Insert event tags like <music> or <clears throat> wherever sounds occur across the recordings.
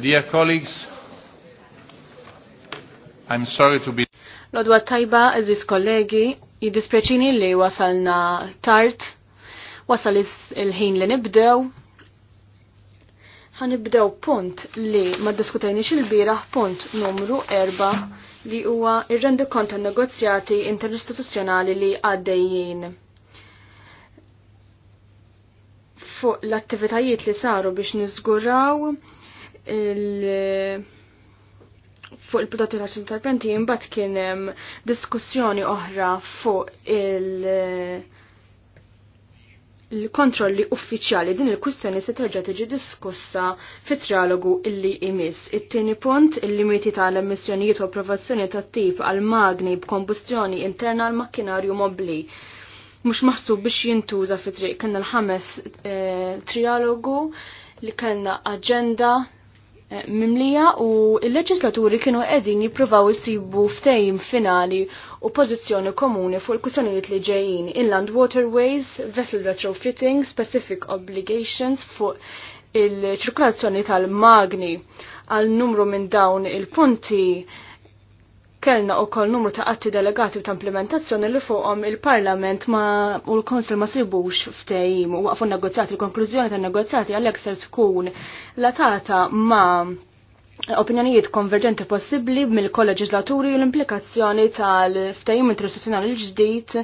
Dear colleagues, I'm sorry to be... Lodwa tajba, eżis kollegi, jiddispjaċini li wasalna tard, wasal il-ħin li nibdew. nibdew punt li ma diskutajniex il-biraħ punt numru 4 li huwa ir rendikont tan negozjati interistituzzjonali li għaddejjin fuq l-attivitajiet li saru biex nizguraw il- fuq il-prodotti ta' interprenti imbagħad kien hemm diskussjoni oħra fuq il- il-kontrolli uffiċjali din il-kwistjoni se terġa' tiġi diskussa fit trialogu illi imiss. It-tieni punt il-limiti tal-emissjonijiet u approvazzjoni tat-tip għal magni b'kombustjoni interna għall makkinarju mobbli mhux maħsub biex jintuża fi triq. Kellna l-ħames eh, trialogu li kellna aġenda eh, mimlija u il-leġislaturi kienu qegħdin jippruvaw isibu ftejm finali u pożizzjoni komuni fuq il-kwistjonijiet li ġejjin inland waterways, vessel retrofitting, specific obligations fuq il-ċirkolazzjoni tal-magni għal numru minn dawn il-punti kellna u kol numru ta' atti delegati u ta' implementazzjoni li fuqhom il-Parlament ma u l konsul ma sibux ftehim u waqfu negozjati l-konklużjoni ta' negozjati għalhekk ser tkun latata ma' opinjonijiet konverġenti possibbli mill-kolleġislaturi u l-implikazzjoni tal-ftajim interstituzzjonali l-ġdid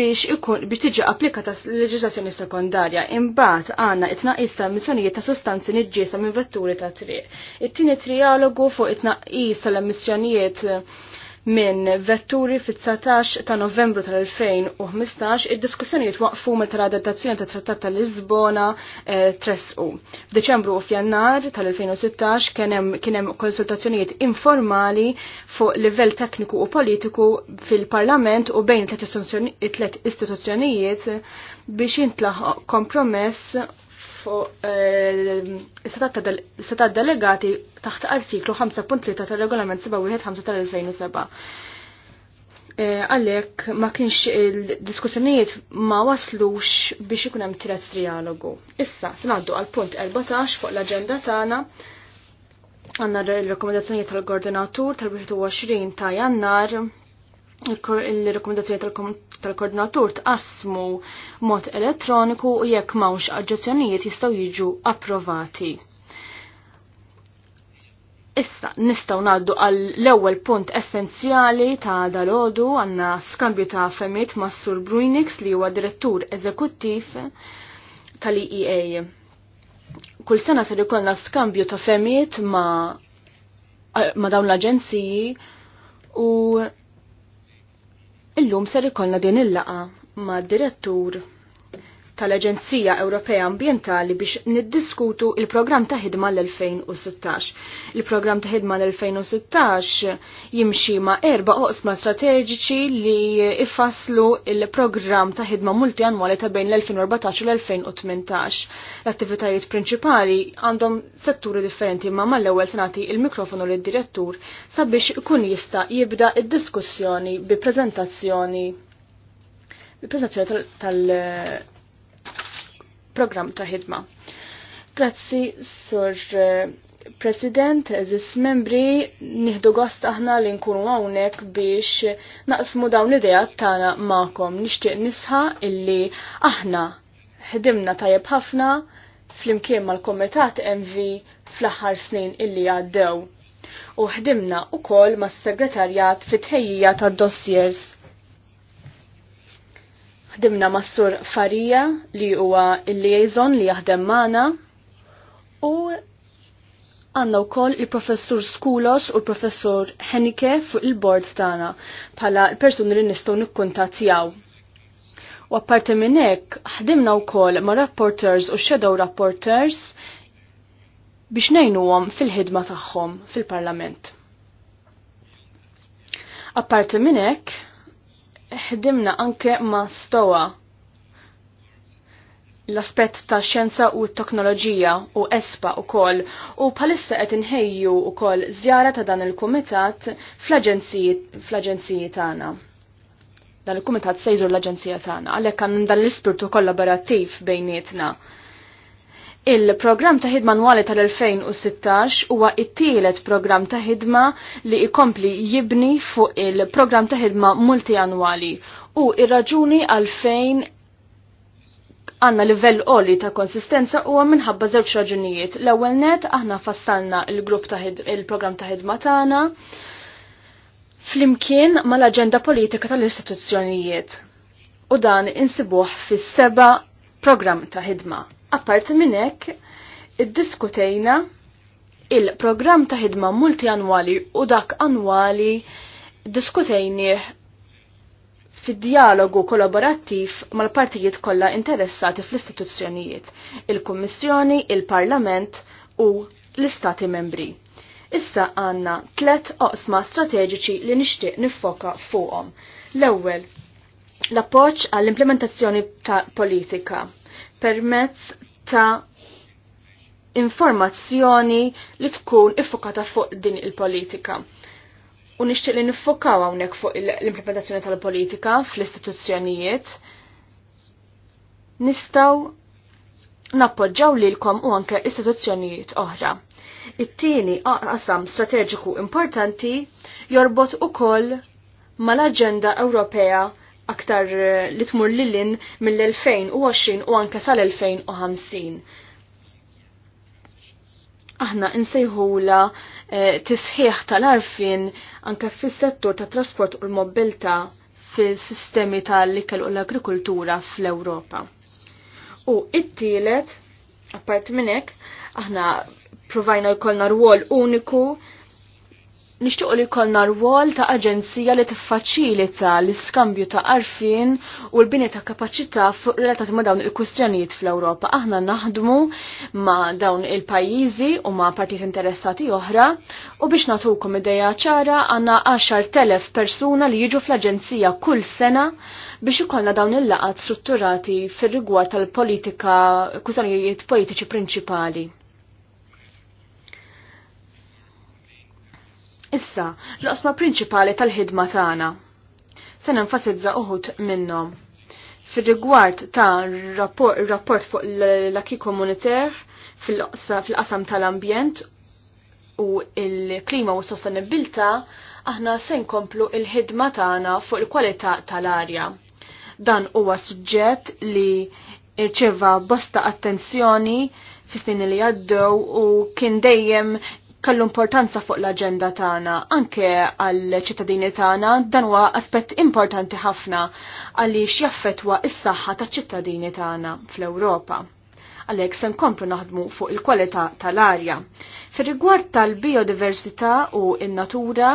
biex ikun biex tiġi applikata leġislazzjoni sekondarja. Imbagħad għandna it-tnaqqis ta' emissjonijiet ta' sostanzi niġġiesa minn vetturi ta' triq. It-tieni trialogu fuq it-tnaqqis tal-emissjonijiet minn vetturi fit-19 ta' novembru tal-2015 id-diskussjonijiet waqfu meta l-adattazzjoni ta' trattat tal-Lisbona eh, 3U. F'Deċembru u f'Jannar tal-2016 kien hemm konsultazzjonijiet informali fuq livell tekniku u politiku fil-Parlament u bejn it istituzzjonijiet biex jintlaħ kompromess fuq eh, is-setat delegati taħt artiklu 5.3 tal-regolament 715 tal-2007. Eh, għalhekk ma kienx il-diskussjonijiet ma waslux biex ikun hemm tielet trialogu. Issa se ngħaddu għal punt 14 fuq l-aġenda tagħna għandna r-rekomendazzjonijiet tal-Koordinatur tal-21 ta' Jannar il-rekomendazzjoni tal-koordinatur tqassmu mod elettroniku u jekk mawx aġġezzjonijiet jistgħu jiġu approvati. Issa nistgħu ngħaddu għall l-ewwel punt essenzjali ta' dalodu għandna skambju ta' femmit ma' Sur Bruinix li huwa direttur eżekuttiv tal-EEA. Kull sena ser ikollna skambju ta' femiet ma' ma' dawn l-aġenziji u Illum ser ikollna din il-laqa ma' direttur tal-Aġenzija Ewropea Ambientali biex niddiskutu il-programm ta' ħidma l-2016. Il-programm ta' ħidma l-2016 jimxi ma' erba oqsma strateġiċi li ifasslu il-programm ta' ħidma multianwali ta' bejn l-2014 u l-2018. L-attivitajiet prinċipali għandhom setturi differenti ma' mal-ewwel senati il-mikrofonu lid direttur sabiex ikun jista' jibda id-diskussjoni bi prezentazzjoni bi prezentazzjoni tal-, tal programm ta' ħidma. Grazzi, Sur eh, President, eżis membri, nieħdu gost aħna li nkunu hawnhekk biex naqsmu dawn l-idejat tagħna magħkom. Nixtieq nisħa illi aħna ħdimna tajjeb ħafna flimkien mal-Komitat MV fl-aħħar snin illi għaddew. U ħdimna ma' mas-segretarjat fit-tħejjija tad-dossiers Ħdimna massur Farija li huwa il-liaison li jaħdem Mana, u għandna wkoll il-professur Skulos u l-professur Henike fuq il-bord tagħna bħala l-persuni li nistgħu nikkuntattjaw. U apparti minn hekk ħdimna wkoll ma' rapporters u shadow rapporters biex ngħinuhom fil-ħidma tagħhom fil-Parlament. Apparti minn hekk, ħdimna anke ma' stowa l-aspett ta' xjenza u t-teknoloġija u espa u kol u palissa qed inħejju u kol zjara ta' dan il-kumitat fl-aġenziji tagħna. Dan il-kumitat sejżur l-aġenzija tagħna għalhekk għandna dan l-ispirtu kollaborattiv bejnietna Il-programm ta' ħidma nwali tal-2016 huwa it-tielet programm ta' ħidma li ikompli jibni fuq il-programm ta' ħidma multianwali u ir-raġuni għalfejn għanna livell oli ta' konsistenza huwa minħabba zewċ raġunijiet. L-ewwel net aħna fassalna il-grupp ta' il-programm ta' ħidma tagħna flimkien mal-aġenda politika tal-istituzzjonijiet. U dan insibuh fis-seba' program ta' ħidma. Apparti minn hekk, diskutejna il-program ta' ħidma multianwali u dak annwali diskutejni fid-dialogu kollaborattiv mal-partijiet kollha interessati fl-istituzzjonijiet, il-Kummissjoni, il-Parlament u l-Istati membri. Issa għanna tlet oqsma strateġiċi li nixtieq nifoka fuqhom. L-ewwel, l-appoċ għall-implementazzjoni ta' politika permezz ta' informazzjoni li tkun iffokata fuq din il-politika. U nixtieq li niffokaw hawnhekk fuq l-implementazzjoni tal-politika fl-istituzzjonijiet. Nistgħu nappoġġaw lilkom u anke istituzzjonijiet oħra. It-tieni qasam strateġiku importanti jorbot ukoll mal-Aġenda Ewropea aktar eh, li tmur lilin mill-2020 u anke sal-2050. Aħna insejħula eh, tisħiħ tal-arfin anke fis-settur ta' trasport u l-mobilta fil-sistemi tal-ikel u l-agrikultura fl-Ewropa. U it-tielet, apart minnek, aħna provajna jkollna rwol uniku Nixtiequ li jkollna rwol ta' aġenzija li tiffaċilita l-iskambju ta' arfin u l-bini ta' kapaċità fuq relatati ma' dawn il-kwistjonijiet fl-Ewropa. Aħna naħdmu ma' dawn il-pajjiżi u ma' partit interessati oħra u biex natukom ideja ċara għandna 10,000 persuna li jiġu fl-aġenzija kull sena biex ikollna dawn il-laqat strutturati fir-rigward tal-politika kwistjonijiet politiċi prinċipali. Issa, l osma prinċipali tal-ħidma tagħna. Se nenfasizza uħud minnhom. Fir-rigward ta' rapport, rapport fuq l-aki komuniter fil-qasam tal-ambjent u il-klima u sostenibilta, aħna se nkomplu il-ħidma tagħna fuq il-kwalità tal-arja. Dan huwa suġġett li irċeva bosta attenzjoni fis-snin li għaddew u kien dejjem kallu importanza fuq l-agenda tagħna anke għall ċittadini tagħna dan huwa aspett importanti ħafna għaliex jaffetwa s saħħa taċ-ċittadini tagħna fl-Ewropa. Għalhekk se nkomplu naħdmu fuq il-kwalità tal-arja. Fir-rigward tal-biodiversità u n-natura,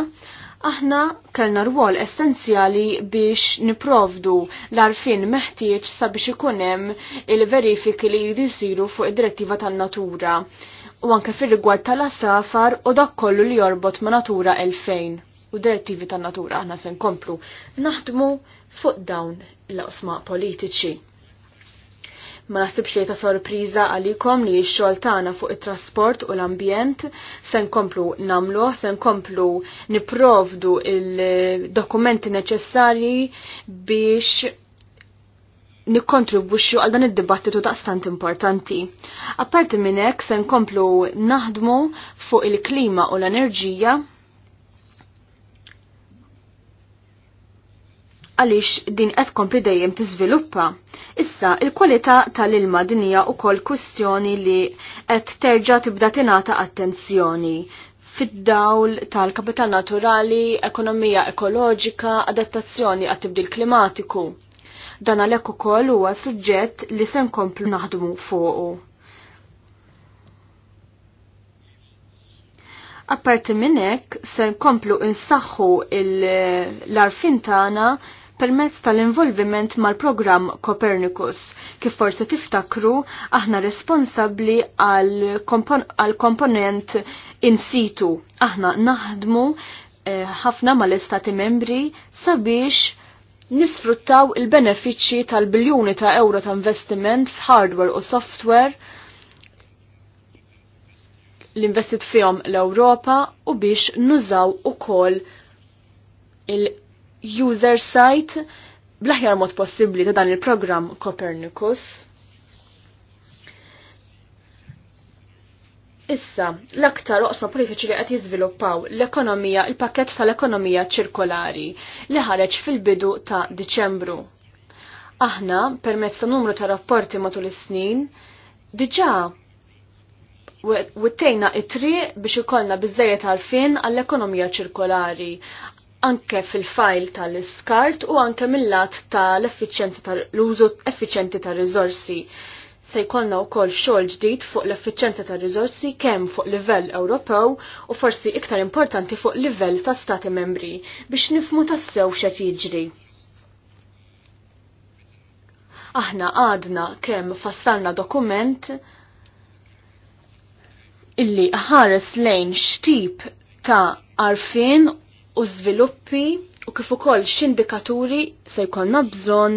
aħna kellna rwol essenzjali biex niprovdu l-arfin meħtieġ sabiex ikun hemm il-verifiki li jsiru fuq id-direttiva tan-natura u anke fil-rigward tal-asafar u dak kollu li jorbot ma' Natura 2000 u direttivi tan natura aħna se nkomplu naħdmu fuq dawn l-osma politiċi. Ma naħsibx li ta' sorpriża għalikom li x-xogħol tagħna fuq it-trasport u l-ambjent se nkomplu nagħmlu, se nkomplu niprovdu il-dokumenti neċessarji biex nikkontribwixxu għal dan id-dibattitu taqstant importanti. Apparti minn hekk se nkomplu naħdmu fuq il-klima u l-enerġija għaliex din qed kompli dejjem tiżviluppa. Issa il-kwalità tal-ilma din hija wkoll kwistjoni li qed terġa' tibda tingħata attenzjoni fid-dawl tal-kapital naturali, ekonomija ekoloġika, adattazzjoni għat-tibdil klimatiku Dan għalhekk ukoll huwa suġġett li se nkomplu naħdmu fuqu. Apparti minn hekk se nkomplu insaħħu l-arfin tagħna permezz tal-involviment mal-programm Copernicus. Kif forse tiftakru, aħna responsabli għal komponent in situ. Aħna naħdmu eh, ħafna eh, mal-istati membri sabiex nisfruttaw il-benefiċċji tal-biljuni ta' euro ta' investiment f'hardware u software l-investit fihom l-Ewropa u biex nużaw ukoll il-user site bl-aħjar mod possibbli ta' dan il-programm Copernicus. Issa, l-aktar oqsma politiċi li qed jiżviluppaw l-ekonomija, il-pakket tal-ekonomija ċirkolari li ħareġ fil-bidu ta' Diċembru. Aħna, permezz ta' numru ta' rapporti matul is-snin, diġà wittejna it-triq biex ikollna biżejjed għalfien għall-ekonomija ċirkolari, anke fil-fajl tal-iskart u anke mill-lat tal-effiċenza tal-użu effiċenti tal-riżorsi. tal użu effiċenti tal riżorsi se jkollna wkoll xogħol ġdid fuq l-effiċenza ta' rizorsi kemm fuq livell Ewropew u forsi iktar importanti fuq livell ta' stati membri biex nifmu tassew xet jiġri. Aħna għadna kemm fassalna dokument illi ħares lejn xtip ta' arfin u żviluppi u kif ukoll x'indikaturi se jkollna bżonn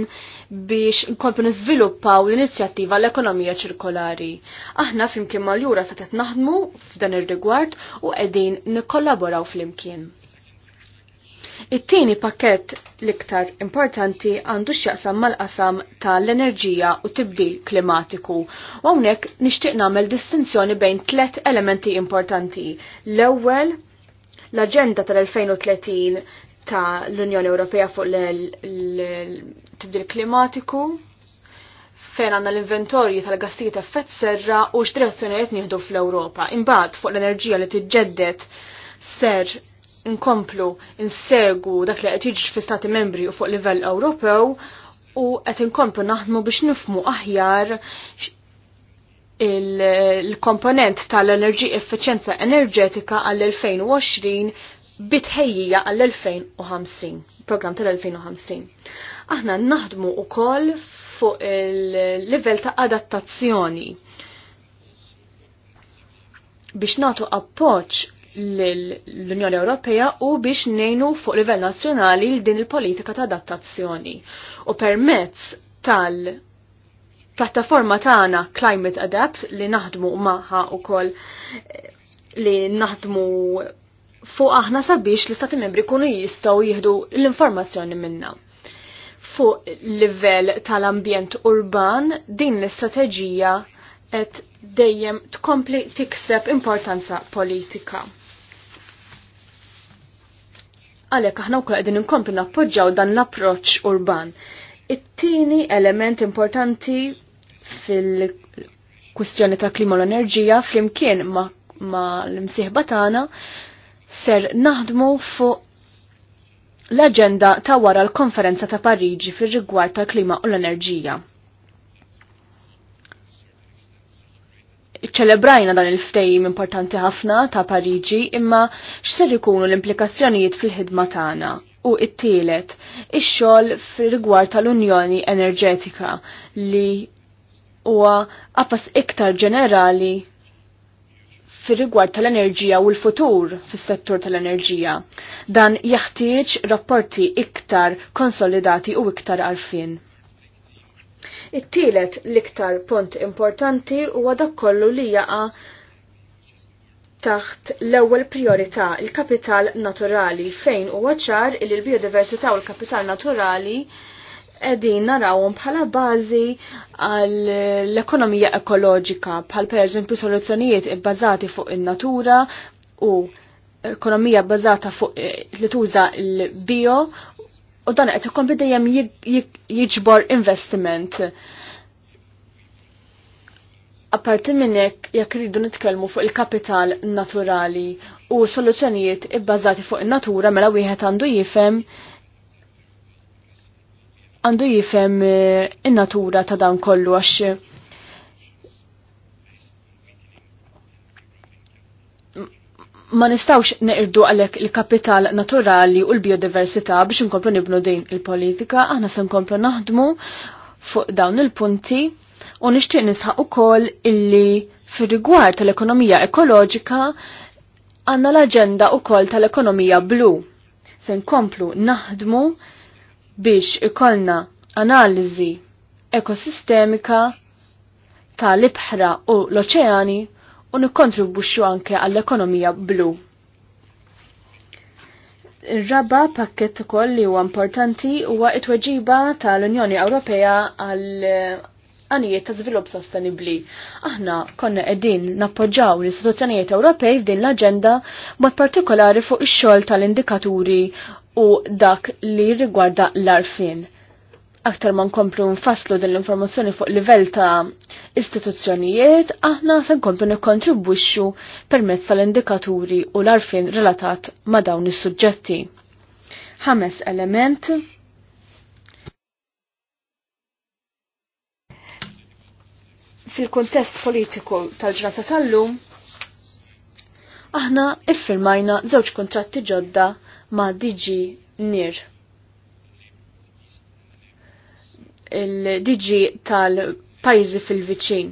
biex nkomplu niżviluppaw l-inizjattiva l-ekonomija ċirkolari. Aħna flimkien mal-jura se qed naħdmu f'dan ir-rigward u qegħdin nikkollaboraw flimkien. It-tieni pakkett l-iktar importanti għandu x'jaqsam mal-qasam tal-enerġija u tibdil klimatiku. U hawnhekk nixtieq nagħmel distinzjoni bejn tliet elementi importanti. L-ewwel l-Aġenda tal-2030 ta' l-Unjoni Ewropea fuq l-tibdil klimatiku, fejn għanna l-inventorji tal-gassijiet effett serra u x'direzzjonijiet nieħdu fl-Ewropa. Imbagħad fuq l-enerġija li tiġġedded ser inkomplu insegu dak li qed jiġri fl-Stati Membri u fuq livell Ewropew u qed inkomplu naħdmu biex nifmu aħjar il-komponent tal-enerġi effiċjenza enerġetika għall-2020 bitħejjija għall-2050, program tal-2050. Aħna naħdmu u koll fuq il-level ta' adattazzjoni biex natu appoċ l-Unjoni Ewropea u biex nejnu fuq livell nazzjonali l din il-politika ta' adattazzjoni. U permezz tal- Plattaforma tagħna Climate Adapt li naħdmu maħħa koll li naħdmu fuq aħna sabiex l-istati membri kunu jistaw jihdu l-informazzjoni minna. Fuq livell tal-ambjent urban din l-istrateġija qed dejjem tkompli tikseb importanza politika. Għalhekk aħna wkoll qegħdin inkompli nappoġġaw dan l-approċċ urban. It-tieni element importanti fil-kwistjoni ta' klima l-enerġija flimkien ma' ma l-imsieħba tagħna ser naħdmu fuq l-agenda ta' wara l-konferenza ta' Parigi fir rigward tal-klima u l-enerġija. ċelebrajna dan il-ftejim importanti ħafna ta' Parigi, imma x'ser ikunu l-implikazzjonijiet fil-ħidma tagħna u it-tielet ix-xogħol fir-rigward tal-Unjoni Enerġetika li huwa qafas iktar ġenerali fir-rigward tal-enerġija u l-futur fis-settur tal-enerġija. Dan jaħtieġ rapporti iktar konsolidati u iktar għarfin. It-tielet l-iktar punt importanti huwa dak kollu li jaqa' taħt l-ewwel priorità il-kapital naturali fejn huwa ċar il biodiversità u l-kapital naturali edin narawhom bħala bażi għal l-ekonomija ekoloġika, bħal pereżempju soluzzjonijiet ibbażati fuq in-natura u ekonomija bbażata fuq eh, li tuża l-bio u dan qed ikun dejjem jiġbor investiment. Apparti minn hekk jekk iridu nitkellmu fuq il-kapital naturali u soluzzjonijiet ibbażati fuq in-natura mela wieħed għandu jifhem għandu jifem eh, in-natura ta' dan kollu għax eh, ma nistawx neqirdu għalek il-kapital naturali u l-biodiversità biex nkomplu nibnu din il-politika, aħna se nkomplu naħdmu fuq dawn il-punti u nixtieq nisħaq ukoll illi fir-rigward tal-ekonomija ekoloġika għandna l-aġenda ukoll tal-ekonomija blu. Se nkomplu naħdmu biex ikollna analiżi ekosistemika tal-ibħra u l-oċeani u nikkontribwixxu anke għall-ekonomija blu. Ir-raba pakkett ukoll li huwa importanti huwa t tweġiba tal-Unjoni Ewropea għall għanijiet ta' żvilupp sostenibli. Aħna konna qegħdin nappoġġaw l-istituzzjonijiet Ewropej f'din l-aġenda mod partikolari fuq ix-xogħol tal-indikaturi u dak li rigwarda l-arfin. Aktar ma nkomplu nfasslu din l-informazzjoni fuq livell ta' istituzzjonijiet, aħna se nkomplu nikkontribwixxu permezz tal-indikaturi u l-arfin relatat ma' dawn is-suġġetti. Ħames element fil-kontest politiku tal-ġrata tal-lum, aħna iffirmajna żewġ kontratti ġodda ma' DG NIR. Il-DG tal-pajzi fil-viċin.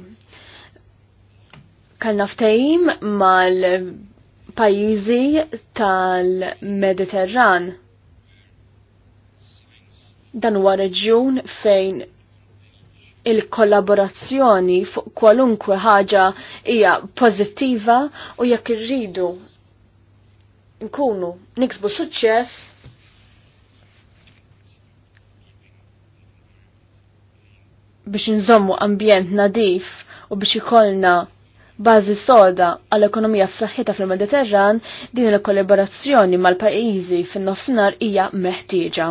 Kalna ftejim mal-pajizi tal-Mediterran. Dan huwa reġjun fejn il-kollaborazzjoni fuq kwalunkwe ħaġa hija pożittiva u jekk irridu nkunu niksbu suċċess biex nżommu ambjent nadif u biex ikollna bażi soda għall-ekonomija f'saħħitha fil-Mediterran din il-kollaborazzjoni mal-pajjiżi fin-nofsinhar hija meħtieġa.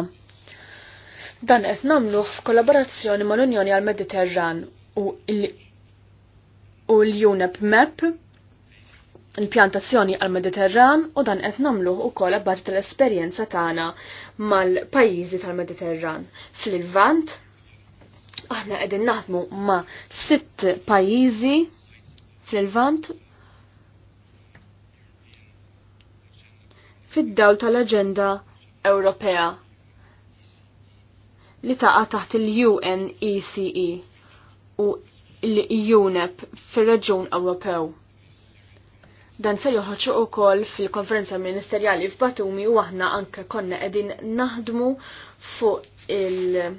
Dan qed nagħmluh f'kollaborazzjoni mal-Unjoni għal-Mediterran u l-UNEP MEP il-pjantazzjoni għal-Mediterran u dan qed nagħmluh ukoll abbażi tal-esperjenza tagħna mal-pajjiżi tal-Mediterran. fil ilvant aħna qegħdin naħdmu ma' sitt pajjiżi fil-Lvant fid-dawl tal-Aġenda Ewropea li taqa taħt il-UNECE e u l-UNEP fil-Reġun Ewropew. Dan se joħroġ ukoll fil-konferenza ministerjali f'Batumi u aħna anke konna qegħdin naħdmu fuq il-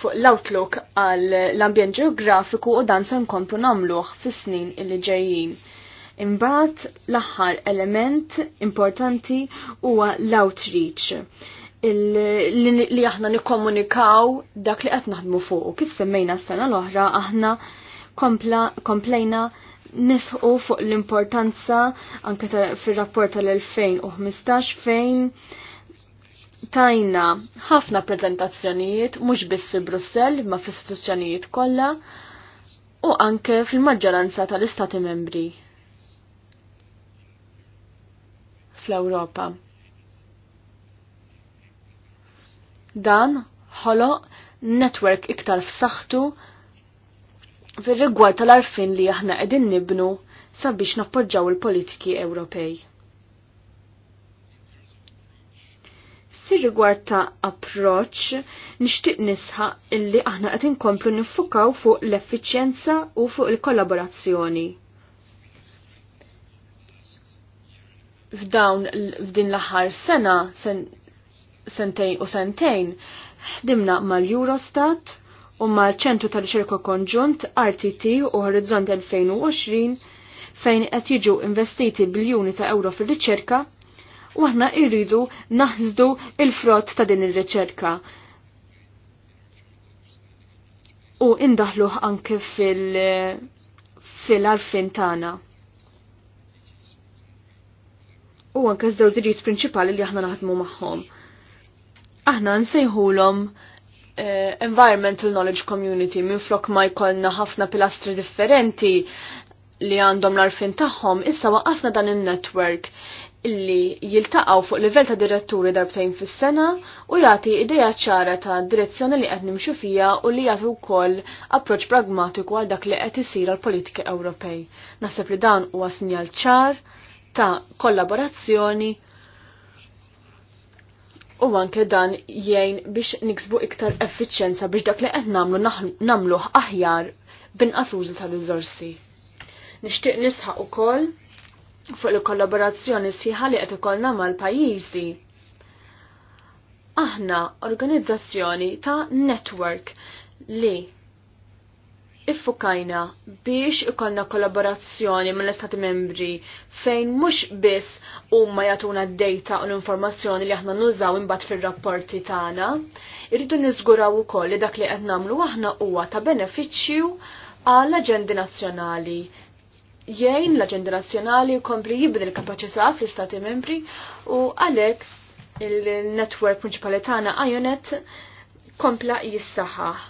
fuq l-outlook għal l-ambjent ġeografiku u dan se nkomplu nagħmluh fis-snin il ġejjin. Imbagħad l-aħħar element importanti huwa l-outreach li aħna nikkomunikaw dak li qed naħdmu fuq. Kif semmejna s-sena l-oħra aħna komplejna nisħu fuq l-importanza anke fir-rapport tal-2015 fejn tajna ħafna prezentazzjonijiet mhux biss fi Brussell ma fl-istituzzjonijiet kollha u anke fil-maġġoranza tal-istati membri. fl-Ewropa. Dan ħoloq network iktar f'saħħtu fir-rigward tal-arfin li aħna qegħdin nibnu sabiex nappoġġaw il-politiki Ewropej. fir-rigward ta' approċċ nixtieq nisħaq illi aħna qed inkomplu niffukaw fuq l-effiċjenza u fuq il-kollaborazzjoni. f'dawn f'din l-aħħar sena sen, sentejn u sentejn ħdimna mal-Eurostat u mal-ċentru tal riċerka konġunt RTT u Horizont 2020 fejn qed jiġu investiti biljuni ta' euro fir-riċerka u aħna irridu naħżdu il-frott ta' din ir-riċerka. U indaħluh anke fil- fil-arfin tagħna. u anke żewġ prinċipali li aħna naħdmu magħhom. Aħna nsejħulhom eh, environmental knowledge community minn flok ma jkollna ħafna pilastri differenti li għandhom l-arfin tagħhom, issa waqqafna dan il-network illi jiltaqgħu fuq livell ta' diretturi darbtejn fis-sena u jagħti idea ċara ta' direzzjoni li qed nimxu fija u li jagħti wkoll approċċ pragmatiku għal dak li qed isir għall politika Ewropej. Naħseb li dan huwa sinjal ċar ta' kollaborazzjoni u anke dan jgħin biex niksbu iktar effiċjenza biex dak li qed namlu namluh aħjar binqas użu tal-riżorsi. Nixtieq nisħaq ukoll fuq il-kollaborazzjoni sħiħa li qed ikollna mal-pajjiżi. Aħna organizzazzjoni ta' network li iffukajna biex ikollna kollaborazzjoni mill-Istati membri fejn mhux biss huma jagħtuna d-data u l-informazzjoni li aħna nużaw imbagħad fir-rapporti tagħna, irridu niżguraw ukoll li dak li qed nagħmlu aħna huwa ta' benefiċċju għall aġendi nazzjonali jgħin l-aġendi nazzjonali jkompli jibni l-kapaċità fl-Istati membri u għalhekk il network prinċipali tagħna Ionet kompla jissaħħaħ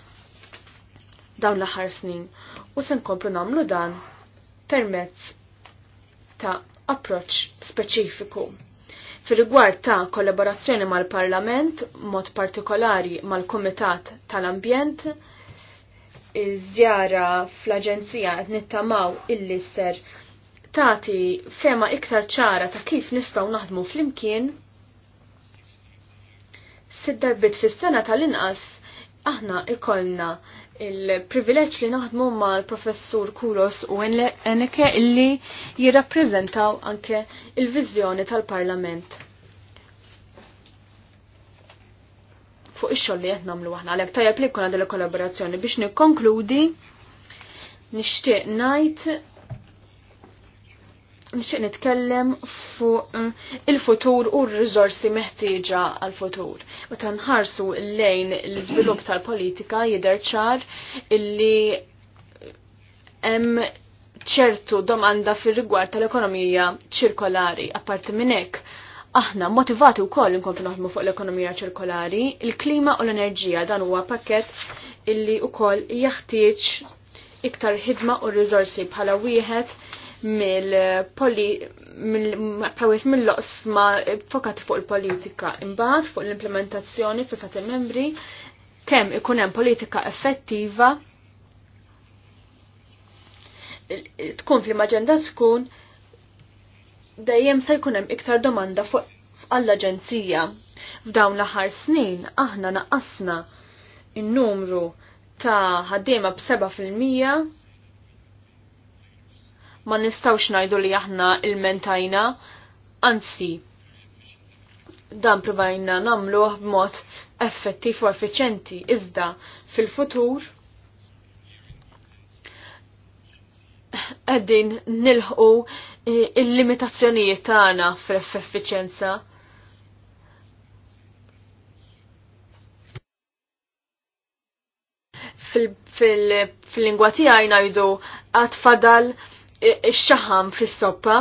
dawn l-aħħar snin u se nkomplu nagħmlu dan permezz ta' approċċ speċifiku. Fir-rigward ta' kollaborazzjoni mal-Parlament, mod partikolari mal-Kumitat tal-Ambjent, iż-żjara fl-Aġenzija qed nittamaw illisser tagħti fema iktar ċara ta' kif nistgħu naħdmu flimkien sid-darbit fis-sena tal-inqas aħna ikollna il-privileġġ li naħdmu mal professur Kuros u Eneke illi jirrappreżentaw anke il-viżjoni tal-Parlament. fuq ix-xogħol li qed nagħmlu aħna għalhekk tajjeb li jkun għandha kollaborazzjoni biex nikkonkludi nixtieq ngħid nixtieq nitkellem fuq mm, il-futur u r-riżorsi meħtieġa għal-futur. Meta nħarsu lejn l-iżvilupp tal-politika jidher ċar illi hemm ċertu domanda fir-rigward tal-ekonomija ċirkolari. Apparti minn hekk, aħna motivati wkoll inkomplu naħdmu fuq l-ekonomija ċirkolari, il-klima u l-enerġija dan huwa pakkett illi wkoll jaħtieġ iktar ħidma u r-riżorsi bħala wieħed mill-poli mill-loqsma fokati fuq il-politika imbagħad fuq l-implementazzjoni fi stati membri kemm ikun hemm politika effettiva tkun fl-maġenda tkun dejjem se jkun hemm iktar domanda fuq għall-Aġenzija. F'dawn l-aħħar snin aħna naqqasna in-numru ta' ħaddiema b'7 fil-mija ma nistawx najdu li aħna il-mentajna, anzi, dan provajna namlu b'mod effettiv u effiċenti, iżda fil-futur għeddin nilħu eh, il-limitazzjonijiet tagħna fl-effiċenza. Fil-lingwa tiegħi ngħidu għad fadal ix-xaħam fis-soppa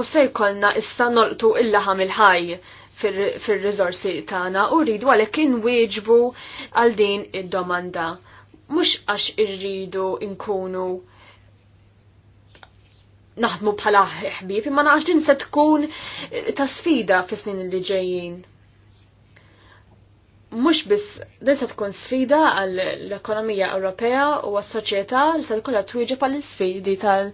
u se jkollna issa nolqtu il-laħam il-ħaj fil-rizorsi tagħna u rridu għalek inwieġbu għal din id-domanda. Mhux għax irridu nkunu naħdmu bħala ħbieb, imma naqax din se tkun eh, ta' sfida fis-snin li ġejjin. Mhux biss din se tkun sfida għall ekonomija Ewropea u għas-soċjetà li se tkollha twieġeb għall-isfidi tal-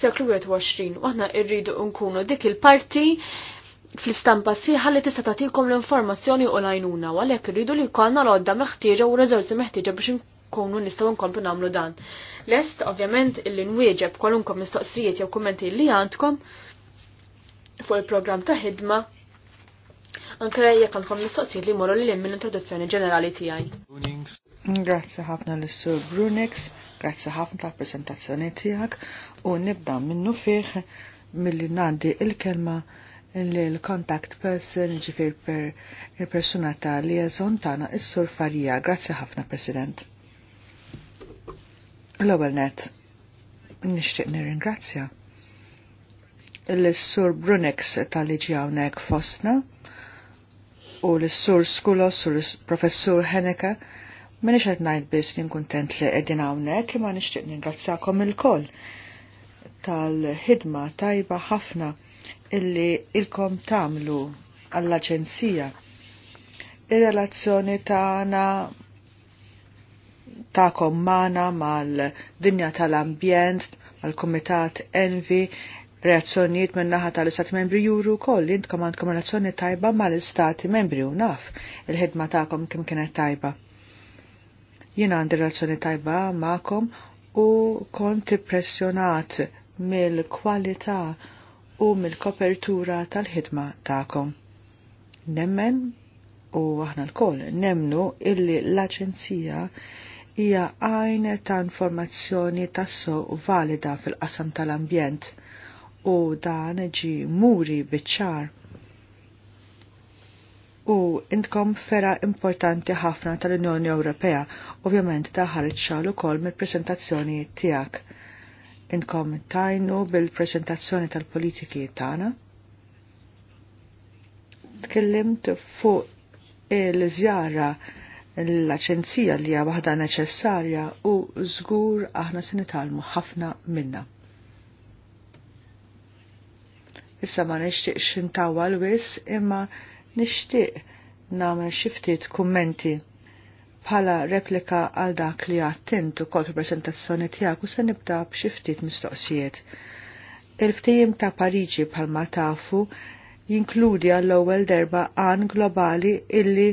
seklu 21 u aħna irridu nkunu dik il-parti fl-istampa sħiħa li tista' tagħtikom l-informazzjoni u lajnuna u għalhekk irridu li jkollna l-għodda meħtieġa u riżorsi meħtieġa biex nkunu nistgħu nkomplu nagħmlu dan. Lest ovvjament illi nwieġeb kwalunkom mistoqsijiet jew kummenti li għandkom fuq il-programm ta' ħidma anke jekk għandkom mistoqsijiet li morru lil mill-introduzzjoni ġenerali tiegħi. Grazzi ħafna l sur Brunex, grazzi ħafna tal-presentazzjoni tiegħek u nibda minnu fih milli nandi il-kelma l-contact person ġifir per il-persuna ta' li tagħna is-sur Farija. Grazzi ħafna, President. L-ewwel net, nixtieq nirringrazzja il sur Brunex tal-liġi hawnhekk fostna u l-sur Skulos u l-professur Henneke, minix qed ngħid biss li kuntent li qegħdin hawnhekk imma nixtieq ningrazzakom il-koll tal-ħidma tajba ħafna illi il-kom tagħmlu għall-Aġenzija. Ir-relazzjoni tagħna ta' kommana mal-dinja tal-ambjent, mal-Kumitat Envi, Reazzjonijiet minn naħa tal-Istati Membri juru koll li intkom għandkom relazzjoni tajba mal-Istati Membri u naf il-ħidma tagħkom kim kienet tajba. Jina għandi relazzjoni tajba ma'kom u kont impressionat mill-kwalità u mill-kopertura tal-ħidma tagħkom. Nemmen u aħna l-koll nemnu illi l-Aġenzija hija għajn ta' informazzjoni tassu valida fil-qasam tal-ambjent u dan ġi muri biċċar. U intkom fera importanti ħafna tal-Unjoni Ewropea, ovvjament ta' ħareġ xal ukoll mill-preżentazzjoni tiegħek. Intkom tajnu bil-preżentazzjoni tal-politiki tagħna. Tkellimt fuq il-żjara l-aċenzija li hija waħda neċessarja u żgur aħna se ħafna minna. Issa ma nixtieqx xintawa l-wis imma nixtieq nagħmel xi ftit kummenti bħala replika għal dak li għattint u kol prezentazzjoni tiegħek u se nibda b'xi ftit mistoqsijiet. il ftijim ta' Pariġi bħalma tafu jinkludi għall-ewwel derba għan globali illi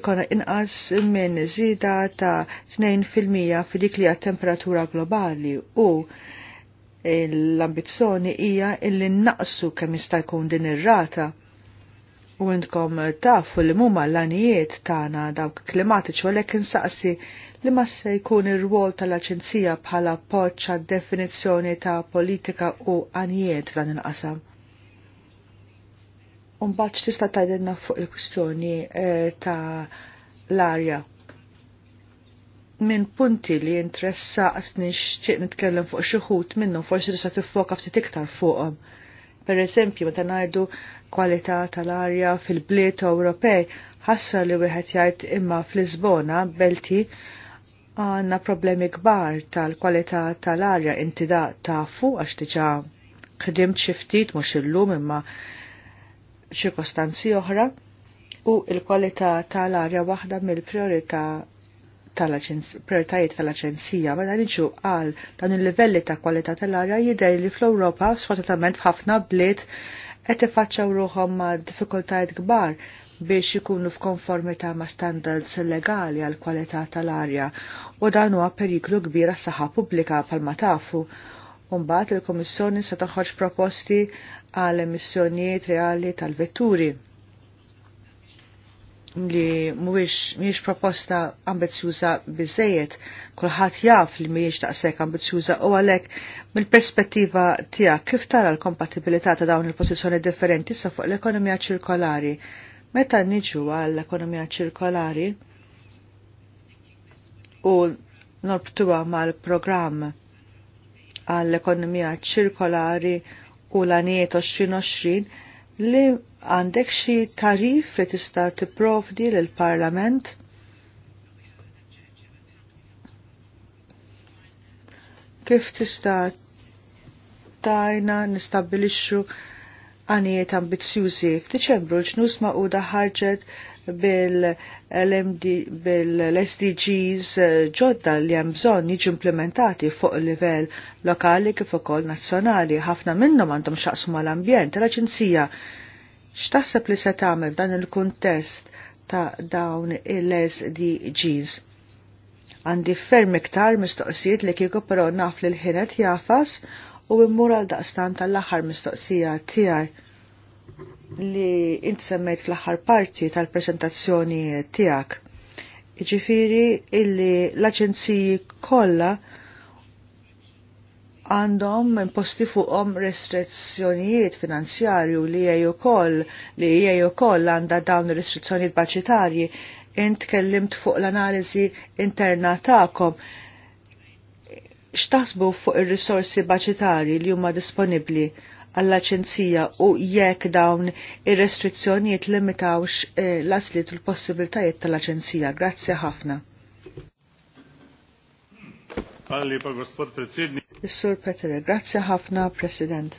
ikona inqas minn zida ta' 2% fil-dik li temperatura globali u l-ambizzjoni hija illi naqsu kemm jista' jkun din ir-rata. U intkom tafu li mumma l-anijiet tagħna dawk klimatiċi għalhekk insaqsi li ma se jkun ir-rwol tal-Aġenzija bħala poċċa definizzjoni ta' politika u għanijiet dan il-qasam. Umbaċ tista' tgħidilna fuq il-kwistjoni eh, ta' l-arja minn punti li għatni nixtieq nitkellem fuq xi ħut minnhom forsi tista' tiffoka ftit iktar fuqhom. Per eżempju, meta ngħidu kwalità tal-arja fil-bliet Ewropej, ħassa li wieħed jgħid imma fl-Lisbona belti għandna problemi kbar tal-kwalità tal-arja inti da tafu għax diġà ħdimt xi ftit mhux illum imma ċirkostanzi oħra u l-kwalità tal-arja waħda mill-priorità tal-prioritajiet tal ma meta niġu għal dan il-livelli ta' kwalità tal-arja jidher li fl-Ewropa sfortunatament f'ħafna bliet qed ifaċċaw ruħhom ma' diffikultajiet kbar biex ikunu f'konformità ma' standards legali għal kwalità tal-arja u dan huwa periklu kbir għas-saħħa pubblika bħalma tafu. Mbagħad il-Kummissjoni se toħroġ proposti għal emissjonijiet reali tal-vetturi li mhuwiex mhijiex proposta ambizjuza biżejjed, kulħadd jaf li mhijiex taqsek ambizjuza u għalhekk mill-perspettiva tiegħek kif tara l-kompatibilità ta' dawn il-pożizzjoni differenti sa fuq l-ekonomija ċirkolari. Meta niġu għall-ekonomija ċirkolari u norbtuha mal-programm għall-ekonomija ċirkolari u l-għaniet 2020 li għandek xi tarif li tista' tipprovdi lil parlament kif tista' tajna nistabbilixxu għanijiet ambizzjużi f'Diċembru l-ġnus maquda ħarġet bil-SDGs bil eh, ġodda li hemm bżonn jiġu implementati fuq livell lokali kif ukoll nazzjonali. Ħafna minnhom għandhom x'aqsmu mal-ambjent, l-Aġenzija x'taħseb li se tagħmel dan il-kuntest ta' dawn il-SDGs. Għandi ferm iktar mistoqsijiet li kieku però naf li l-ħinet jafas u immur għal daqstan tal-aħħar mistoqsija tiegħi li int semmejt fl-aħħar parti tal-presentazzjoni tiegħek. Jiġifieri illi l-aġenziji kollha għandhom imposti fuqhom restrizzjonijiet finanzjarju li hija koll li hija koll għandha dawn ir-restrizzjonijiet baċitarji. Int kellimt fuq l-analiżi interna tagħkom x'taħsbu fuq ir-risorsi baċitarji li huma disponibbli għall-aċenzija u jekk dawn ir-restrizzjonijiet limitawx eh, l-aslit u l-possibiltajiet tal-aċenzija. Grazzi ħafna. Is-Sur Petre, grazzi ħafna, President.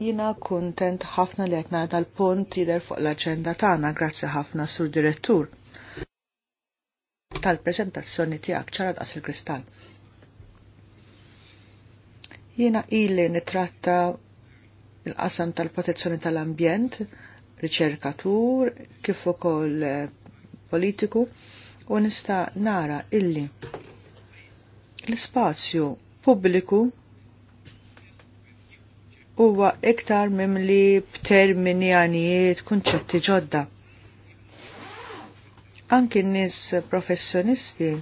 Jina kuntent ħafna li għetna dal-punt jider fuq l-aċenda tagħna, grazzi ħafna, Sur Direttur tal-prezentazzjoni tiegħek ċara daqs il-kristall Jiena illi nitratta il-qasam tal-protezzjoni tal-ambjent, riċerkatur, kif ukoll eh, politiku, u nista nara illi l-spazju pubbliku huwa iktar mimli b'termini għanijiet kunċetti ġodda. Anki n-nis professjonisti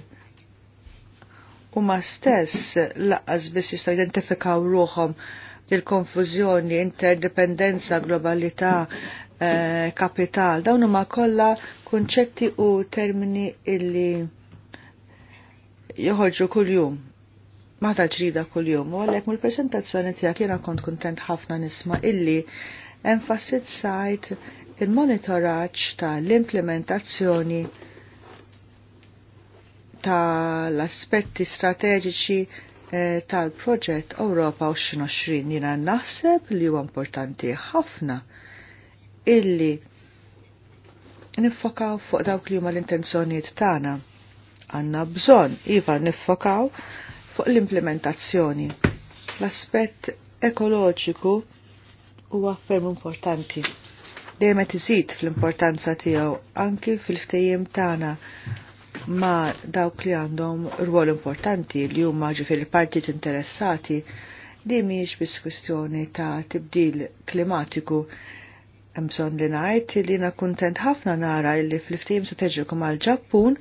u ma stess laqqas biss jistgħu identifikaw ruhom il-konfużjoni, interdependenza, globalità, eh, kapital, dawn huma kollha kunċetti u termini illi joħorġu kuljum. ta' ġrida kuljum, u għalhekk mill-preżentazzjoni tiegħek jiena kont kuntent ħafna nisma' illi enfasizzajt sajt il-monitoraġġ tal-implementazzjoni tal-aspetti strateġiċi eh, tal-proġett Ewropa 2020 jina naħseb li huwa importanti ħafna illi niffokaw fuq dawk li huma l-intenzjonijiet tagħna. Għandna bżonn iva niffokaw fuq l-implementazzjoni. L-aspett ekoloġiku huwa ferm importanti dejjem qed iżid fl-importanza tiegħu anki fil-ftehim tagħna ma dawk li għandhom rwol importanti li huma ġifir partit interessati di miex bis kwistjoni ta' tibdil klimatiku. Mson li ngħid li na kuntent ħafna nara illi fl-ftim strateġiku mal-Ġappun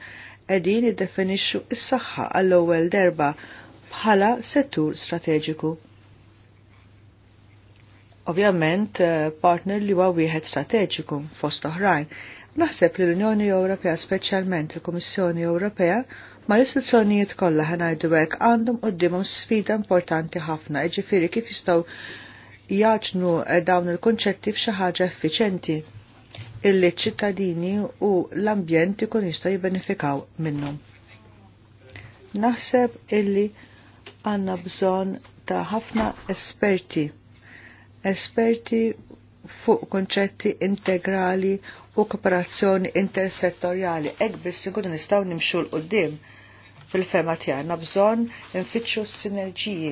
qegħdin iddefinixxu s-saħħa għall-ewwel derba bħala settur strateġiku. Ovvjament eh, partner li huwa wieħed strateġiku fost oħrajn Naħseb li l-Unjoni Ewropea, speċjalment il-Kummissjoni Ewropea, ma l-istituzzjonijiet kollha ħanajdu hekk għandhom qudiemhom sfida importanti ħafna, jiġifieri kif jistgħu jaġnu dawn il-konċetti f'xi ħaġa effiċenti illi ċittadini u l-ambjent ikun jistgħu jibbenefikaw minnhom. Naħseb illi għandna bżonn ta' ħafna esperti esperti fuq konċetti integrali u kooperazzjoni intersettorjali. Ek biss sigur nistaw nimxu l fil-fema tiegħna bżonn nfittxu sinerġiji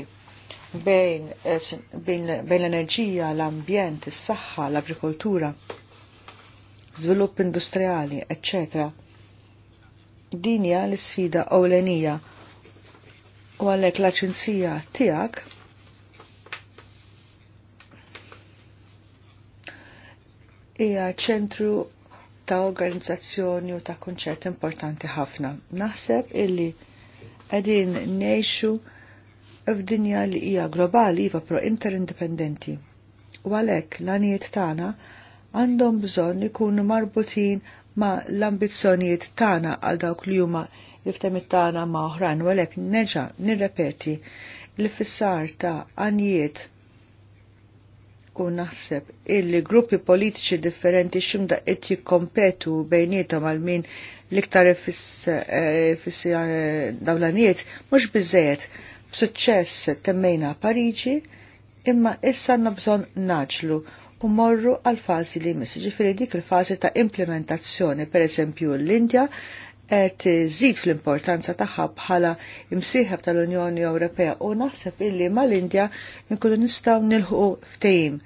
bejn, l-enerġija, l-ambjent, is-saħħa, l-agrikoltura, żvilupp industrijali, eccetera. Dinja l-sfida ewlenija u għalhekk l aċenzija tiegħek hija ċentru ta' organizzazzjoni u ta' kunċert importanti ħafna. Naħseb illi qegħdin nejxu f'dinja li hija globali iva pro interindipendenti. U għalhekk l-għanijiet tagħna għandhom bżonn ikunu marbutin ma' l-ambizzjonijiet tagħna għal dawk li huma l tana tagħna ma' oħrajn u għalhekk nerġa' nirrepeti li fissar ta' għanijiet u naħseb illi gruppi politiċi differenti ximda qed jikkompetu bejnietom għal min l-iktar fissi eh, eh, dawlaniet mhux biżejjed b'suċċess temmejna Pariġi imma issa nabżon bżonn naġlu u morru għal fażi li jmiss, ġifieri dik il-fażi ta' implementazzjoni, pereżempju l-Indja qed żid fl-importanza tagħha bħala imsieħeb tal-Unjoni Ewropea u naħseb illi mal-Indja nkunu nistgħu nilħu ftehim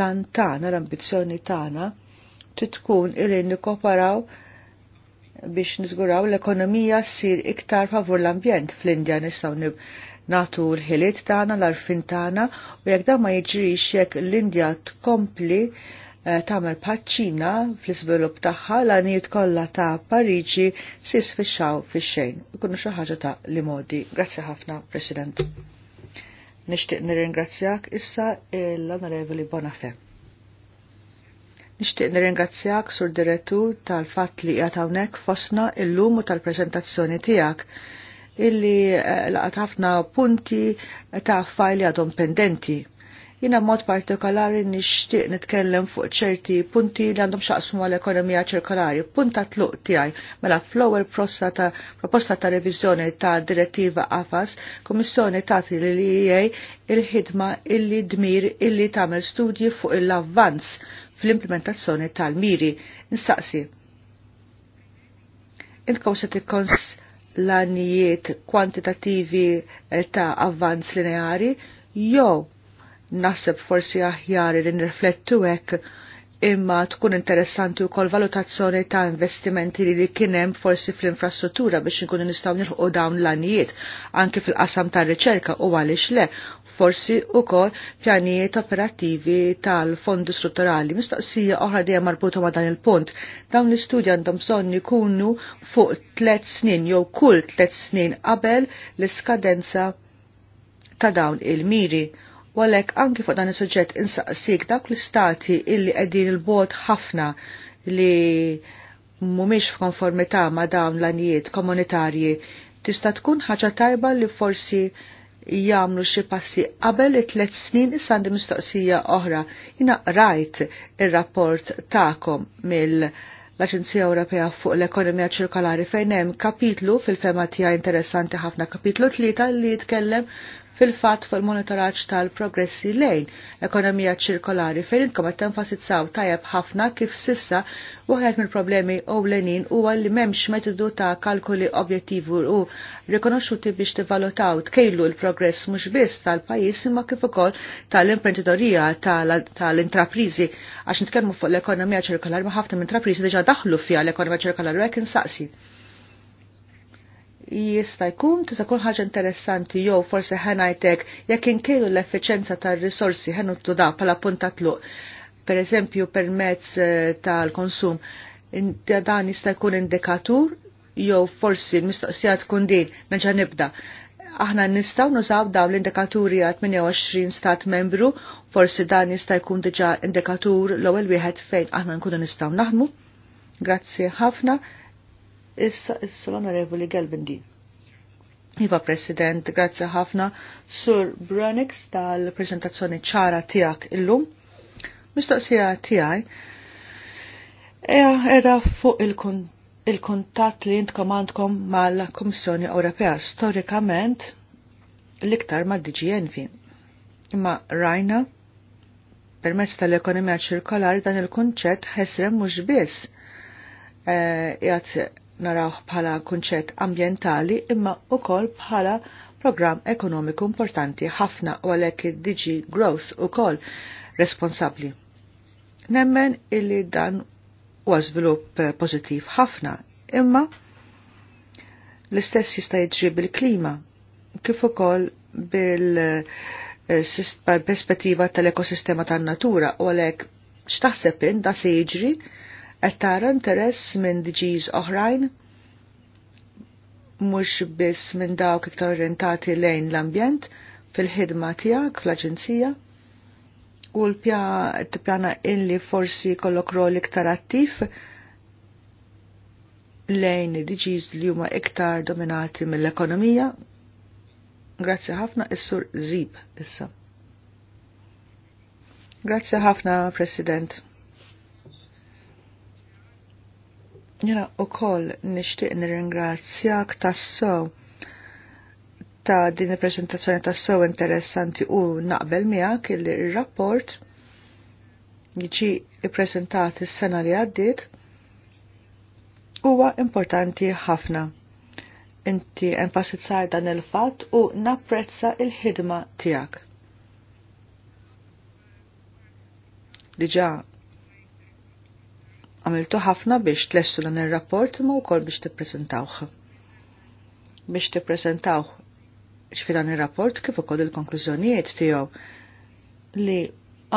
lan tagħna l-ambizzjoni tagħna titkun illi nikkoparaw biex niżguraw l-ekonomija ssir iktar favur l-ambjent fl-Indja nistgħu natu l-ħiliet tagħna l-arfin tagħna u jekk dan ma jiġrix jekk l-Indja tkompli Eh, tamel paċċina fl-iżvilupp tagħha l-għanijiet kollha ta' Pariġi si sfixxaw fix-xejn. Ikunu xi ħaġa ta' li modi. Grazzi ħafna, President. Nixtieq nirringrazzjak issa l-Onorevoli Bonafè. Nixtieq nirringrazzjak sur direttur tal-fatt li qiegħed hawnhekk fosna illum u tal-preżentazzjoni tiegħek illi eh, laqat ħafna punti ta' fajli għadhom pendenti Jina mod partikolari nixtieq nitkellem fuq ċerti punti li għandhom xaqsmu għal ekonomija ċirkolari. Punta tluq tiegħi mela fl-ewwel proposta ta' reviżjoni ta' direttiva AFAS, Kummissjoni tagħti li l jiej il-ħidma illi dmir illi tagħmel studji fuq l-avvanz fl-implementazzjoni tal-miri. Nsaqsi. Intkom se tikkons l-għannijiet kwantitativi eh, ta' avvanz lineari jew naħseb forsi aħjar li nirflettu hekk imma tkun interessanti u kol valutazzjoni ta' investimenti li li kienem forsi fl-infrastruttura biex nkun nistaw nilħu dawn l-anijiet anki fil-qasam ta' riċerka u għalix le forsi u kol pjanijiet operativi tal-fondi strutturali. Mistoqsija oħra dejjem marbuta ma' dan il-punt. Dawn l istudja għandhom bżonn ikunu fuq tlet snin jew kull tlet snin qabel l-iskadenza ta' dawn il-miri U anki fuq dan is-suġġett insaqsik dak l-istati illi qegħdin il-bot ħafna li mhumiex f'konformità ma' dawn l-anijiet komunitarji tista' tkun ħaġa tajba li forsi jagħmlu xi passi qabel it-tliet snin issa għandi mistoqsija oħra. Jina rajt ir-rapport tagħkom mill- l-Aġenzija Ewropea fuq l-Ekonomija Ċirkolari fejn hemm kapitlu fil-fema tiegħi interessanti ħafna kapitlu tlieta li jitkellem fil-fatt fuq il-monitoraġġ tal-progressi lejn ekonomija ċirkolari fejn inkom qed tenfasizzaw tajjeb ħafna kif sissa uħed mill-problemi ewlenin huwa li m'hemmx metodu ta' kalkoli objettivu u rikonoxxuti biex tivvalutaw tkejlu l-progress mhux biss tal-pajjiż imma kif ukoll tal-imprenditorija tal-intraprizi għax nitkellmu fuq l-ekonomija ċirkolari ma ħafna mill intraprizi deġa daħlu fiha l-ekonomija ċirkolari hekk insaqsi jista' jkun tisa kull ħaġa interessanti jew forsi ħanajtek jekk inkielu l-effiċenza tar-risorsi ħenu da bħala punta tluq. Per eżempju permezz eh, tal-konsum dan jista' jkun indikatur jew forsi l-mistoqsija tkun din meġa nibda. Aħna nistgħu nużaw dawn l-indikaturi għal 28 e stat membru, forsi dan jista' jkun diġa' indikatur l-ewwel wieħed fejn aħna nkunu nistgħu naħdmu. Grazzi ħafna. Issa issa l-Onorevoli Gelbindi. Iva President, grazzi ħafna Sur Brunix tal-prezentazzjoni ċara tijak illum. Mistoqsija tijaj. Edha fuq il-kontat li jintkom għandkom mal-Komissjoni Ewropea storikament l-iktar ma' DGNV. Imma rajna permezz tal-ekonomija ċirkolari dan il-kunċett ħesrem mhux biss eh, narawh bħala kunċett ambientali imma ukoll bħala programm ekonomiku importanti ħafna u għalhekk id-DG Growth ukoll responsabbli. Nemmen illi dan huwa żvilupp pożittiv ħafna, imma l-istess jista' jiġri bil-klima kif ukoll bil perspettiva tal-ekosistema tan-natura u għalhekk x'taħseb da se jiġri qed tara interess minn DGs oħrajn mhux biss minn dawk iktar orientati lejn l-ambjent fil-ħidma tiegħek fl-aġenzija u l-pjana illi forsi kollok rol iktar attiv lejn DGs li huma iktar dominati mill-ekonomija. Grazzi ħafna is-sur Zib issa. Grazzi ħafna, President. Jena u koll nishtiq nir-ingrazzjak tassow ta' din il-prezentazzjoni tassow interessanti u naqbel miegħek il rapport jiġi ippreżentat s sena li għaddiet huwa importanti ħafna. Inti enfasizzaj dan il-fatt u napprezza il-ħidma tiegħek. Diġà għamiltu ħafna biex tlessu dan il-rapport ma wkoll biex tippreżentawh. Biex tippreżentaw dan ir-rapport kif ukoll il-konklużjonijiet tiegħu li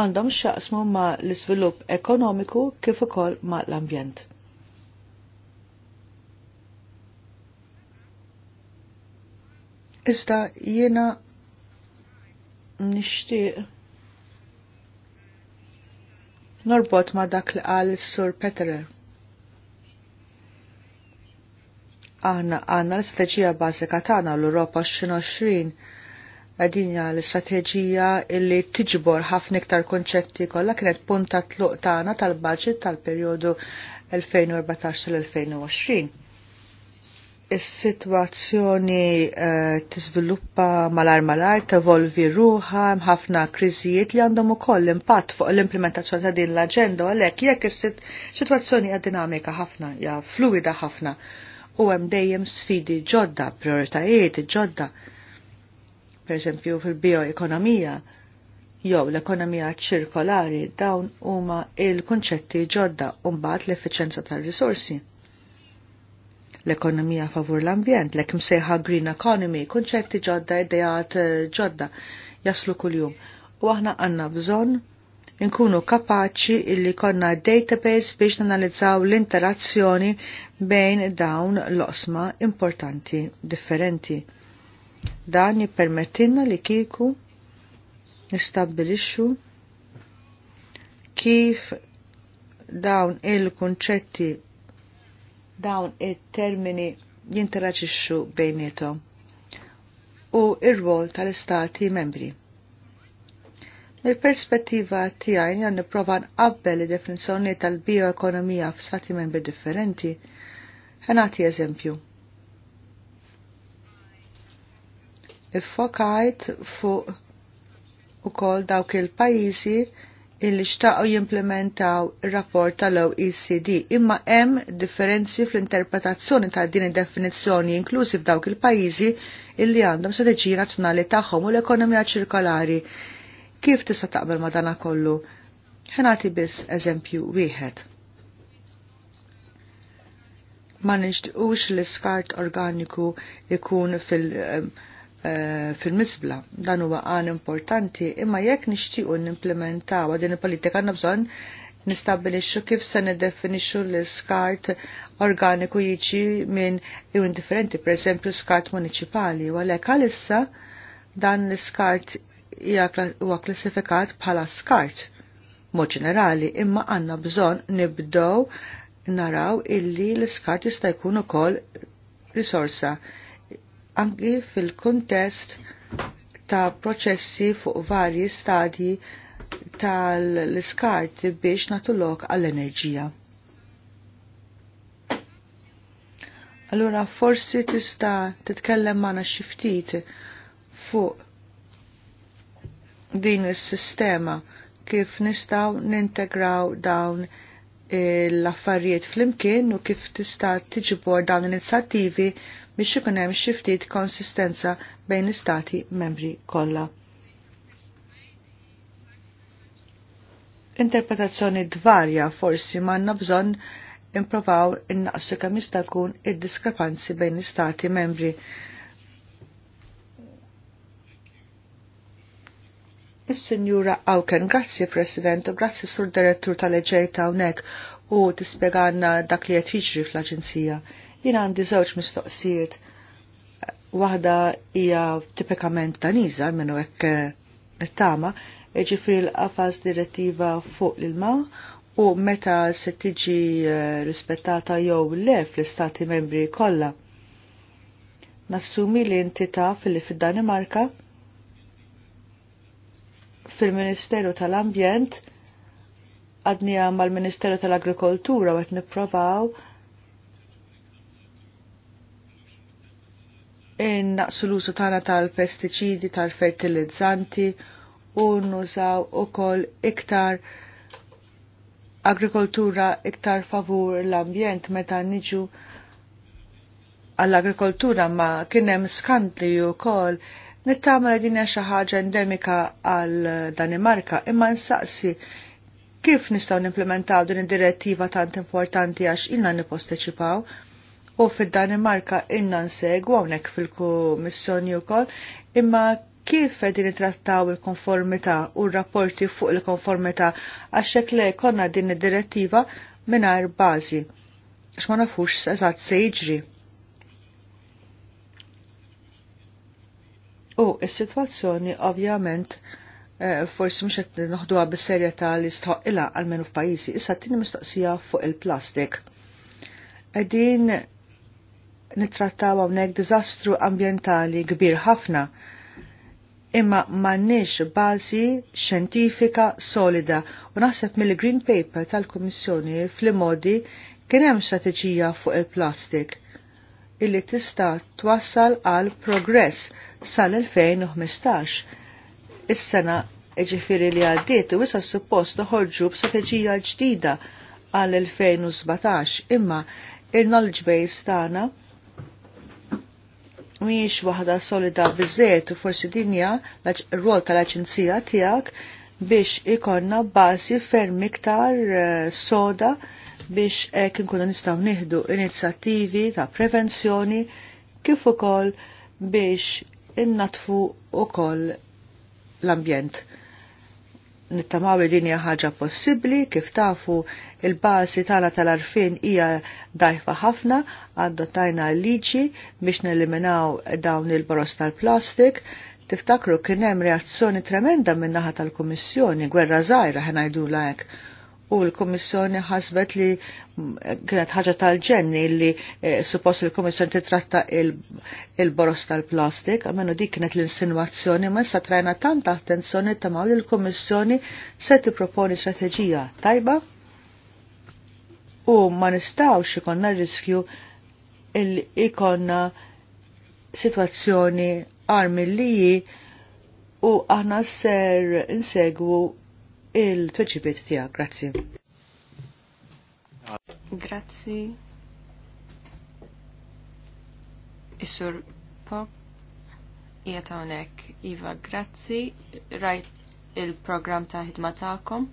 għandhom xaqsmu ma l-iżvilupp ekonomiku kif ukoll ma l-ambjent. Iżda jiena nixtieq norbot ma dak li qal sur Petterer. Aħna għanna l-istrateġija bażika tagħna l-Europa 2020 għadinja l-istrateġija illi tiġbor ħafna iktar konċetti kollha kienet punta tluq tagħna tal-baġit tal-perjodu 2014 2020 Is-sitwazzjoni uh, tiżviluppa malar malar, t-evolvi ruħa, ħafna kriżijiet li għandhom ukoll impatt fuq l-implementazzjoni ta' din l-aġenda għalhekk jekk is-sitwazzjoni hija dinamika ħafna, ja fluida ħafna u hemm dejjem sfidi ġodda, prioritajiet ġodda. Pereżempju fil-bioekonomija jew l-ekonomija ċirkolari dawn huma il-kunċetti ġodda u mbagħad l-effiċenza tar-risorsi l-ekonomija favur l-ambjent, l mseħa green economy, konċetti ġodda, idejat eh, ġodda, jaslu kuljum. U aħna għanna bżon nkunu kapaċi illi konna database biex nanalizzaw l-interazzjoni bejn dawn l-osma importanti differenti. Dan jippermettinna li kiku nistabilixxu kif dawn il-kunċetti dawn it-termini jinteraġixxu bejnietom u ir-rwol tal-istati membri. mil perspettiva tiegħi jan nipprova nqabbel id-definizzjoni tal-bioekonomija f'stati membri differenti, ħanati eżempju. Iffokajt fuq ukoll dawk il-pajjiżi illi xtaqgħu jimplementaw ir-rapport tal-OECD imma hemm differenzi fl-interpretazzjoni ta' din id-definizzjoni inklusiv dawk il-pajjiżi illi għandhom strateġiji nazzjonali tagħhom u l-ekonomija ċirkolari. Kif tista' taqbel ma' dana kollu? Ħenati biss eżempju wieħed. Ma nixtiqux l-iskart organiku ikun fil- um, Eh, fil-misbla. Dan huwa għan importanti, imma jekk nixtiequ nimplementaw din il-politika għandna bżonn nistabilixxu kif se niddefinixxu l iskart organiku jiġi minn jew indifferenti, pereżempju skart municipali, u għalhekk għalissa dan l iskart huwa klassifikat bħala skart mod ġenerali, imma għandna bżonn nibdew naraw illi l iskart jista' jkun ukoll risorsa anki fil-kontest ta' proċessi fuq varji stadji tal-iskart biex natulok għall-enerġija. Allura forsi tista' titkellem magħna xi ftit fuq din is-sistema kif nistgħu nintegraw dawn l-affarijiet flimkien u kif tista' tiġibor dawn l-inizjattivi biex ikun hemm xi ftit konsistenza bejn l-istati membri kollha. Interpretazzjoni dvarja forsi m'għandna bżonn improvaw innaqsu kemm jista' jkun id-diskrepanzi bejn l-istati membri. Is-Sinjura Awken, grazzi President u grazzi Sur Direttur tal-Eġej ta' unek u tispjeganna dak li qed jiġri fl-Aġenzija. Jien għandi żewġ mistoqsijiet. Waħda hija tipikament taniża minnu hekk eh, nittama, e ġifri l-qafas direttiva fuq l-ilma u meta se tiġi eh, rispettata jew le fl-istati membri kollha. Nassumi li inti taf li fid-Danimarka fil-Ministeru tal-Ambjent għadnija mal-Ministeru tal-Agrikoltura għet niprovaw naqsu l-użu tagħna tal-pestiċidi, tal-fertilizzanti u nużaw ukoll iktar agrikoltura iktar favur l-ambjent meta niġu għall-agrikoltura ma kien hemm skandli wkoll nittamel din hija xi ħaġa endemika għal Danimarka imma nsaqsi kif nistgħu nimplementaw din id-direttiva tant importanti għax ilna nipposteċipaw u fid-Danimarka inna nsegu hawnhekk fil u wkoll imma kif din trattaw il-konformità u r-rapporti fuq il-konformità għaxek le konna din id-direttiva mingħajr bażi għax ma nafux eżatt se jiġri. U is-sitwazzjoni ovvjament eh, forsi mhux qed noħduha bis-serjetà li stħoq ilha menu f'pajjiżi, issa t tini mistoqsija fuq il-plastik. Qegħdin nittrattaw hawnhekk diżastru ambjentali kbir ħafna imma m'għandniex bażi xjentifika solida u naħseb mill-Green Paper tal-Kummissjoni fl-modi kien hemm strateġija fuq il-plastik illi tista' twassal għal progress sal-2015. Is-sena ġifiri li għaddiet u issa suppost noħorġu b'strateġija ġdida għal 2017 imma il-knowledge base tagħna miex waħda solida bizzet u forsi dinja r-rol tal-aċenzija tijak biex ikonna basi ferm iktar eh, soda biex ek nkunu nistaw nieħdu inizjattivi ta' prevenzjoni kif ukoll biex innatfu ukoll l-ambjent nittamaw li dinja ħaġa possibli, kif tafu il-bazi tana tal-arfin hija dajfa ħafna, għaddotajna liġi biex neliminaw dawn il-boros tal-plastik, tiftakru kien hemm reazzjoni tremenda min-naħa tal-Kummissjoni, gwerra żgħira ħanajdula hekk u l komissjoni ħasbet li kienet ħaġa tal-ġenni li eh, suppost il-Kommissjoni titratta il-boros il komissjoni titratta il boros tal plastik għamenu dik kienet l-insinuazzjoni, ma sa trajna tanta attenzjoni ta' li l komissjoni se tipproponi strateġija tajba u ma nistawx ikonna riskju il-ikonna situazzjoni armilliji u aħna ser insegwu il-tweġibiet tiegħek. Grazzi. Grazzi. Isur Pop jiet hawnhekk. Iva, grazzi. Rajt il-programm ta' ħidma tagħkom.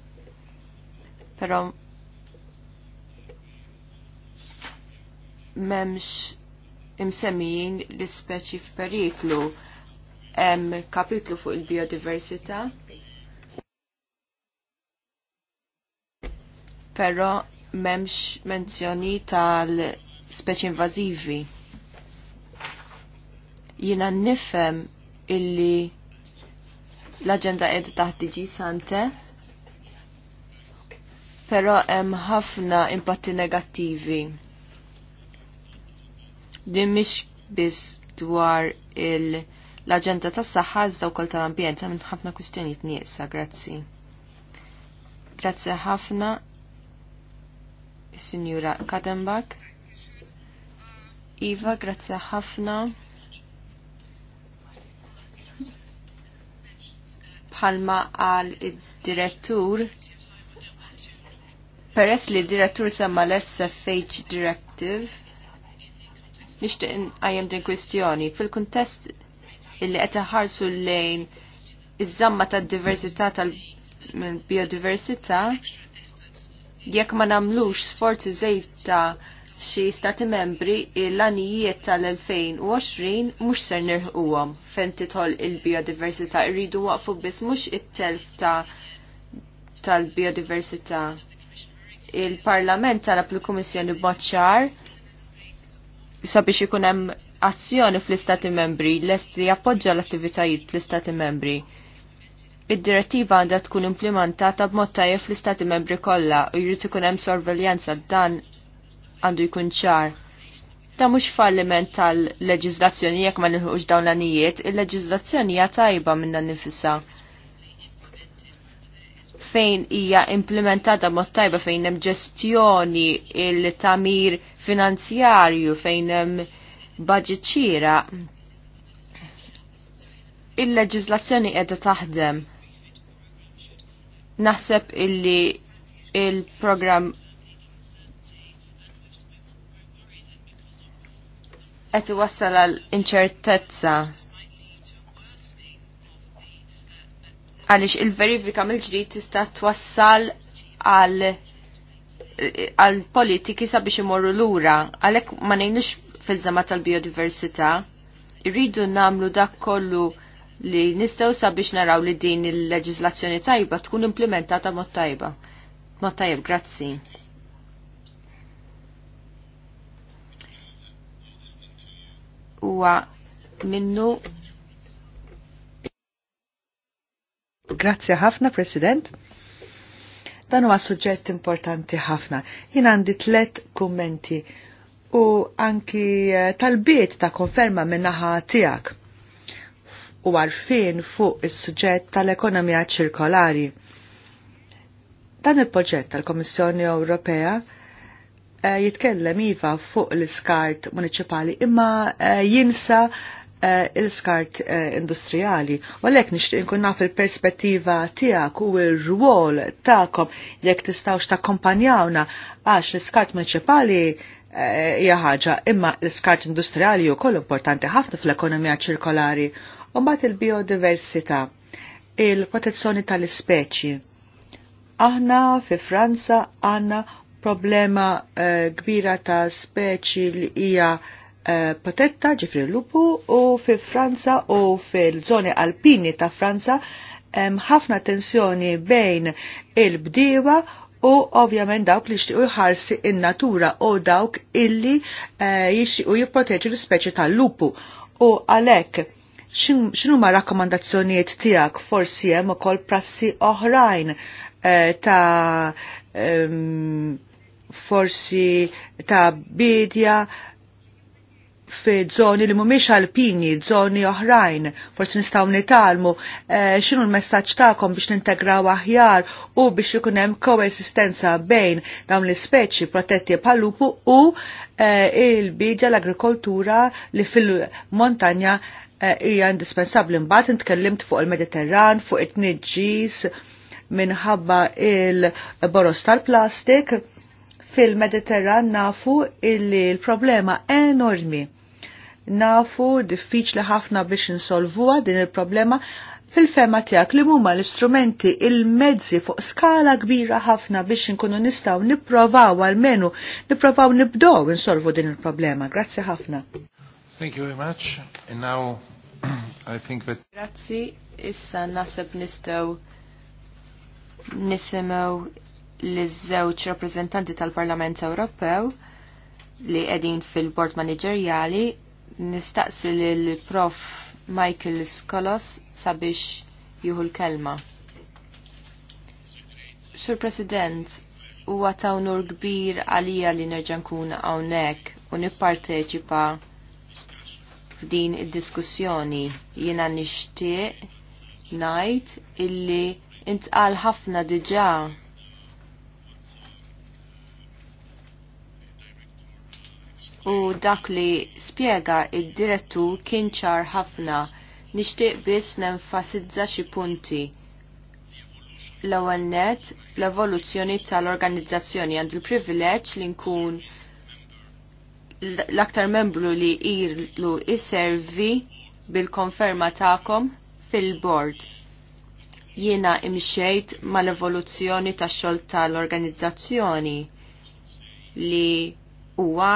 Però memx imsemmijin l-ispeċi f'periklu hemm kapitlu fuq il-biodiversità però memx menzjoni tal-speċi invazivi. Jina nifem illi l-agenda ed taħt diġi sante, pero hemm ħafna impatti negattivi. Din mhix biss dwar l-aġenda tas-saħħa iżda kol tal-ambjent hemm ħafna kwistjonijiet nieqsa, grazzi. Grazzi ħafna Signora Kadenbach. Iva, grazzi ħafna. Palma għal id-direttur. Peress li d-direttur semma l-SFH Directive, nishtiq għajem din kwistjoni. Fil-kontest illi qed ħarsu lejn iż-żamma tad-diversità tal-biodiversità, tal biodiversità Jekk ma namlux sforzi ta' xi stati membri l-anijiet tal-2020 mhux ser nirħuhom fejn titħol il-biodiversità rridu waqfu biss mhux it-telf ta' tal-biodiversità. Il-Parlament tal l-Kummissjoni b'moċċar sabiex ikun hemm azzjoni fl-Istati membri lest jappoġġa l-attivitajiet fl-Istati membri. Id-direttiva għandha tkun implementata b'mod tajjeb fl-istati membri kollha u jrid ikun hemm sorveljanza dan għandu jkun ċar. Ta' mhux falliment tal-leġiżlazzjoni jekk ma nilħuġ dawn l-anijiet, il-leġiżlazzjoni hija tajba minna nifisa. Fejn hija implementata b'mod tajba fejn hemm ġestjoni il-tamir finanzjarju fejn hemm budget ċira. Il-leġiżlazzjoni qiegħda taħdem. Naħseb illi il-program qed iwassal għal inċertezza għaliex il-verifika mill-ġdid tista' twassal għal għal politiki sabiex imorru lura għalhekk ma ngħinux fiż-żama tal-biodiversità irridu namlu dak kollu li nistgħu sabiex naraw li din il leġislazzjoni tajba tkun implementata mod tajba. Mod tajb, grazzi. Huwa minnu Grazzi ħafna, President. Dan huwa suġġett importanti ħafna. Jien għandi tlet kummenti u anki eh, talbiet ta' konferma minnaħa tiegħek u għarfien fuq is-suġġett tal-ekonomija ċirkolari. Dan il-proġett tal-Komissjoni Ewropea e, jitkellem iva fuq l-iskart municipali imma e, jinsa e, eh, l-iskart industrijali. Walek nixtieq nkun naf il-perspettiva tiegħek u r-rwol tagħkom jekk tistgħux kompanjawna għax l-iskart municipali hija ħaġa imma l-iskart industrijali wkoll importanti ħafna fl-ekonomija ċirkolari Umbat il-biodiversità, il-protezzjoni tal-ispeċi. Aħna fi Franza għanna problema eh, kbira ta' speċi li hija eh, protetta ġifri l-lupu u fi Franza u fil-żoni alpini ta' Franza hemm ħafna tensjoni bejn il-bdiewa u ovvjament dawk li jixtiequ jħarsi in-natura u dawk illi eh, jixtiqu jipproteġu l-speċi tal-lupu. U għalhekk xinu ma rakkomandazzjonijiet tijak forsi jem u kol prassi oħrajn eh, ta' forsi ta' bidja fi zoni li mumiex alpini, zoni oħrajn, forsi nistaw nitalmu, eh, xinu l-messagġ ta'kom biex nintegraw aħjar u biex ikunem koesistenza bejn dawn l-speċi protetti palupu u eh, il-bidja l-agrikoltura li fil-montanja Eh, hija indispensabbli mbagħad intkellimt fuq il-Mediterran, fuq it-tniġġis minħabba il-boros tal-plastik fil-Mediterran nafu illi l-problema enormi. Nafu diffiċli ħafna biex insolvuha din il-problema fil-fema tijak li huma l-istrumenti il-mezzi fuq skala kbira ħafna biex inkunu nistaw niprovaw għal-menu, nibdew nibdow insolvu din il-problema. Grazzi ħafna. Thank you very much. And now <clears throat> I think that... Grazzi, issa nasab nistgħu nisimgħu li żewġ rappreżentanti tal-Parlament Ewropew li qegħdin fil-Bord Maniġerjali nistaqsi lil prof Michael Skolos sabiex juhu l-kelma. Sur President, huwa ta' unur kbir għalija li nerġa' nkun hawnhekk u nipparteċipa f'din id-diskussjoni. Jiena nixtieq ngħid illi intqal ħafna diġà u dak li spjega id-direttur kien ċar ħafna nixtieq biss nenfasizza xi punti. L-ewwel net l-evoluzzjoni tal-organizzazzjoni għandu l privileġġ li nkun l-aktar membru li irlu iservi bil-konferma ta'kom fil-board. Jiena imxejt mal-evoluzzjoni ta' xol tal-organizzazzjoni li huwa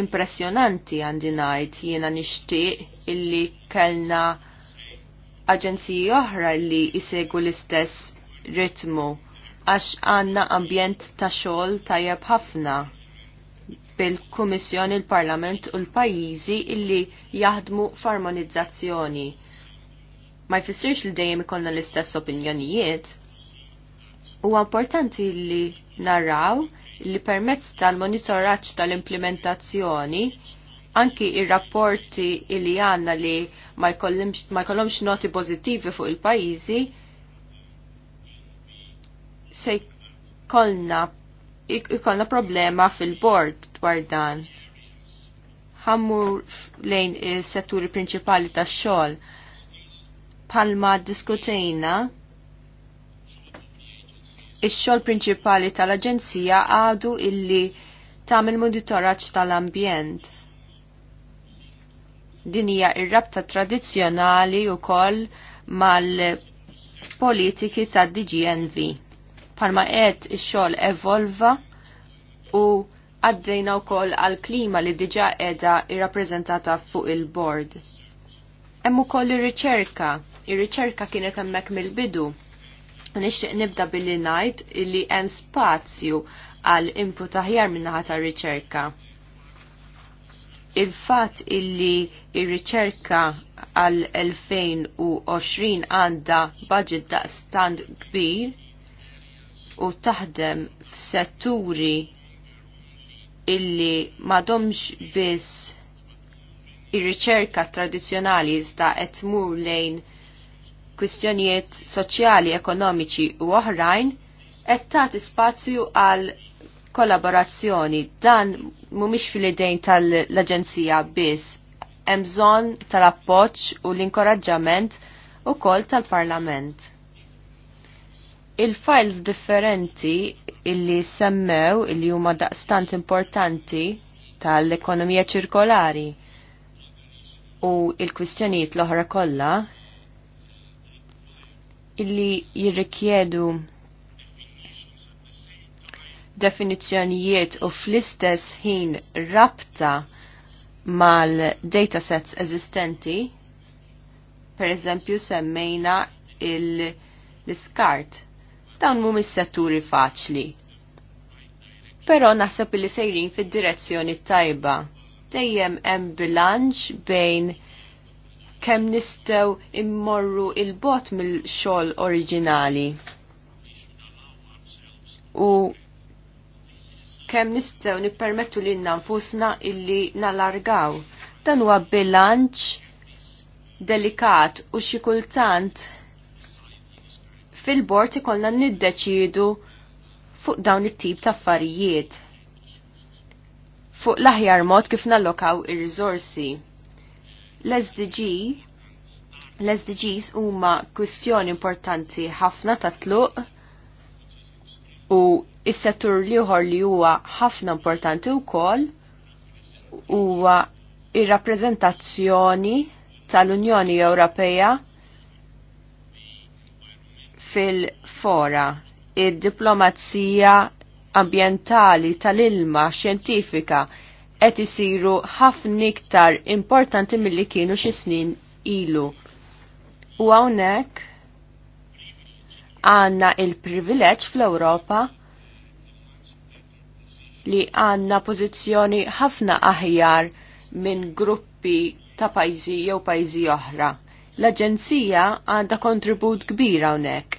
impressjonanti għandi ngħid jiena nixtieq illi kellna aġenziji oħra li jisegu l-istess ritmu għax għandna ambjent ta' xogħol tajjeb ħafna bil-Kummissjoni, il-Parlament u l-pajjiżi illi jaħdmu f'armonizzazzjoni. Ma jfissirx li dejjem ikollna l-istess opinjonijiet. Huwa importanti li narraw li permezz tal-monitoraġġ tal-implementazzjoni anki ir-rapporti li illi għanna li ma jkollhomx noti pożittivi fuq il-pajjiżi se jkollna ikolna problema fil-bord dwar dan. Ħammur lejn is-setturi prinċipali tax-xogħol. Palma diskutejna ix-xogħol prinċipali tal-Aġenzija għadu illi tagħmel monitoraġġ tal-ambjent. Din hija r-rabta tradizzjonali wkoll mal-politiki tad-DGNV. Parma qed ix-xogħol evolva u għaddejna wkoll għal klima li diġà qiegħda irrappreżentata fuq il-bord. Hemm ukoll ir-riċerka. Ir-riċerka kienet hemmhekk mill-bidu. Nixtieq nibda billi ngħid li hemm spazju għal input aħjar minnaħa tar-riċerka il-fat illi ir-riċerka għal 2020 għanda budget daqstand kbir u taħdem f'setturi illi madomx biss ir-riċerka tradizjonali iżda qed tmur lejn kwistjonijiet soċjali, ekonomiċi u oħrajn qed tagħti spazju għal kollaborazzjoni. Dan mhumiex fil-idejn tal-Aġenzija biss, hemm bżonn tal-appoġġ u l-inkoraġġament ukoll tal-Parlament il-files differenti illi semmew illi huma daqstant importanti tal-ekonomija ċirkolari u il-kwistjonijiet l-oħra kollha illi jirrikjedu definizzjonijiet u fl-istess ħin rabta mal-datasets eżistenti, per eżempju semmejna l-iskart Dawn mis setturi faċli. Però naħseb li sejrin fid-direzzjoni tajba. Dejjem hemm bilanċ bejn kemm nistgħu immorru il-bot mill-xogħol oriġinali. U kemm nistgħu nippermettu lil nfusna illi nalargaw. Dan huwa bilanċ delikat u xi kultant fil-bord ikollna niddeċidu fuq dawn it-tip ta' affarijiet. Fuq l-aħjar mod kif nallokaw ir-riżorsi. L-SDG L-SDGs huma kwistjoni importanti ħafna ta' tluq u is-settur liħor li huwa ħafna importanti wkoll huwa ir-rappreżentazzjoni tal-Unjoni Ewropea fil-fora id-diplomazija ambientali tal-ilma xjentifika qed isiru ħafna iktar importanti milli kienu xi snin ilu. U hawnhekk għandna il-privileġġ fl-Ewropa li għandna pożizzjoni ħafna aħjar minn gruppi ta' pajjiżi jew pajjiżi oħra. L-Aġenzija għandha kontribut kbir hawnhekk,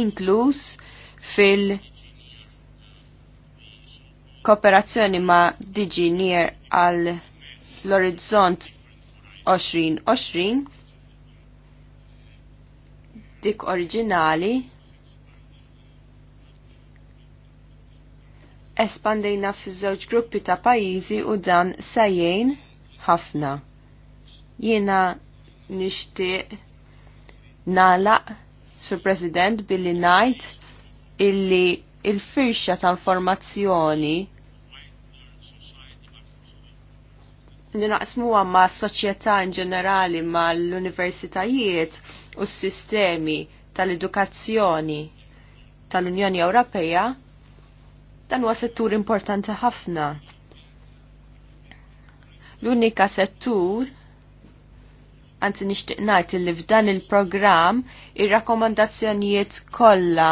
inkluż fil- kooperazzjoni ma' Digi Near għal l-Orizzont 2020 dik oriġinali espandejna fi żewġ gruppi ta' pajjiżi u dan sajjejn ħafna. Jiena nixtieq nalaq sur President billi ngħid illi il-firxa ta' informazzjoni li naqsmu ma' soċjetà in ġenerali ma' l-universitajiet u s-sistemi tal-edukazzjoni tal-Unjoni Ewropea dan huwa settur importanti ħafna. L-unika settur anzi nixtieq ngħid li f'dan il-programm ir-rakkomandazzjonijiet kollha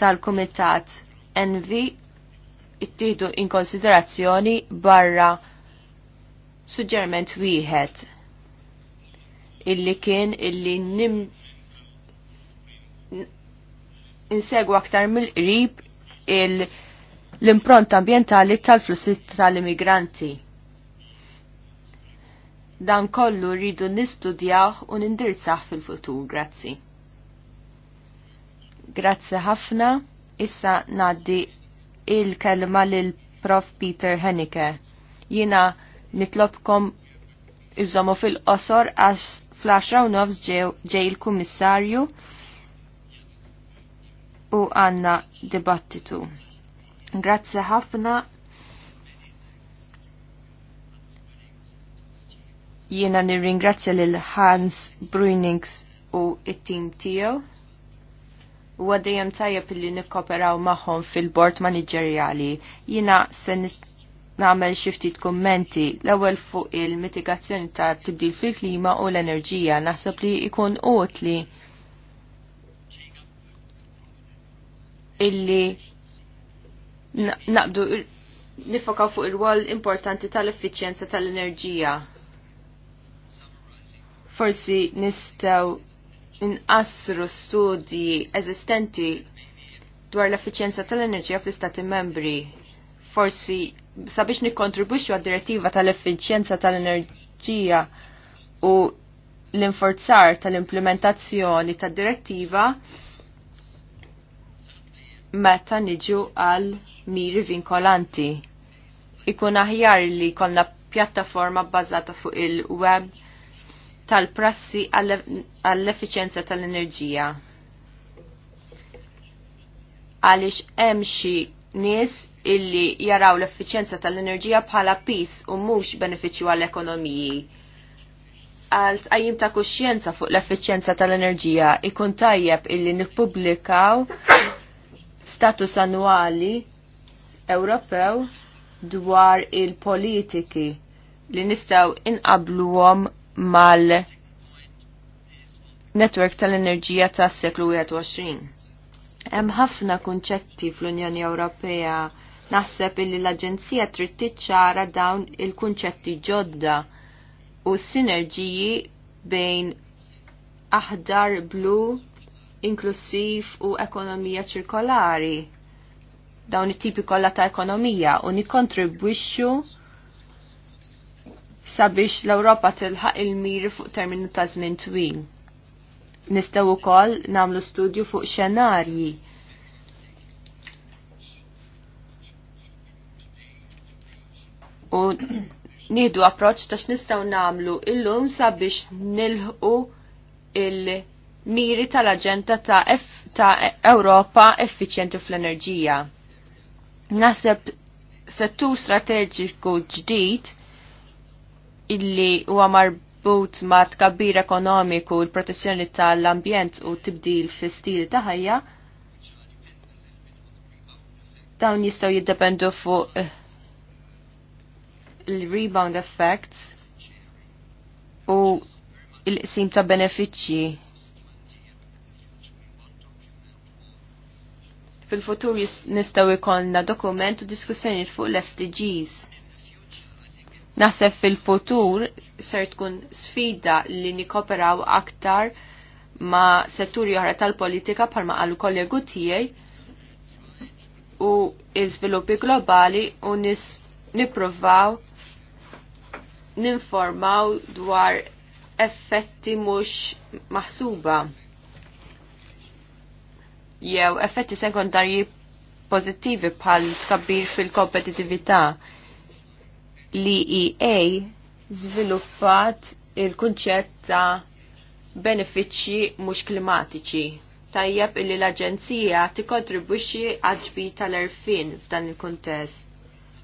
tal-Kumitat NV ittieħdu in konsiderazzjoni barra suġġerment wieħed illi kien illi nim insegwu aktar mill-qrib l-impronta ambientali tal-flussi tal-immigranti. Dan kollu rridu nistudjaw u nindirzaħ fil-futur, grazzi. Grazzi ħafna, issa naddi il-kelma lil Prof Peter Henike. Jina nitlobkom iżomu fil-qosor għax fl nofs ġej il-kummissarju u għanna dibattitu. Grazzi ħafna Jiena nirringrazzja lil Hans Brunings u it-tim tiegħu. U għaddejjem tajjeb li nikkoperaw magħhom fil-bord maniġerjali. Jiena se nagħmel xi ftit kummenti l-ewwel fuq il-mitigazzjoni ta' tibdil fil-klima u l-enerġija naħseb li jkun utli illi naqdu nifokaw fuq ir-rwol importanti tal-effiċjenza tal-enerġija forsi nistaw inqassru studji eżistenti dwar l-effiċjenza tal-enerġija fl-Istati membri. Forsi sabiex nikkontribwixxu għad-direttiva tal-effiċjenza tal-enerġija u l-inforzar tal-implementazzjoni tad-direttiva meta niġu għal miri vinkolanti. Ikun aħjar li konna pjattaforma bbażata fuq il-web tal-prassi għall-efficienza tal-enerġija. Għalix hemm xi nies illi jaraw l efficienza tal-enerġija bħala pis u mhux benefiċċju għall-ekonomiji. Għal tqajjim ta' kuxjenza fuq l efficienza tal-enerġija ikun tajjeb illi nippubblikaw status annwali Ewropew dwar il-politiki li nistaw inqabluhom mal netwerk tal-enerġija tas seklu 21. Hemm ħafna kunċetti fl-Unjoni Ewropea naħseb illi l-Aġenzija trid tiċċara dawn il-kunċetti ġodda u sinerġiji bejn aħdar blu inklusiv u ekonomija ċirkolari dawn it-tipi kollha ta' ekonomija u nikkontribwixxu sabiex l-Ewropa tilħaq il-miri fuq terminu ta' żmien twil. Nistgħu wkoll nagħmlu studju fuq xenarji. U nieħdu approċċ ta' x'nistgħu nagħmlu illum sabiex nilħu il-miri tal-aġenda ta' F ta' Ewropa effiċjenti fl-enerġija. Naħseb settur strateġiku ġdid illi huwa marbut ma' tkabbir ekonomiku, l-protezzjoni tal-ambjent u tibdil fi stili ta' ħajja, dawn jistgħu jiddependu fuq eh, il-rebound effects u il-qsim ta' benefiċċji. Fil-futur nistgħu jkollna dokument u diskussjoni fuq l-SDGs. Naħseb fil-futur ser tkun sfida li nikoperaw aktar ma setturi oħra tal-politika bħalma qalu kollegu tiegħi u iżviluppi globali u nis niprovaw ninformaw dwar effetti mhux maħsuba jew effetti sekondarji pożittivi bħal tkabbir fil-kompetitività l-EEA żviluppat il-kunċett ta' benefiċċji mhux klimatiċi. Tajjeb illi l-Aġenzija tikkontribwixxi għadġbi tal-erfin f'dan il-kuntest.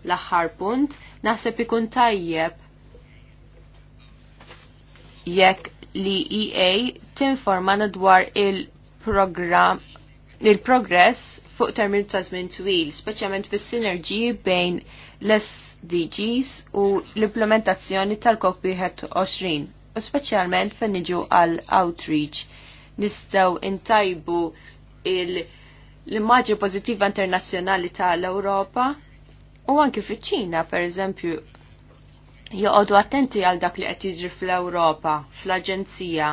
L-aħħar punt naħseb ikun tajjeb jekk li EA tinformana dwar il-programm il-progress fuq termin ta' żmien twil, speċjalment fis-sinerġiji bejn l-SDGs u l-implementazzjoni cop 20, u speċjalment fejn niġu għal outreach nistgħu intajbu l-immaġni pożittiva internazzjonali tal-Ewropa u anki fiċ-Ċina pereżempju joqogħdu attenti għal dak li qed jiġri fl-Ewropa fl-Aġenzija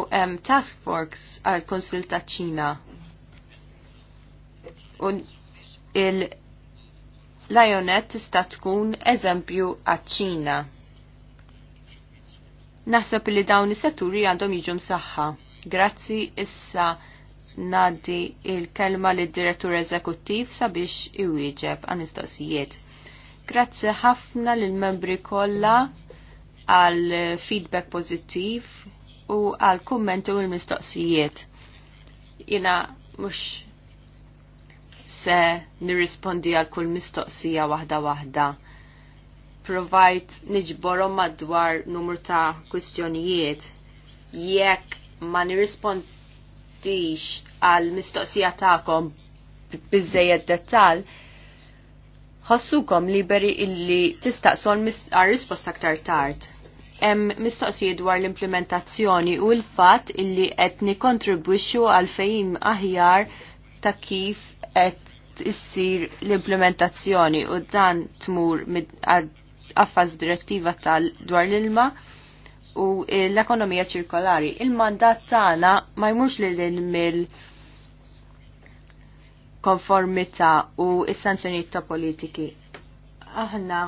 u hemm task force għal konsil ta' Ċina u il-lajonet tista' tkun eżempju għaċ-Ċina. Naħseb li dawn is-setturi għandhom jiġu msaħħa. Grazzi issa nadi il-kelma lid direttur eżekuttiv sabiex iwieġeb għan istoqsijiet. Grazzi ħafna lill membri kollha għal feedback pozittiv u għal kummenti u l-mistoqsijiet. Jina mux se nirrispondi għal kull mistoqsija waħda waħda. Provajt niġborom madwar numru ta' kwistjonijiet. Jekk ma nirrispondix għal mistoqsija ta'kom bizzejed dettal, ħossukom liberi illi tistaqson għal risposta aktar tard. Hemm mistoqsija dwar l-implementazzjoni u l-fatt illi qed nikontribwixxu għal fejim aħjar ta' kif qed issir l-implementazzjoni u dan tmur għaffaz direttiva tal dwar l-ilma u l-ekonomija ċirkolari. Il-mandat tagħna ma jmurx lil mill konformità u s-sanzjonijiet ta' politiki. Aħna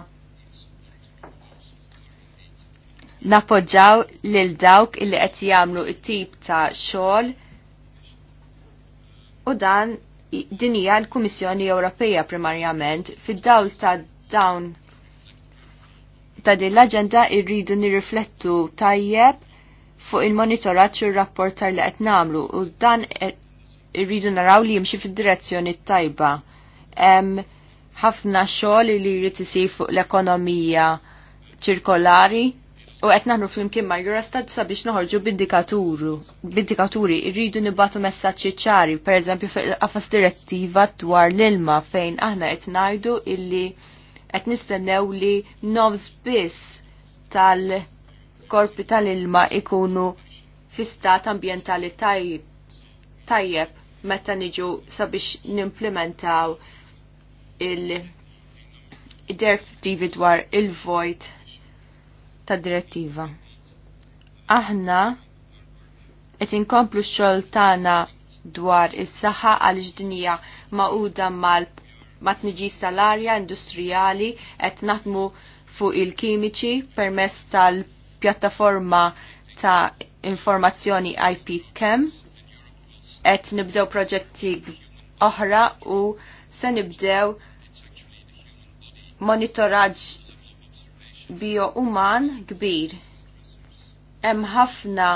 napoġġaw lil dawk illi qed jagħmlu t-tip ta' xogħol u dan dinija l-Kummissjoni Ewropea primarjament fid-dawl ta' dawn ta' din l-aġenda irridu nirriflettu tajjeb fuq il-monitoraġġ u r-rapportar li qed nagħmlu u dan e, irridu naraw li jimxi fid-direzzjoni tajba. Hemm ħafna xogħol li jrid isir fuq l-ekonomija ċirkolari U qed naħru flimkien ma' Eurostat sabiex noħorġu b'indikaturu. B'indikaturi irridu nibatu messaġġi ċari, pereżempju fil-qafas direttiva dwar l-ilma fejn aħna qed ngħidu illi qed nistennew li nofs biss tal-korpi tal-ilma ikunu fi stat ambjentali tajjeb meta niġu sabiex nimplementaw il-derf dwar il-vojt tad direttiva. Aħna qed inkomplu x-xogħol tagħna dwar is-saħħa għaliex dinja maquda mal tniġi salarja industrijali qed naħdmu fuq il-kimiċi permezz tal-pjattaforma ta' informazzjoni IP Chem qed nibdew proġetti oħra u se nibdew monitoraġġ bio uman kbir. Hemm ħafna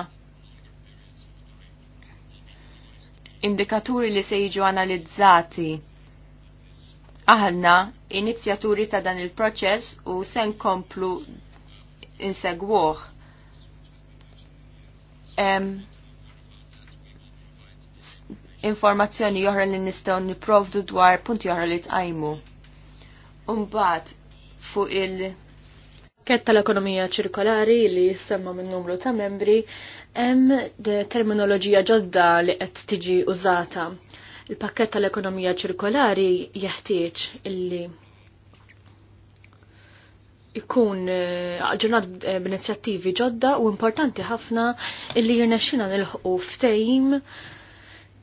indikaturi li se jiġu analizzati. Aħna inizjaturi ta' dan il-proċess u se nkomplu insegwuh. informazzjoni joħra li nistgħu niprovdu dwar punti joħra li tqajmu. Umbat fuq il- pakket tal-ekonomija ċirkolari li jissemma minn numru ta' membri, hemm terminoloġija ġodda li qed tiġi użata. Il-pakket tal-ekonomija ċirkolari jeħtieġ illi ikun eh, ġurnat eh, b'inizjattivi ġodda u importanti ħafna illi jirnexxina nilħqu ftehim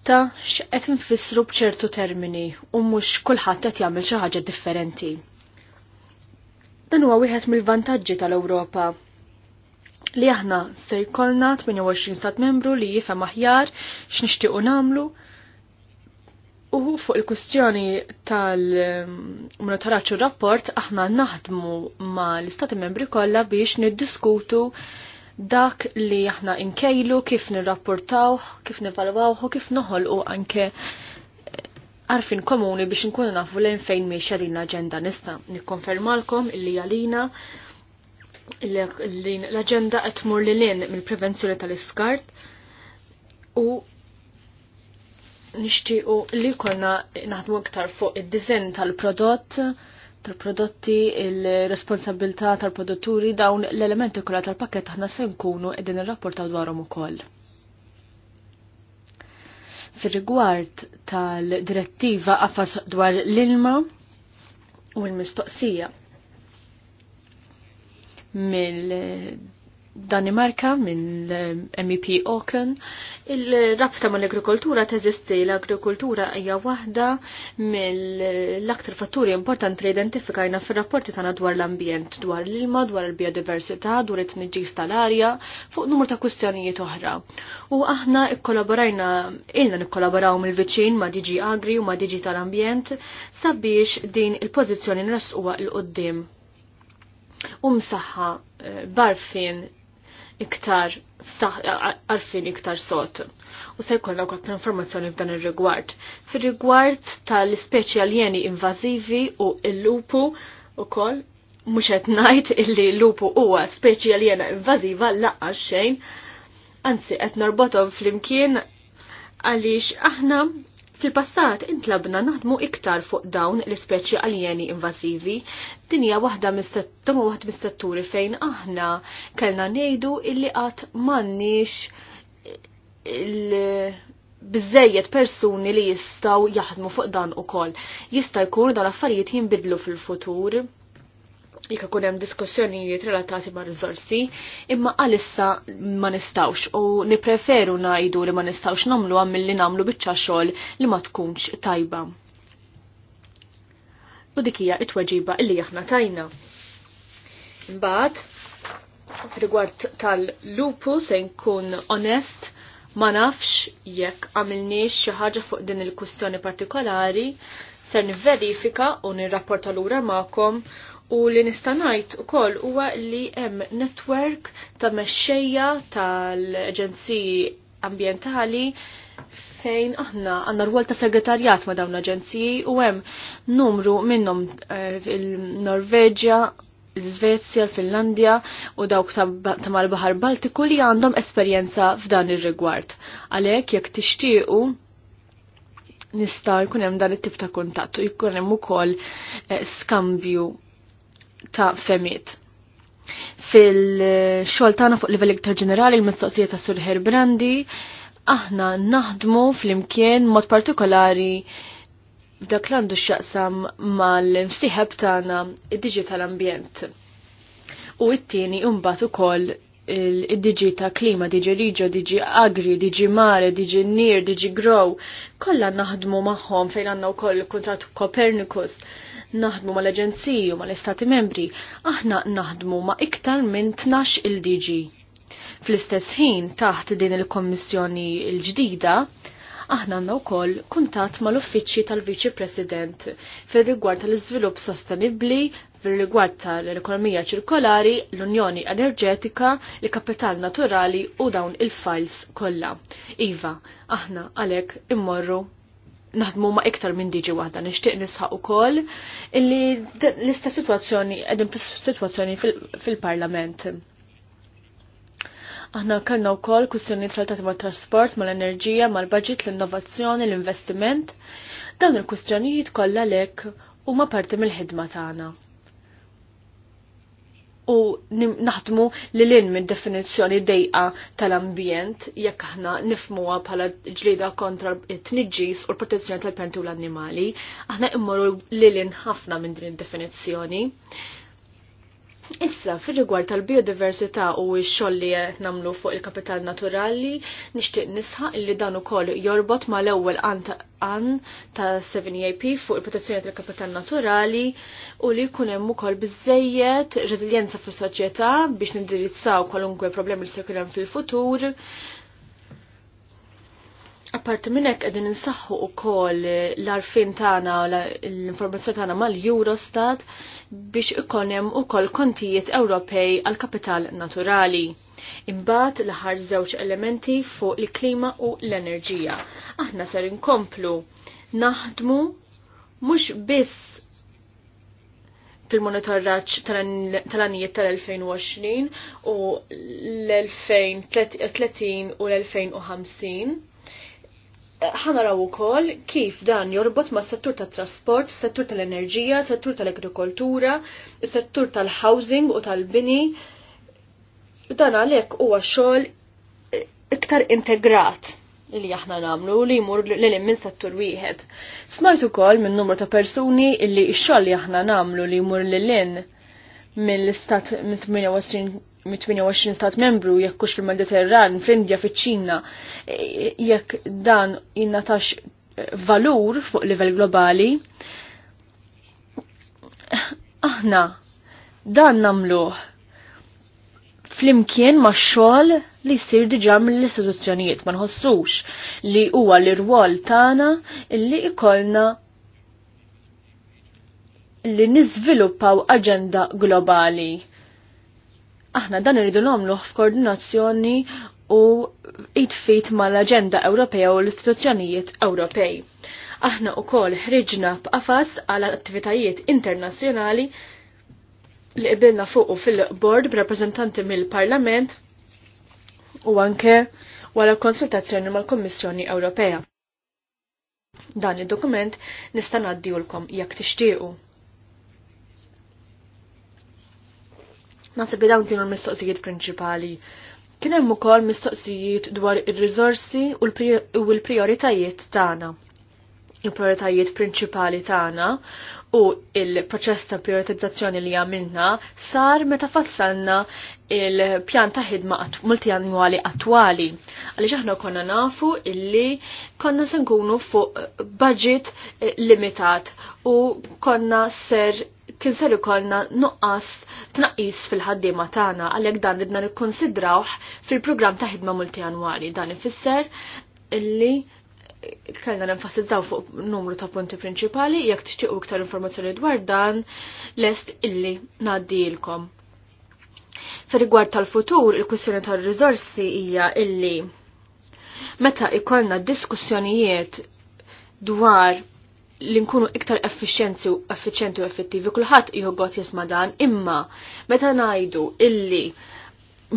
ta' x'qed nfissru b'ċertu termini u mhux kulħadd qed jagħmel xi ħaġa differenti Dan huwa wieħed mill-vantaġġi tal-Ewropa li aħna se jkollna 28 stat membru li jifhem aħjar x'nixtiequ nagħmlu u fuq il-kustjoni tal-monitoraċċju rapport aħna naħdmu ma l-istati membri kollha biex niddiskutu dak li aħna inkejlu, kif nirrapportawh, kif nivalwawħu, u kif noħolqu anke għarfin komuni biex nkunu nafu lejn fejn miex din l-agenda nista nikkonfermalkom illi għalina l-agenda qed tmur li lin mill-prevenzjoni tal-iskart u nixtiequ li konna naħdmu iktar fuq id dizen tal-prodott tal-prodotti, il-responsabilità tal-produtturi dawn l-elementi kollha tal-pakket aħna se nkunu qegħdin irrapportaw dwarhom ukoll fir-rigward tal-direttiva qafas dwar l-ilma u l-mistoqsija mill Danimarka, mill MEP Oaken, Il-rabta mal agrikoltura teżisti l-agrikoltura hija waħda mill-aktar fatturi importanti li identifikajna fir-rapporti tagħna dwar l-ambjent, dwar l-ilma, dwar il-biodiversità, dwar it-tniġġis tal-arja, fuq numru ta' kwistjonijiet oħra. U aħna ikkolaborajna ilna nikkolaboraw mill-viċin ma' Diġi Agri u ma' Diġi tal-Ambjent sabiex din il-pożizzjoni nrasquha l-qoddim. U msaħħa eh, barfin iktar għarfin iktar sot. U se jkollna għakna informazzjoni f'dan ir-rigward. Fir-rigward tal-ispeċi aljeni invazivi u il lupu ukoll mhux qed ngħid illi l-lupu huwa speċi aljena invaziva laqgħa xejn. Anzi qed narbotom flimkien għaliex aħna Fil-passat intlabna naħdmu iktar fuq dawn l-ispeċi aljeni invazivi. Din hija waħda mis setturi fejn aħna kellna ngħidu illi qatt m'għandniex il persuni li jistaw jaħdmu fuq dan ukoll. Jista' jkun dal affarijiet jinbidlu fil-futur jika ikun hemm diskussjonijiet relatati ma' rizorsi, imma għalissa ma nistawx u nipreferu ngħidu li ma nistawx nagħmlu għam li nagħmlu biċċa xogħol li ma tkunx tajba. U dik hija t-tweġiba illi aħna tajna. Imbagħad rigward tal-lupu se nkun onest ma nafx jekk għamilniex xi ħaġa fuq din il-kwistjoni partikolari ser nivverifika u nirrapporta lura magħkom U li nistanajt u koll huwa li hemm netwerk ta' mexxejja tal-Aġenziji Ambientali fejn aħna għanna rwol ta' segretarjat ma' dawn l-aġenziji u hemm numru minnhom eh, fil-Norveġja, l-Svezja, l-Finlandja u dawk ta' mal-Bahar Baltiku li għandhom esperjenza f'dan ir-rigward. Għalhekk jekk tixtiequ nista' jkun hemm dan it-tip ta' kuntatt u jkun hemm ukoll eh, skambju ta' femiet. Fil-xol tagħna fuq livell iktar ġenerali l-mistoqsija ta' Sur Herbrandi, aħna naħdmu fl-imkien mod partikolari f'dak l-għandu x'jaqsam mal-msieħeb tagħna id-digital ambjent. U it-tieni mbagħad ukoll id-diġi ta' klima, diġi riġo, diġi agri, diġi mare, diġi nir, diġi grow, kolla naħdmu magħhom fejn għandna wkoll kontrat Copernicus. Kopernikus naħdmu mal-Aġenziji u mal-Istati Membri, aħna naħdmu ma' iktar minn 12 il-DG. Fl-istess ħin taħt din il-Kommissjoni il-ġdida, aħna għandna wkoll kuntatt mal-uffiċċji tal-Viċi President fir-rigward tal-iżvilupp sostenibbli, fir-rigward tal-ekonomija ċirkolari, l-Unjoni Enerġetika, il-kapital naturali u dawn il-files kollha. Iva, aħna għalhekk immorru naħdmu ma' iktar minn diġi waħda nixtieq nisħaq ukoll illi l-ista' situazzjoni qegħdin situazzjoni fil-Parlament. Aħna kellna wkoll kwistjonijiet relatati mat-trasport, mal-enerġija, mal budget l-innovazzjoni, l-investiment. Dawn il-kwistjonijiet kollha lek huma parti mill-ħidma tagħna u naħdmu li l-in minn definizjoni dejqa tal-ambjent jekk aħna nifmuha bħala ġlida kontra t-tniġġis u l-protezzjoni tal-pjanti u l-annimali, aħna immorru li l-in ħafna minn din id-definizzjoni. Issa, fir rigward tal-biodiversità u x-xogħol li nagħmlu fuq il-kapital naturali, nixtieq nisħaq li dan ukoll jorbot mal-ewwel għan ta' 7AP e fuq il-protezzjoni tal-kapital naturali u li jkun hemm ukoll biżejjed reżiljenza fis-soċjetà biex nindirizzaw kwalunkwe problemi li se jkun hemm fil-futur Apparti minn hekk qegħdin insaħħu wkoll l-arfin tagħna l-informazzjoni tagħna mal-Eurostat biex ikun hemm ukoll kontijiet Ewropej għal kapital naturali. Imbagħad l-aħħar żewġ elementi fuq il-klima u l-enerġija. Aħna ser inkomplu naħdmu mhux biss fil-monitorraċ tal-anijiet tal-2020 u l-2030 u l-2050 ħanaraw ukoll kif dan jorbot ma' settur tat trasport, settur tal-enerġija, settur tal-agrikoltura, settur tal-housing u tal-bini. Dan għalhekk huwa xogħol eh, iktar integrat li aħna namlu li jmur l minn settur wieħed. Smajt ukoll minn numru ta' persuni li x-xogħol li aħna namlu li jmur lilin lin mill-istat minn 28 mit-28 stat membru jekk hux fil-Mediterran, fl-Indja, fiċ-Ċina, e, jekk dan jinnatax e, valur fuq livell globali, aħna dan fl flimkien ma' xogħol li jsir diġà mill-istituzzjonijiet ma nħossux li huwa l-irwol tagħna li ikolna li niżviluppaw aġenda globali Aħna dan irridu nagħmluh f'koordinazzjoni u id-fit mal-Aġenda Ewropea u l-istituzzjonijiet Ewropej. Aħna wkoll ħriġna b'qafas għal attivitajiet internazzjonali li qbilna u fil-bord b'rappreżentanti mill-Parlament u anke wara konsultazzjoni mal-Kommissjoni Ewropea. Dan id-dokument nista' ngħaddihulkom jekk tixtiequ. Nasib dawn kienu l-mistoqsijiet prinċipali. Kien hemm ukoll mistoqsijiet dwar ir-riżorsi u l-prijoritajiet tagħna. Il-prijoritajiet prinċipali tagħna u il-proċess ta' prioritizzazzjoni li għamilna sar meta fassalna il-pjan ta' ħidma multianwali attwali. Għaliex aħna konna nafu illi konna se nkunu fuq budget limitat u konna ser kien ser ikollna nuqqas tnaqqis fil-ħaddiema tagħna għalhekk dan ridna nikkonsidrawh fil-programm ta' ħidma multianwali. Dan ifisser illi kellna nenfasizzaw fuq numru ta' punti prinċipali, jekk tixtiequ iktar informazzjoni dwar dan, lest illi ngħaddilkom. Fir-rigward tal-futur, il kwissjoni tal-riżorsi hija illi meta ikollna diskussjonijiet dwar li nkunu iktar effiċjenzi u effiċenti u effettivi kulħadd jogħod jisma' dan, imma meta ngħidu illi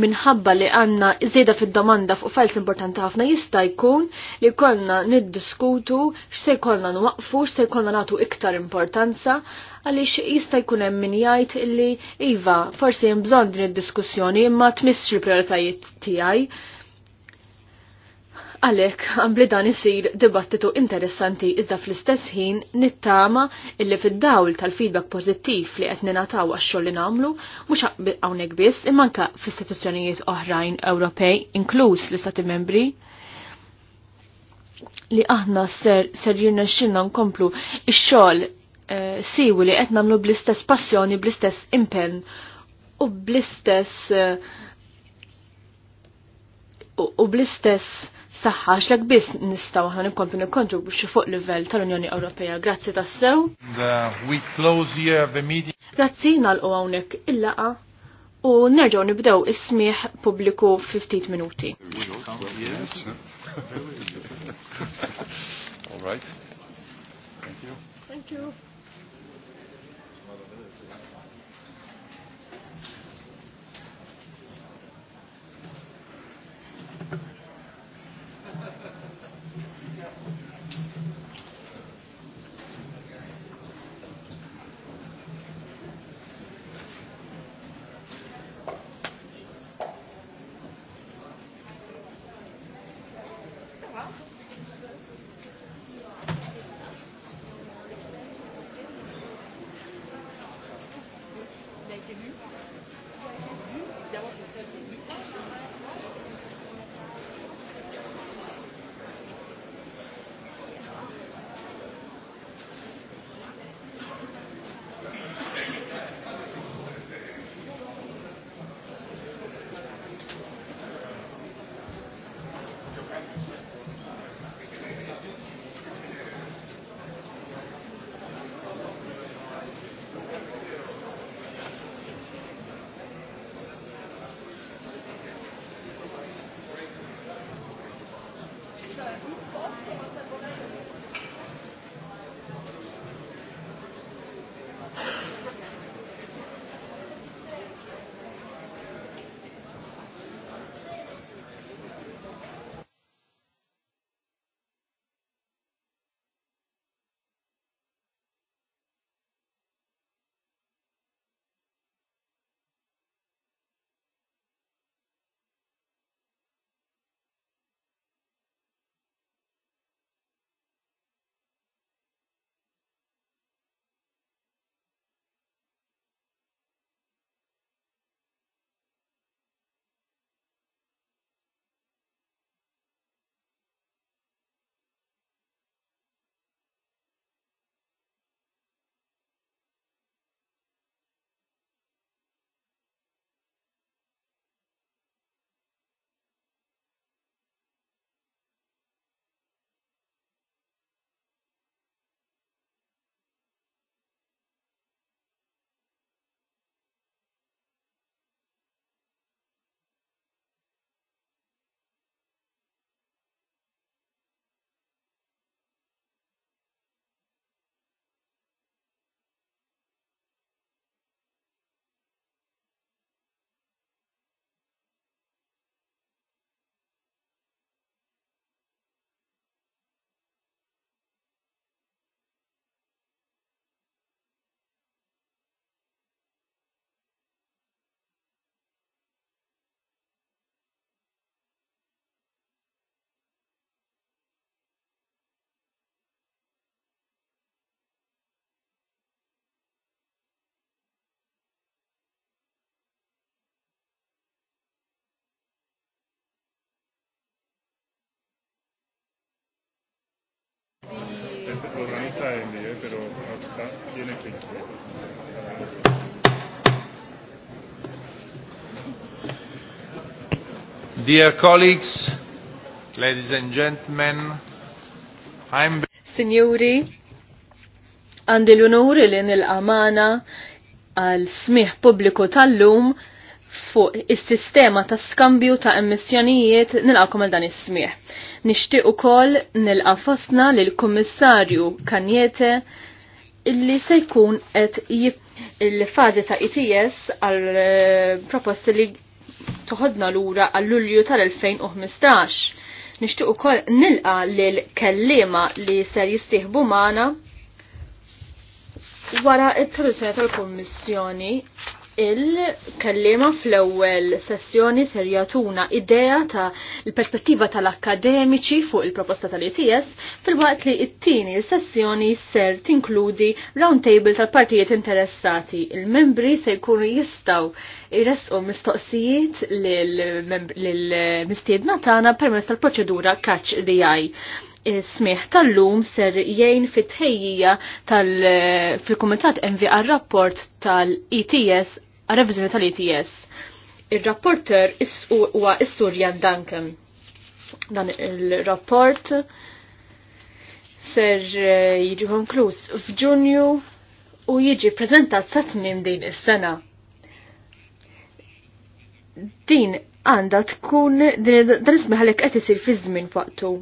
minħabba li għanna iżieda fid-domanda fuq files importanti ħafna jista' jkun li konna niddiskutu x'se jkollna nwaqfu, x'se jkollna nagħtu iktar importanza għaliex jista' jkun hemm min jgħid illi, iva forsi hemm bżonn din id-diskussjoni imma tmiss il-prijoritajiet tiegħi Għalek, għambli dan isir dibattitu interessanti iżda fl-istess ħin nittama illi fid-dawl tal-feedback pozittiv li qed ninataw għax-xogħol li nagħmlu mhux hawnhekk biss imma anke fl-istituzzjonijiet oħrajn Ewropej, inkluż l-Istati Membri li aħna ser ser xinna nkomplu ix-xogħol e, eh, siwi li qed nagħmlu bl-istess passjoni, bl-istess impenn u bl-istess uh, u bl-istess saħħa xlek biss nistaw aħna nikompi nikkontru biex fuq livell tal-Unjoni Ewropea. Grazzi tassew. Uh, Grazzi nal u għawnek Grazzi hawnhekk il-laqa u nerġgħu nibdew ismiħ publiku pubbliku 15 minuti. <laughs> All right. Thank you. Thank you. Dear colleagues, ladies and gentlemen, I'm... Signori, għandi l-unur li nil-amana għal smiħ pubbliku tal-lum fuq is-sistema ta' skambju ta' emissjonijiet nilqakom għal dan is-smiħ. Nixtieq ukoll nilqa' fostna lill-Kummissarju Kanjete illi se jkun qed il-fażi ta' ITS għal eh, proposti li toħodna lura għal Lulju tal-2015. Nixtieq ukoll nilqa lil kellima li ser jistieħbu magħna wara t traduzzjoni tal-Kummissjoni il-kellima fl-ewwel sessjoni ser jagħtuna idea ta' l-perspettiva tal-akkademiċi fuq il-proposta tal its fil-waqt li it-tieni sessjoni ser tinkludi roundtable tal-partijiet interessati. Il-membri se jkunu jistaw jresqu mistoqsijiet lil-mistiedna tagħna permezz tal-proċedura catch the eye. Smieħ tal-lum ser jgħin fit tal fil-Kumitat Envi għal-rapport tal-ETS, għal-revizjoni tal-ETS. Il-rapporter huwa is-Sur Jan Duncan. Dan il-rapport ser eh, jiġi konkluż f'Ġunju u jiġi prezentat sa tmim din is-sena. Din għandha tkun din dan ismiħalek qed isir fi żmien waqtu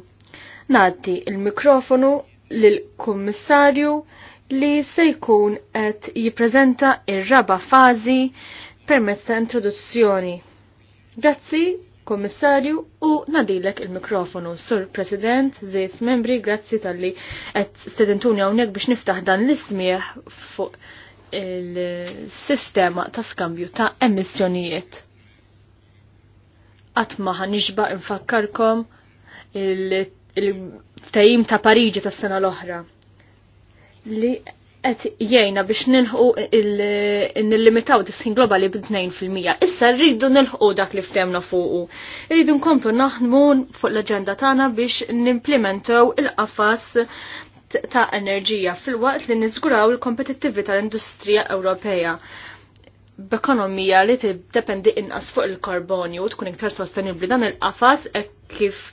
Naddi il-mikrofonu lill-Kummissarju li se jkun qed jippreżenta ir-raba fażi permezz ta' introduzzjoni. Grazzi, Kommissarju, u nadilek il-mikrofonu. Sur President, zejt membri, grazzi tal-li qed stedentuni hawnhekk biex niftaħ dan l-ismieħ fuq il-sistema ta' skambju ta' emissjonijiet. Għatma ħanixba infakkarkom il- il-tajim ta' Pariġi tas sena l-oħra li qed jgħinna biex nilħu nillimitaw sin globali b-tnejn b-2%. Issa rridu nilħu dak li ftemna fuqu. Rridu nkomplu naħdmu fuq l-aġenda tagħna biex nimplementaw il-qafas ta' enerġija fil-waqt li niżguraw il-kompetittività tal-industrija Ewropea b'ekonomija li tiddependi inqas fuq il-karbonju u tkun iktar sostenibbli dan il-qafas e kif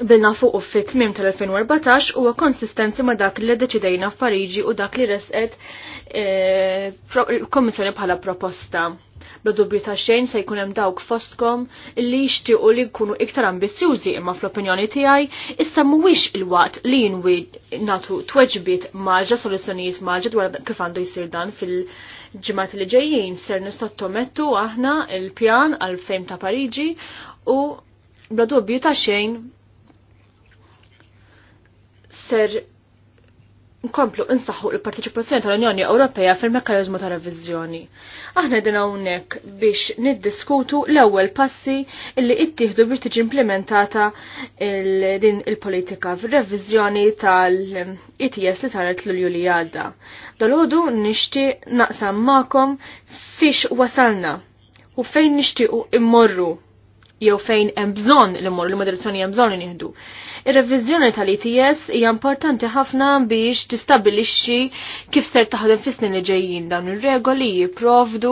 bilna fuq u fit mim tal-2014 huwa konsistenzi ma dak li deċidejna f'Pariġi u dak li resqet e, kommissjoni bħala proposta. Bla dubju ta' xejn se jkun hemm dawk fostkom li jixtiequ li jkunu iktar ambizzjużi imma fl-opinjoni tiegħi issa mhuwiex il-waqt li jinwi natu tweġbiet maġa soluzzjonijiet maġa dwar kif għandu jsir dan fil-ġimgħat li ġejjin ser nistottomettu aħna il-pjan għal fejm ta' Pariġi u bla dubju ta' xejn ser nkomplu insaħħu l-partiċipazzjoni tal-Unjoni Ewropea fil-mekkaniżmu ta' reviżjoni. Aħna dina hawnhekk biex niddiskutu l-ewwel passi illi ittieħdu biex tiġi implementata din il-politika fir-reviżjoni tal-ITS li saret l li għadda. Dal-ħodu nixtieq naqsam magħkom fiex wasalna u fejn nixtiequ immorru jew fejn hemm bżonn li mmorru, l-moderazzjoni hemm bżonn li nieħdu. Ir-reviżjoni tal-ITS hija importanti ħafna biex tistabilixxi kif ser taħdem fis-snin li ġejjin dawn ir-regoli jipprovdu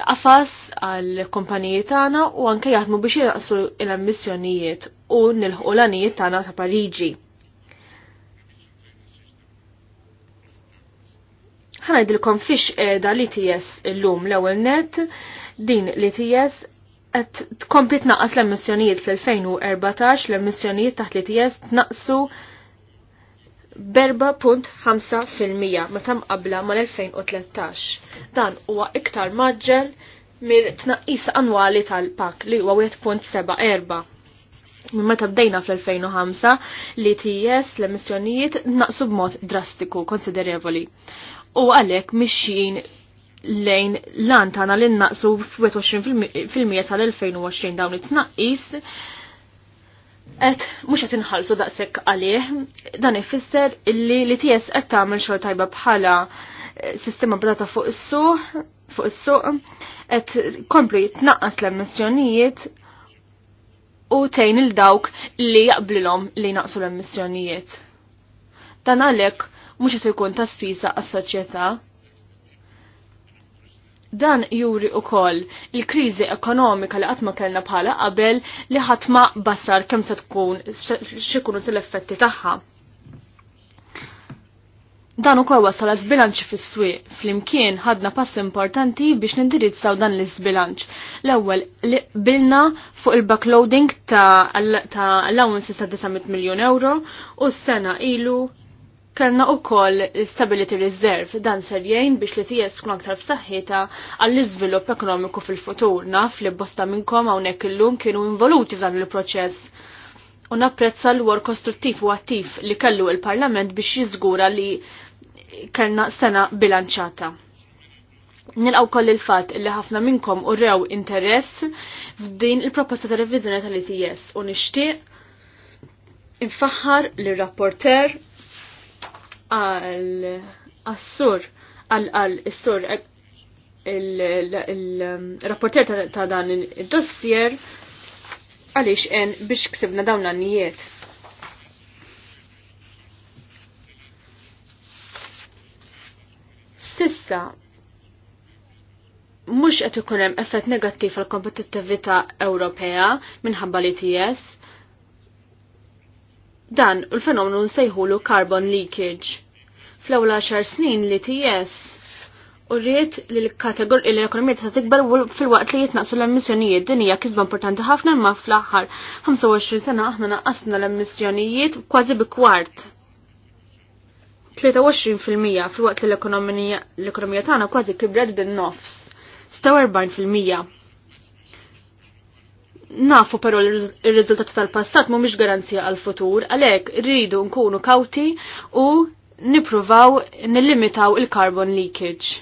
qafas għal kumpaniji tagħna u anke jaħdmu biex jaqsu l-emissjonijiet u nilħu l-anijiet tagħna ta' Pariġi. ħanajdilkom fix qiegħda l-ITS e illum l ewwel net din l-ITS. E qed tkompli tnaqqas l-emissjonijiet l-2014 l-emissjonijiet taħt li tiegħek tnaqsu tam meta mqabbla mal-2013. Dan huwa iktar maġġel mill-tnaqqis annwali tal-pak li huwa 1.74. Minn meta bdejna fl-2005 li e TS l-emissjonijiet naqsu b'mod drastiku konsiderevoli. U għalhekk mixjin lejn lan tagħna li naqsu fil-mija tal-2020 dawn it-tnaqqis Et, mux għet inħalsu daqsek għalih, dan ifisser illi li ties għet tamil xol tajba bħala eh, sistema bdata fuq is-suq, fuq is-suq, għet komplu jitnaqqas l-emissjonijiet u tejn il-dawk li jaqblilhom li naqsu l-emissjonijiet. Dan għalek mux għet ikun ta' spisa għas-soċjetà Dan juri u koll il-krizi ekonomika li għatma kellna bħala qabel li ħatma bassar kem se tkun xikunu tal-effetti tagħha. Dan ukoll wasal bilanċ fis-swieq flimkien ħadna pass importanti biex nindirizzaw dan l-isbilanċ. L-ewwel li bilna fuq il-backloading ta' allowances ta' 900 miljun euro u s-sena ilu kellna wkoll stability reserve dan ser jgħin biex li tijes tkun aktar f'saħħitha għall-iżvilupp ekonomiku fil-futur naf li bosta minnkom hawnhekk illum kienu involuti f'dan il-proċess. U napprezza l-wor kostruttiv u attiv li kellu il-Parlament biex jiżgura li kellna sena bilanċata. Nilqaw koll il-fat li ħafna minnkom u rew interess f'din il-proposta ta' revizjoni tal its u nixtieq infaħħar l-rapporter għal assur għal għal is eh, il-rapporter um, ta' dan il-dossier għaliex en biex ksibna dawn l-annijiet. Sissa, mux qed ikun hemm effett negattiv għal kompetittivita Ewropea minħabba li TS Dan u l-fenomenu nsejħulu carbon leakage. Fl-ewwel 10 snin li TS u rrit li l-ekonomija tista' tikber fil-waqt li jitnaqsu l-emissjonijiet din hija kisba importanti ħafna imma fl-aħħar 25 sena aħna naqqasna l-emissjonijiet kważi bi kwart. 23% fil-waqt li l-ekonomija tagħna kważi kibret bin-nofs. 46%. Nafu però l-riżultati tal-passat mhumiex garanzija għal-futur, għalhekk rridu nkunu kawti u nippruvaw nillimitaw il-carbon leakage.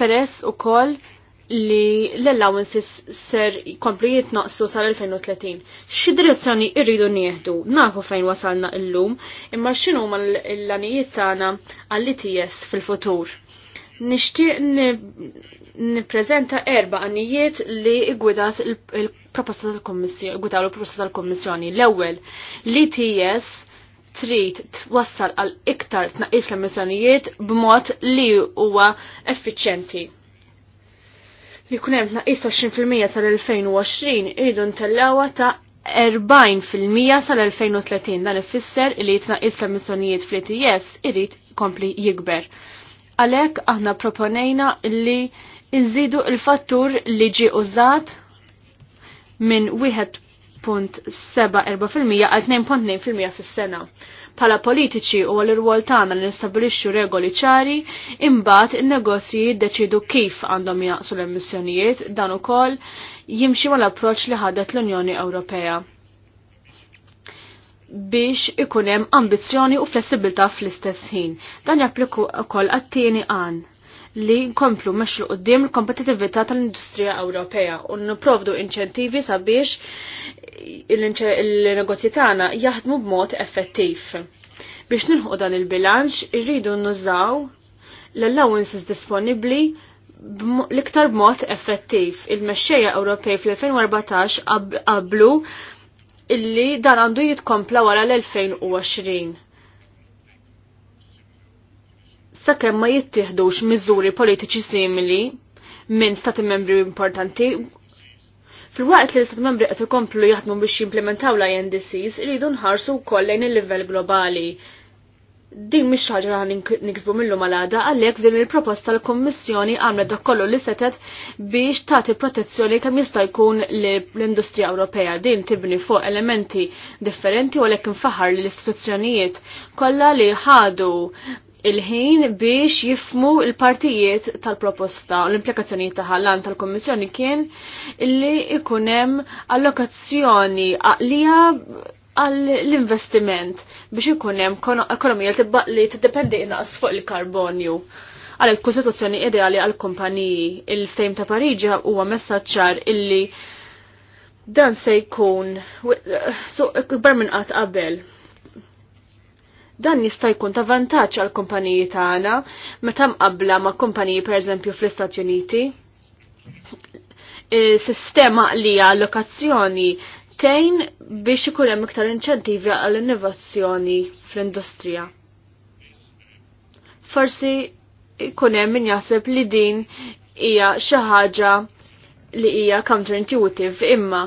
Peress ukoll li l-allowances ser komplu jitnaqsu sal-2030. Xi direzzjoni irridu nieħdu, nafu fejn wasalna illum, imma ma l-lanijiet tagħna għall-ITS fil-futur. Nixtieq nippreżenta erba' għanijiet li gwidat il-proposta tal-Kommissjoni, gwidaw il-proposta tal-Kommissjoni. L-ewwel li TS trid twassal għal iktar tnaqqis l-emissjonijiet b'mod li huwa effiċjenti li kunem tnaqqis ta' 20% sal-2020 iridu ntellawa ta' 40% sal-2030 dan ifisser li tnaqqis l missjonijiet fl its e irid kompli jikber. Għalek aħna proponejna li nżidu il-fattur li ġi użat minn 1.74% għal 2.2% fis-sena. Pala politiċi u għal irwol tagħna li nistabilixxu regoli ċari, imbagħad in-negozji jiddeċidu kif għandhom jaqsu l-emissjonijiet dan ukoll jimxi mal-approċċ li ħadet l-Unjoni Ewropea biex ikunem ambizjoni u flessibilta fl-istess ħin. Dan jappliku ukoll għat-tieni għan li nkomplu meċlu qoddim l-kompetitività tal-industrija Ewropea u nipprovdu inċentivi sabiex il-negozji tagħna jaħdmu b'mod effettiv. Biex nilħu dan il-bilanċ, irridu nużaw l-allowances disponibbli l-iktar b'mod effettiv. Il-mexxejja Ewropej fl-2014 qablu ab illi dan għandu jitkompla wara l-2020. Sakemm ma jittieħdux miżuri politiċi simili minn stati membri importanti, fil-waqt li l istat membri qed ikomplu jaħdmu biex jimplementaw l-INDCs, iridu nħarsu wkoll lejn il-livell globali din mhix ħaġa niksbu millu malada għalhekk din il-proposta l-Kommissjoni għamla dak kollu li setet biex tagħti protezzjoni kemm jista' jkun l-industrija Ewropea din tibni fuq elementi differenti u għalhekk infaħar li l-istituzzjonijiet kollha li ħadu il-ħin biex jifmu il-partijiet tal-proposta u l-implikazzjonijiet taħallan tal-Kommissjoni kien li ikunem allokazzjoni għaqlija għall-investiment biex ikun hemm ekonomija li tiddependi inqas fuq il-karbonju. Għal il-kostituzzjoni ideali għal kumpaniji il-ftejm ta' Pariġa huwa messaċċar illi dan se jkun ikbar minn qatt qabel. Dan jista' jkun ta' vantaġġ għal kumpaniji tagħna meta mqabbla ma' kumpaniji pereżempju fl-Istati Uniti e, sistema li allokazzjoni tejn biex ikun hemm iktar inċentivi għall-innovazzjoni fl-industrija. Forsi ikun hemm min jaħseb li din hija xi ħaġa li hija counterintuitive imma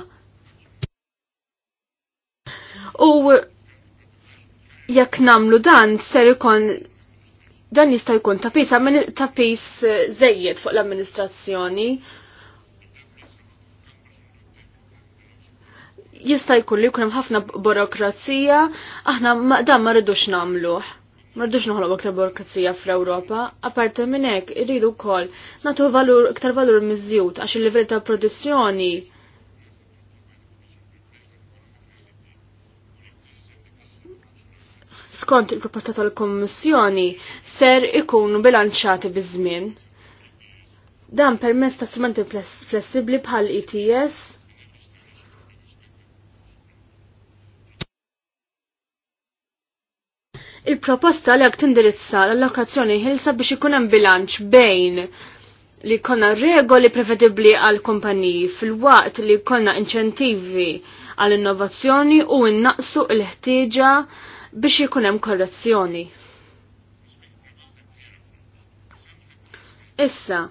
U jekk namlu dan ser ikun dan jista' jkun tapis tapis żejjed eh, fuq l-amministrazzjoni jista' jkun li jkun hemm ħafna burokrazija, aħna dan ma rridux nagħmluh. Ma rridux noħloq aktar burokrazija fl-Ewropa, aparte minn hekk irridu wkoll nagħtu valur iktar valur miżjud għax il-livell ta' produzzjoni skont il-proposta tal-Kommissjoni ser ikunu bilanċati bizmin. żmien Dan permess ta' semanti flessibbli bħal ETS Il-proposta li għak tindirizza l-allokazzjoni ħilsa biex ikun hemm bilanċ bejn li konna regoli prevedibbli għal kumpaniji fil-waqt li konna inċentivi għal innovazzjoni u innaqsu l-ħtieġa biex ikun hemm korrezzjoni. Issa,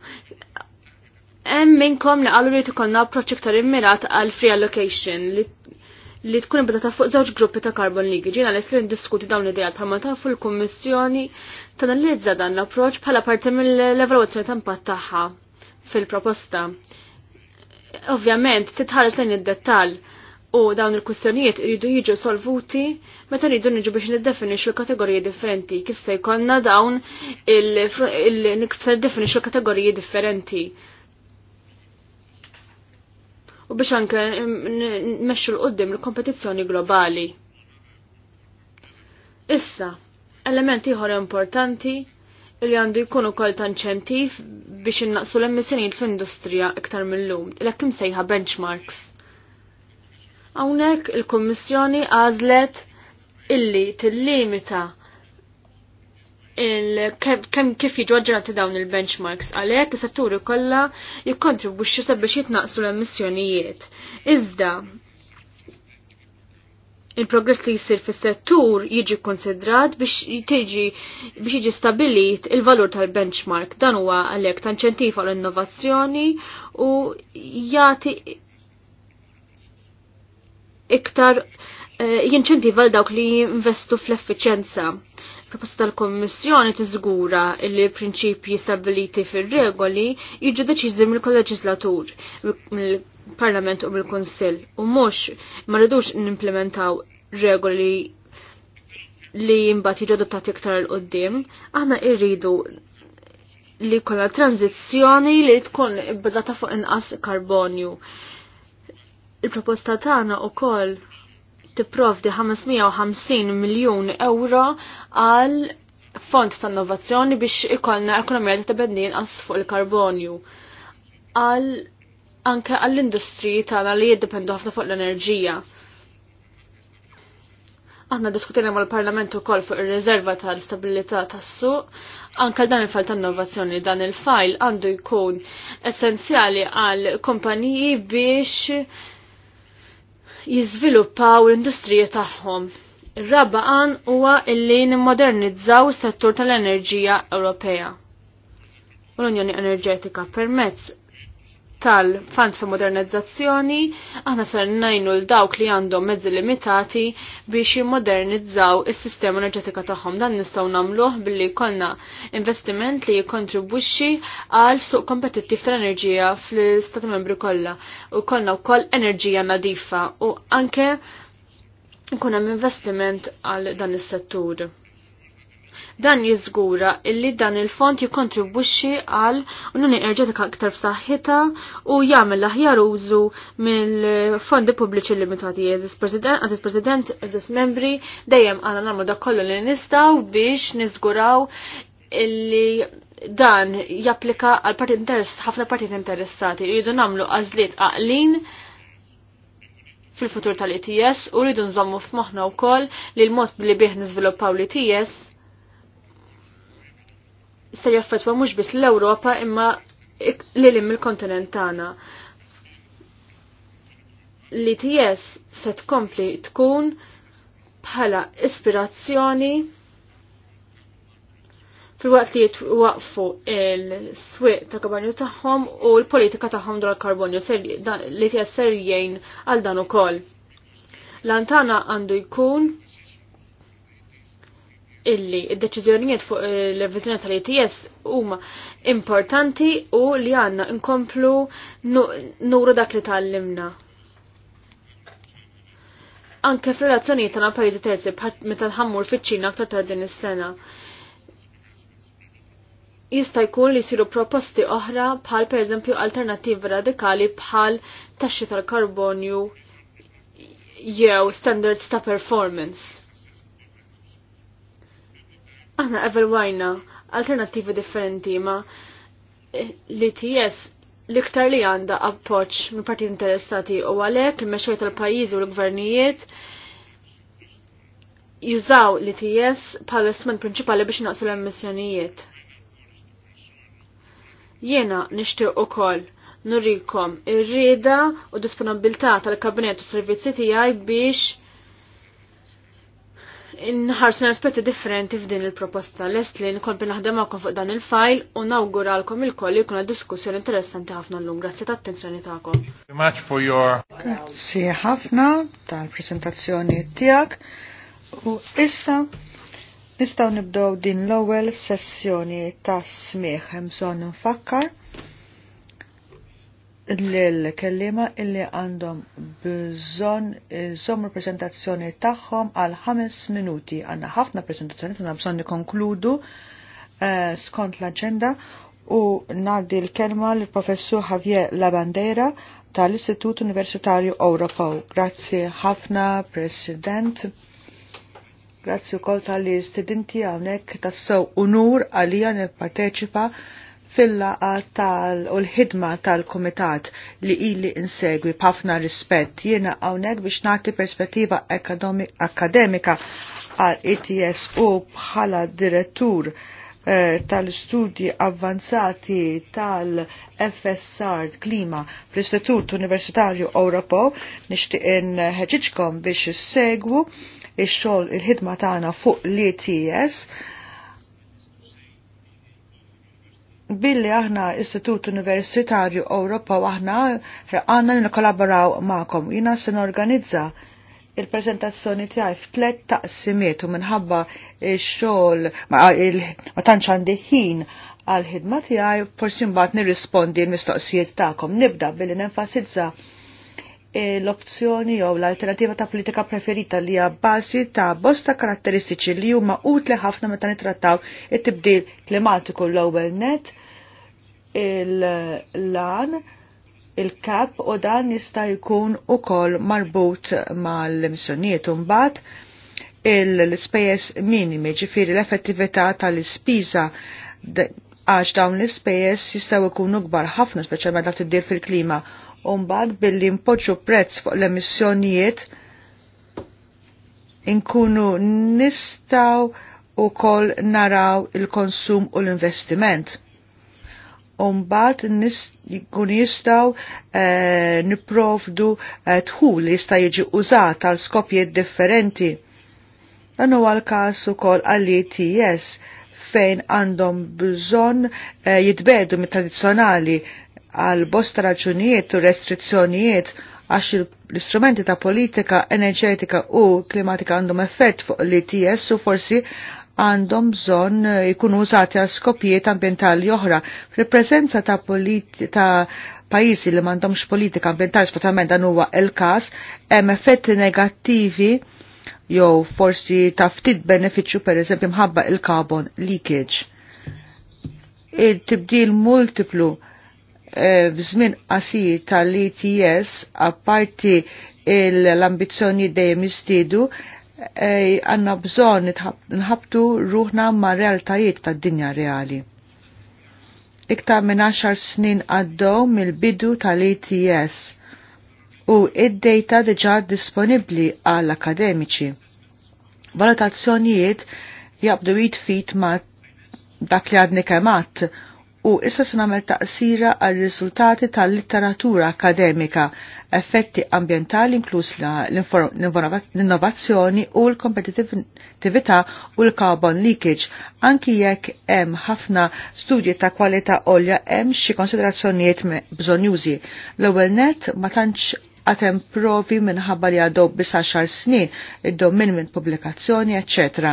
hemm minnkom li qalu li tkollna approċċ iktar immirat għal free allocation li li tkun ta' fuq żewġ gruppi ta' carbon leakage. Jiena lest li diskuti dawn l-idea bħalma tafu l-Kummissjoni tanalizza dan l-approċ bħala parti mill-evalwazzjoni ta' impatt tagħha fil-proposta. Ovvjament titħares lejn id-dettall u dawn il-kustjonijiet iridu jiġu solvuti meta rridu niġu biex niddefinixxu kategoriji differenti kif se jkollna dawn il kif se niddefinixxu kategoriji differenti u biex anke nmexxu l-qoddim l-kompetizzjoni globali. Issa, elementi ħor importanti li għandu jkun ukoll ta' inċentiv biex innaqsu l-emissjonijiet fl-industrija iktar mill-lum, l-hekk sejħa benchmarks. Hawnhekk il-Kummissjoni għażlet illi tillimita kemm kif jiġu aġġornati dawn il-benchmarks għalhekk is-setturi kollha jikkontribwixxu sabiex jitnaqsu l-emissjonijiet. Iżda il-progress li jisir fis-settur jiġi konsidrat biex tiġi biex jiġi stabilit il-valur tal-benchmark. Dan huwa għalhekk ta' inċentiv għall innovazzjoni u jagħti iktar eh, jinċentiv għal dawk li jinvestu fl-effiċenza proposta tal-Kommissjoni tiżgura li l-prinċipji stabiliti fir-regoli jiġu deċiżi mill-kolleġislatur, mill-Parlament u mill-Kunsill u mhux ma rridux nimplementaw regoli li jimbat jiġu adottati iktar l qoddim aħna irridu li kolla tranzizzjoni li tkun bbażata fuq inqas karbonju. Il-proposta tagħna ukoll tipprovdi 550 miljun euro għal fond ta' innovazzjoni biex ikollna ekonomija li tibednin għas fuq il-karbonju. Għal anke għall-industri tagħna li jiddependu ħafna fuq l-enerġija. Aħna diskutina mal-Parlament ukoll fuq ir-riserva tal-istabilità tas-suq, anke dan il-fajl ta' innovazzjoni dan il-fajl għandu jkun essenzjali għal kompaniji biex jiżviluppaw l-industrija tagħhom. ir rabaqan huwa illi nimmodernizzaw is-settur tal-enerġija Ewropea. U l-Unjoni Enerġetika permezz tal-fond ta' modernizzazzjoni, aħna ser najnu l-dawk li għandhom mezzi limitati biex jimmodernizzaw is-sistema enerġetika tagħhom. Dan nistgħu nagħmluh billi jkollna investiment li jikkontribwixxi għal suq kompetittiv tal-enerġija fl istati Membri kollha. U kollna wkoll enerġija nadifa u anke nkun hemm investiment għal dan is-settur. Dan jiżgura illi dan il-fond jikontribuxi għal unni enerġetika aktar f'saħħita u jagħmel l-aħjar użu mill-fondi pubbliċi limitati. Eżis President, eżis President, eżis Membri, dejjem għana nagħmlu dak kollu li nistgħu biex niżguraw illi dan japplika għal partit interess, ħafna partit interessati li jridu namlu għazliet għaqlin fil-futur tal its u rridu nżommu f'moħna wkoll li l-mod li bih niżviluppaw l its se jaffetwa mhux biss l-Ewropa imma lil il-kontinent tagħna. L-ITS se tkompli tkun bħala ispirazzjoni fil-waqt li jitwaqfu il-swiq ta' karbonju tagħhom u l-politika tagħhom dwar karbonju li tjesser e jgħin għal dan ukoll. Lantana għandu jkun illi id-deċiżjonijiet fuq eh, l-revizjoni tal-ETS huma importanti u li għandna nkomplu nuru dak li tgħallimna. Anke f'relazzjonijiet tagħna pajjiżi terzi meta nħammur fiċ-Ċina aktar ta' din is-sena. Jista' jkun li jsiru proposti oħra bħal pereżempju alternattivi radikali bħal taxxi tal-karbonju jew standards ta' performance Aħna wajna alternattivi differenti ma eh, li TS l-iktar li għanda appoċ minn partit interessati u għalek il-mexxej tal-pajjiżi u l-gvernijiet jużaw li TS pal istrument prinċipali biex naqsu l-emissjonijiet. Jena nixtieq ukoll nurikom ir rida u disponibilta tal-kabinet u servizzi tiegħi biex nħarsu aspetti differenti f'din il-proposta lest li nkompli naħdem għakom fuq dan il-fajl u nawguralkom il-koll li jkunu diskussjoni interessanti ħafna llum. Grazzi tat-attenzjoni tagħkom. Grazzi ħafna tal presentazzjoni tiegħek. U issa nistgħu nibdew din l-ewwel sessjoni ta' smieħ hemm bżonn nfakkar l-kellima illi għandhom bżon żommu prezentazzjoni tagħhom għal ħames minuti. Għanna ħafna prezentazzjoni għandna bżon nikonkludu eh, skont l-aġenda u nadi l-kelma l-professur Javier Labandera tal-Istitut Universitarju Ewropew. Grazzi ħafna, President. Grazzi u kol tal-istudenti għawnek tassew unur għalija nil-parteċipa fil-laqa tal u l-ħidma tal-komitat li ili insegwi b'ħafna rispett jiena hawnhekk biex nagħti perspettiva akademika għal ETS u bħala direttur eh, tal-studji avvanzati tal-FSR klima fl-Istitut Universitarju Ewropew nixtieq inħeġġiġkom biex issegwu ix-xogħol il-ħidma tagħna fuq l-ETS billi aħna Istitut Universitarju Ewropa u aħna għanna nikollaboraw ma'kom. Jina se organizza il-prezentazzjoni tiegħi f'tlet taqsimiet u minħabba x-xogħol ma tantx għandi ħin għal-ħidma tiegħi forsi mbagħad nirrispondi l-mistoqsijiet tagħkom. Nibda billi nenfasizza E, l-opzjoni jew l-alternativa ta' politika preferita li hija bażi ta' bosta karatteristiċi li huma utli ħafna meta nittrattaw it-tibdil klimatiku l-ewwel net il-lan il-kap u dan jista' jkun ukoll marbut mal-emissjonijiet u mbagħad l-ispejjeż minimi ġifieri l-effettività tal-ispiża għax dawn l-ispejjeż jistgħu jkunu kbar ħafna speċjalment dak tibdil fil-klima Umbad billi impoġġu prezz fuq l-emissjonijiet inkunu nistaw u kol naraw il-konsum u l-investiment. Umbad jkun jistaw e, niprovdu e, tħul li jista' jiġi użat għal skopjiet differenti. Dan huwa l-każ ukoll għall-ETS fejn għandhom bżonn e, jitbedu mit-tradizzjonali għal bosta raġunijiet u restrizzjonijiet għax l-istrumenti ta' politika enerġetika u klimatika għandhom effett fuq li TS u forsi għandhom bżon ikunu użati għal skopijiet ambientali oħra. Fil-prezenza ta' ta' pajjiżi li m'għandhomx politika ambientali sfortunatament dan huwa l-każ, hemm effetti negattivi jew forsi ta' ftit benefiċċju pereżempju mħabba il-carbon leakage. Il-tibdil multiplu Eh, f'żmien qasir tal-ETS apparti l ambizjoni dejjem jistidu eh, għanna bżon nħabtu ruħna ma' realtajiet tad dinja reali. Iktar minn 10 snin għaddew mill-bidu tal-ETS u id-data diġà disponibbli għall akademiċi Valutazzjonijiet jabdu jitfit ma' dak li għadni kematt u issa se nagħmel taqsira għal riżultati tal-litteratura akademika, effetti ambjentali inkluż l-innovazzjoni u l kompetitivita u l-carbon leakage. Anki jekk hemm ħafna studji ta' kwalità olja hemm xi konsiderazzjonijiet bżonjużi. L-ewwel net ma tantx għatem provi minħabba li għadob bisa xar snin, id-domin minn pubblikazzjoni, eccetera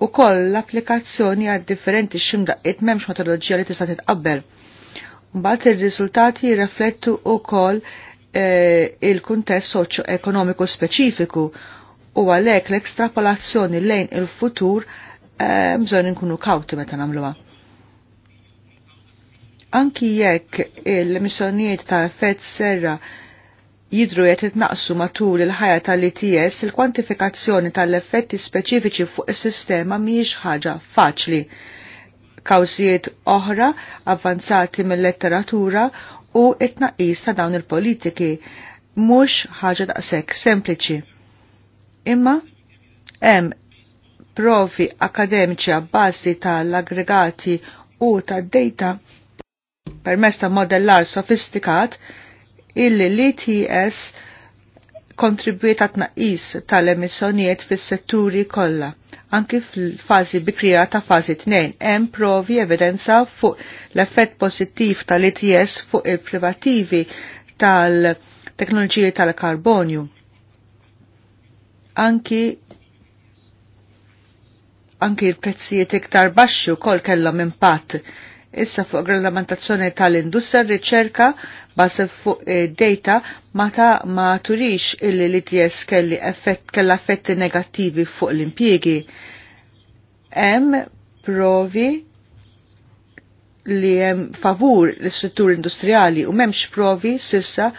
u koll l-applikazzjoni għad differenti ximdaqqiet memx metodologija li tista' titqabbel. Mbagħad ir-riżultati jirreflettu wkoll e, il-kuntest soċjo-ekonomiku speċifiku u għalhekk l-ekstrapolazzjoni lejn il-futur e, bżonn inkunu kawti meta nagħmluha. Anki jekk il-missjonijiet ta' effett serra jidru jett itnaqsu matul il-ħajja tal-ITS il-kwantifikazzjoni tal-effetti speċifiċi fuq is-sistema mhijiex ħaġa faċli. Kawsijiet oħra avvanzati mill-letteratura u it-tnaqqis ta' dawn il-politiki mhux ħaġa daqshekk sempliċi. Imma hemm provi akademiċi abbassi tal-aggregati u tad-data permess ta' modellar sofistikat illi l-ETS kontribwiet għat naqis tal-emissjonijiet fis-setturi kollha. Anki fil-fażi bikrija ta' fażi 2 hemm provi evidenza fuq l-effett pożittiv tal-ETS fuq il-privativi tal-teknoloġiji tal-karbonju. Anki anki l-prezzijiet iktar baxxu kol kellhom impatt issa fuq regolamentazzjoni tal-industrija riċerka basa fuq eh, data mata ma turix illi li ts kelli effett kella effetti negattivi fuq l-impjiegi. Hemm provi li hemm favur l-istruttur industrijali u m'hemmx provi sissa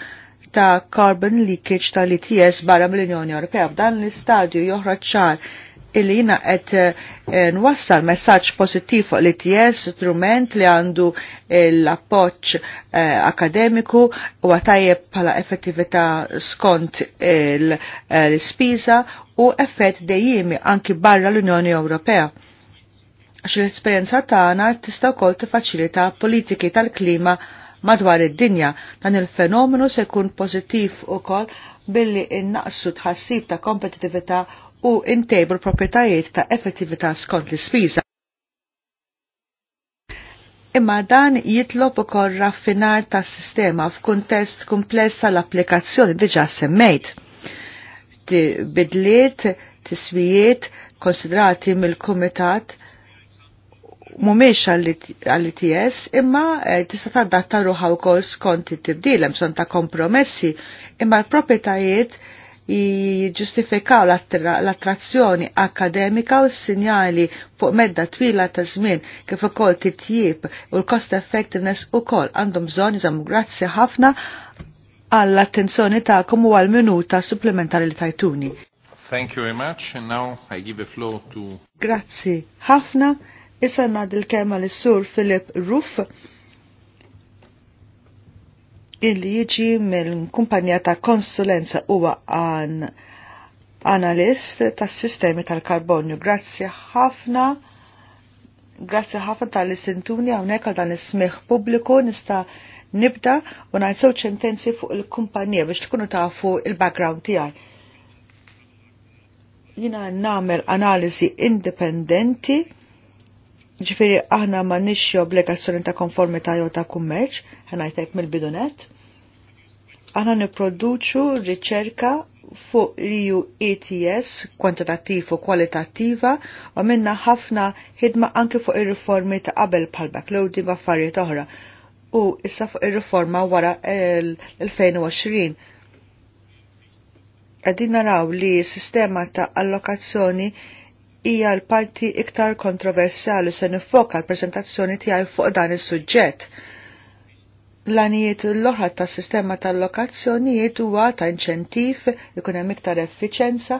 ta' carbon leakage tal-ITS barra mill-Unjoni Ewropea. F'dan l-istadju joħroġ ċar illi jina qed eh, nwassal messaġġ pożittiv fuq l-ITS, strument li għandu eh, l-appoġġ eh, akademiku u għatajje bħala effettività skont l-spiża u effett dejjimi anki barra l-Unjoni Ewropea għax l-esperienza tagħna tista' wkoll tiffaċilita politiki tal-klima madwar id-dinja. Dan il-fenomenu se jkun pożittiv ukoll billi innaqsu tħassib ta' kompetitività u intejbu l-proprjetajiet ta' effettività skont l-ispiża. Imma dan jitlob ukoll raffinar tas sistema f'kuntest kumplessa l-applikazzjoni diġà semmejt. Bidliet, tiswijiet konsidrati mill-Kumitat mumiex għall-ITS imma eh, tista' datta ruħa wkoll skont it-tibdil hemm bżonn ta' kompromessi imma l propietajiet jġustifikaw l-attrazzjoni akademika u s-sinjali fuq medda twila ta' żmien kif ukoll titjib u l-cost effectiveness ukoll għandhom bżonn iżamm grazzi ħafna għall-attenzjoni tagħkom u għall-minuta supplementari li tajtuni. Thank you very much and now I give the floor to Grazzi ħafna Issa nad il kema l sur Filip Ruff illi jiġi mill-kumpanija ta' konsulenza huwa għan analist tas sistemi tal-karbonju. Grazzi ħafna. Grazzi ħafna tal-istintuni hawnhekk għal dan is-smieħ pubbliku nista' nibda u ngħid sew ċentenzi fuq il-kumpanija biex tkunu tafu il-background tiegħi. Jina nagħmel analiżi indipendenti ġifiri aħna ma nixxi obbligazzjoni ta' konformità jew ta' kummerċ, ħanajtek mill-bidunet. Aħna niproduċu riċerka fuq EU ETS kwantitattiv u kwalitattiva u minna ħafna ħidma anke fuq ir-riformi ta' qabel bħal backloading u affarijiet oħra u issa fuq ir-riforma wara l-2020. Għadin naraw li s sistema ta' allokazzjoni hija l-parti iktar kontroversjali se nifoka l-prezentazzjoni tiegħi fuq dan is-suġġett. L-għanijiet l-oħra tas sistema tal-lokazzjonijiet huwa ta' inċentiv, ikun hemm iktar effiċenza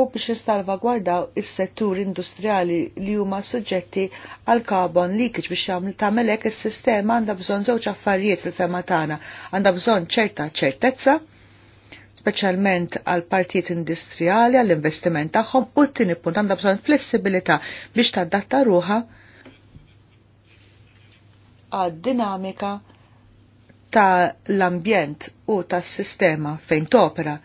u biex jistalvagwardaw is-settur industrijali li huma suġġetti għal carbon leakage biex tagħmel hekk is-sistema għandha bżonn żewġ affarijiet fil-fema tagħna. Għandha bżonn ċerta ċertezza, speċjalment għal partijiet industrijali għall investiment tagħhom u t-tieni punt għandha bżonn flessibilità biex tadatta ruha għad dinamika ta' l-ambjent u tas sistema fejn topra.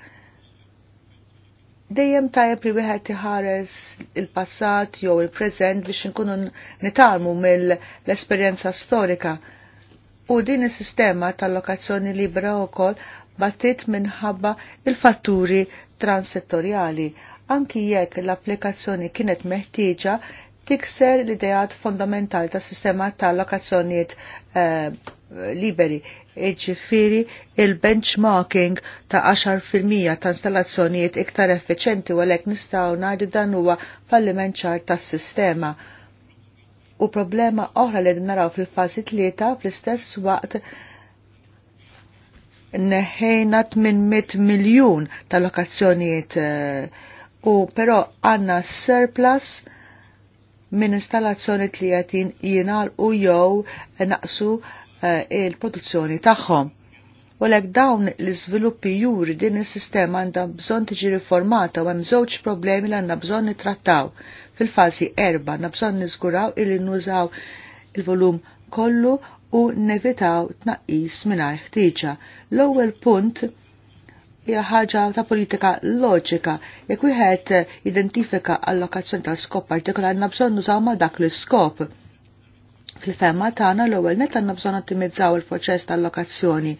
Dejjem tajjeb li wieħed iħares il-passat jew il-preżent biex inkunu nitalmu mill-esperjenza storika. U din is-sistema tal-lokazzjoni libera wkoll battit minħabba il-fatturi transettorjali, anki jekk l-applikazzjoni kienet meħtieġa tikser l-idejat fondamentali ta' sistema ta' lokazzjoniet eh, liberi, iġifiri il-benchmarking ta' 10% ta' installazzjonijiet iktar effiċenti u għalek nistaw najdu dan huwa falliment ċar ta' sistema. U problema oħra li naraw fil-fazi tlieta fl-istess waqt neħejna 800 miljun ta' lokazzjonijiet eh, u però għanna surplus minn installazzjoni li jatin jinal u jew naqsu eh, il-produzzjoni tagħhom. U lek dawn l-izviluppi juri din is-sistema għandha bżonn tiġi riformata u hemm żewġ problemi li għandna bżonn nittrattaw. Fil-fażi erba' għandna bżonn niżguraw illi nużaw il-volum kollu u nevitaw tnaqqis mingħajr ħtieġa. L-ewwel punt hija ħaġa ta' politika loġika. Jekk wieħed identifika allokazzjoni tal-skop partikolari għandna bżonn nużaw ma' dak l-iskop fil-femma tagħna l-ewwel netta għandna ottimizzaw il-proċess tal-allokazzjoni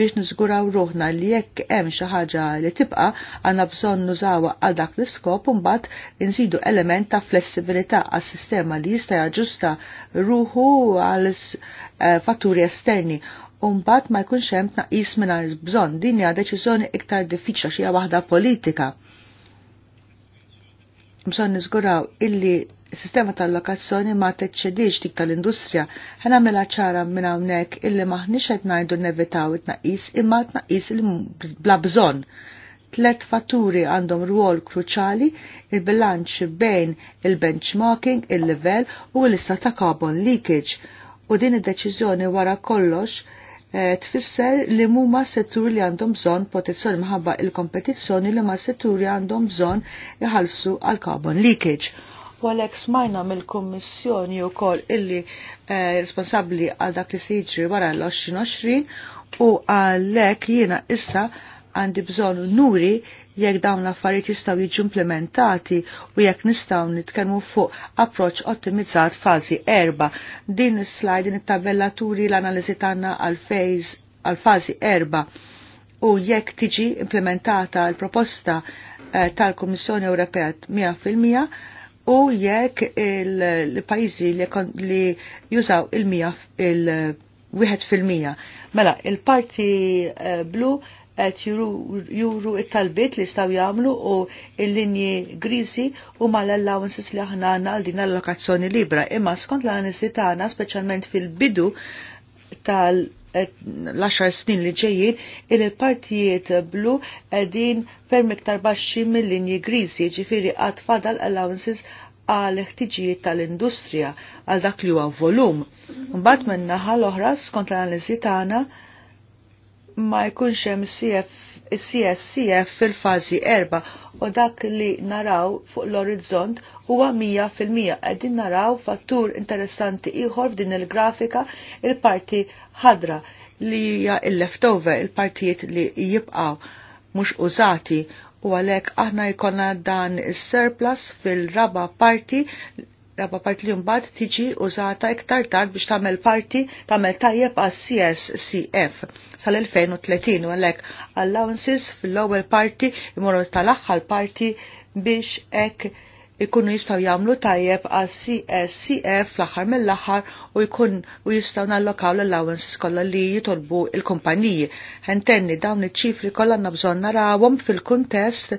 biex niżguraw ruħna li jekk hemm xi ħaġa li tibqa' għandna bżonn nużawha għal dak l-iskop u mbagħad inżidu element ta' flessibilità għas sistema li jista' jaġusta ruħu għal eh, fatturi esterni Umbat ma jkunx hemm tnaqqis mingħajr bżonn din hija deċiżjoni iktar diffiċla xi waħda politika. Bżonn niżguraw illi sistema tal-lokazzjoni ma teċċedix dik tal-industrija. Ħana mela ċara minn hawnhekk illi maħniex qed ngħidu nevitaw it-tnaqqis imma tnaqqis bla bżonn. Tlet fatturi għandhom rwol kruċali il-bilanċ bejn il-benchmarking, il-level u l-lista ta' carbon leakage. U din id-deċiżjoni wara kollox eh, tfisser li muma setturi li għandhom bżon protezzjoni maħabba il-kompetizzjoni li ma setturi għandhom bżon jħalsu għal carbon leakage u għalhekk smajna mill-Kummissjoni wkoll illi responsabli eh, responsabbli għal dak li se jiġri wara l-2020 u għalhekk jiena issa għandi bżonn nuri jekk dawn l-affarijiet jistgħu jiġu implementati u jekk nistgħu nitkellmu fuq approċċ ottimizzat fażi erba. Din is-slajd din it tabellaturi turi l-analiżi tagħna għal fażi erba u jekk tiġi implementata l-proposta eh, tal kummissjoni Ewropea 100% u jekk il-pajjiżi li jużaw il-mija il-wieħed fil-mija. Mela, il-parti eh, blu qed juru it-talbiet li staw jagħmlu u l-linji grisi u l allowances li aħna għandna għal din l-allokazzjoni libra. Imma skont l-analiżi tagħna speċjalment fil-bidu tal- l-10 snin li ġejjin il partijiet blu edin ferm iktar baxxi mill-linji grizi ġifiri għad fadal allowances għal ħtiġijiet tal-industrija għal dak li huwa volum. Mbagħad minn naħa l-oħra skont l-analiżi tagħna ma jkunx hemm CF CSCF fil-fazi erba' u dak li naraw fuq l-orizzont huwa 100% qegħdin naraw fattur interessanti ieħor f'din il-grafika il-parti ħadra li hija il-leftover il-partijiet li jibqaw mhux użati u għalhekk aħna jkollna dan is-surplus fil-raba parti rabba parti li mbagħad tiġi użata iktar tard biex tagħmel parti tagħmel tajjeb għas CSCF sal-2030 u għalhekk allowances fil lower parti imorru tal-aħħar parti biex hekk ikunu jistaw jamlu tajjeb għal CSCF fl-axar mill-axar u jkun u jistaw nallokaw l-allowances kollha li jitolbu il-kumpaniji. Hentenni dawn iċ-ċifri kollha nabżon narawhom fil-kuntest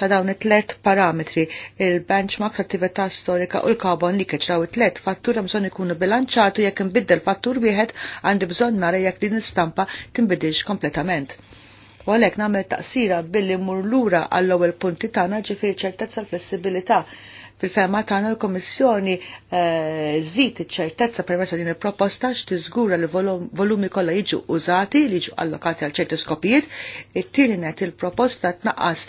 ta' dawn it-tlet parametri, il-benchmark attività storika u l-carbon leakage daw it-tlet fattura bżonn ikunu bilanċatu jekk inbiddel fattur wieħed għandi bżonn nara jekk din l-istampa tinbidilx kompletament. U għalek nagħmel taqsira billi l lura għall-ewwel punti tagħna ġifir ċertezza l-flessibilità fil-fema tagħna l komissjoni eh, żid iċ-ċertezza permezz din il-proposta x'tiżgura li volumi kollha jiġu użati li jiġu allokati għal ċerti skopijiet, it-tieni net il-proposta tnaqqas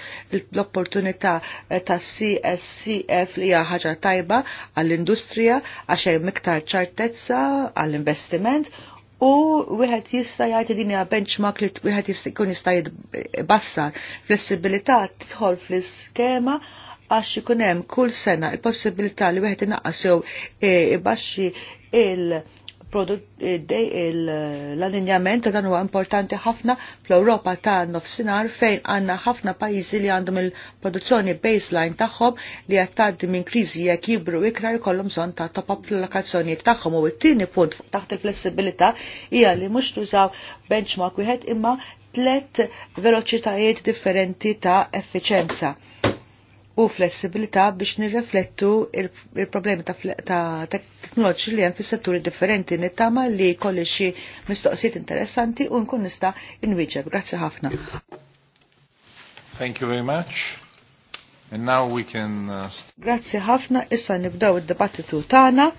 l-opportunità eh, ta' CSCF li hija ħaġa tajba għall-industrija għax miktar ċertezza għall-investiment u wieħed jista' jgħid din hija benchmark li wieħed jkun jista' jitbassar. Flessibilità tidħol fl-iskema għax ikun hemm kull sena il-possibilità li wieħed inaqqas jew ibaxxi il- Eh, l-allinjament dan huwa importanti ħafna fl-Ewropa ta' nofsinhar fejn għandna ħafna pajjiżi li għandhom il-produzzjoni baseline tagħhom li qed tgħaddi minn kriżi jekk jibru ikrar ikollhom bżonn ta' top up fl-lokazzjonijiet tagħhom u t-tieni punt taħt il-flessibilità hija li mhux tużaw benchmark wieħed imma tlet veloċitajiet differenti ta' effiċenza u flessibilità biex nirreflettu il-problemi ta' teknoloġi li hemm fis-setturi differenti nittama li kolli xi mistoqsijiet interessanti u nkun nista' inwiġeb. Grazzi ħafna. Thank you very much. And now we can Grazie uh, Grazzi ħafna, issa nibdew id-dibattitu tagħna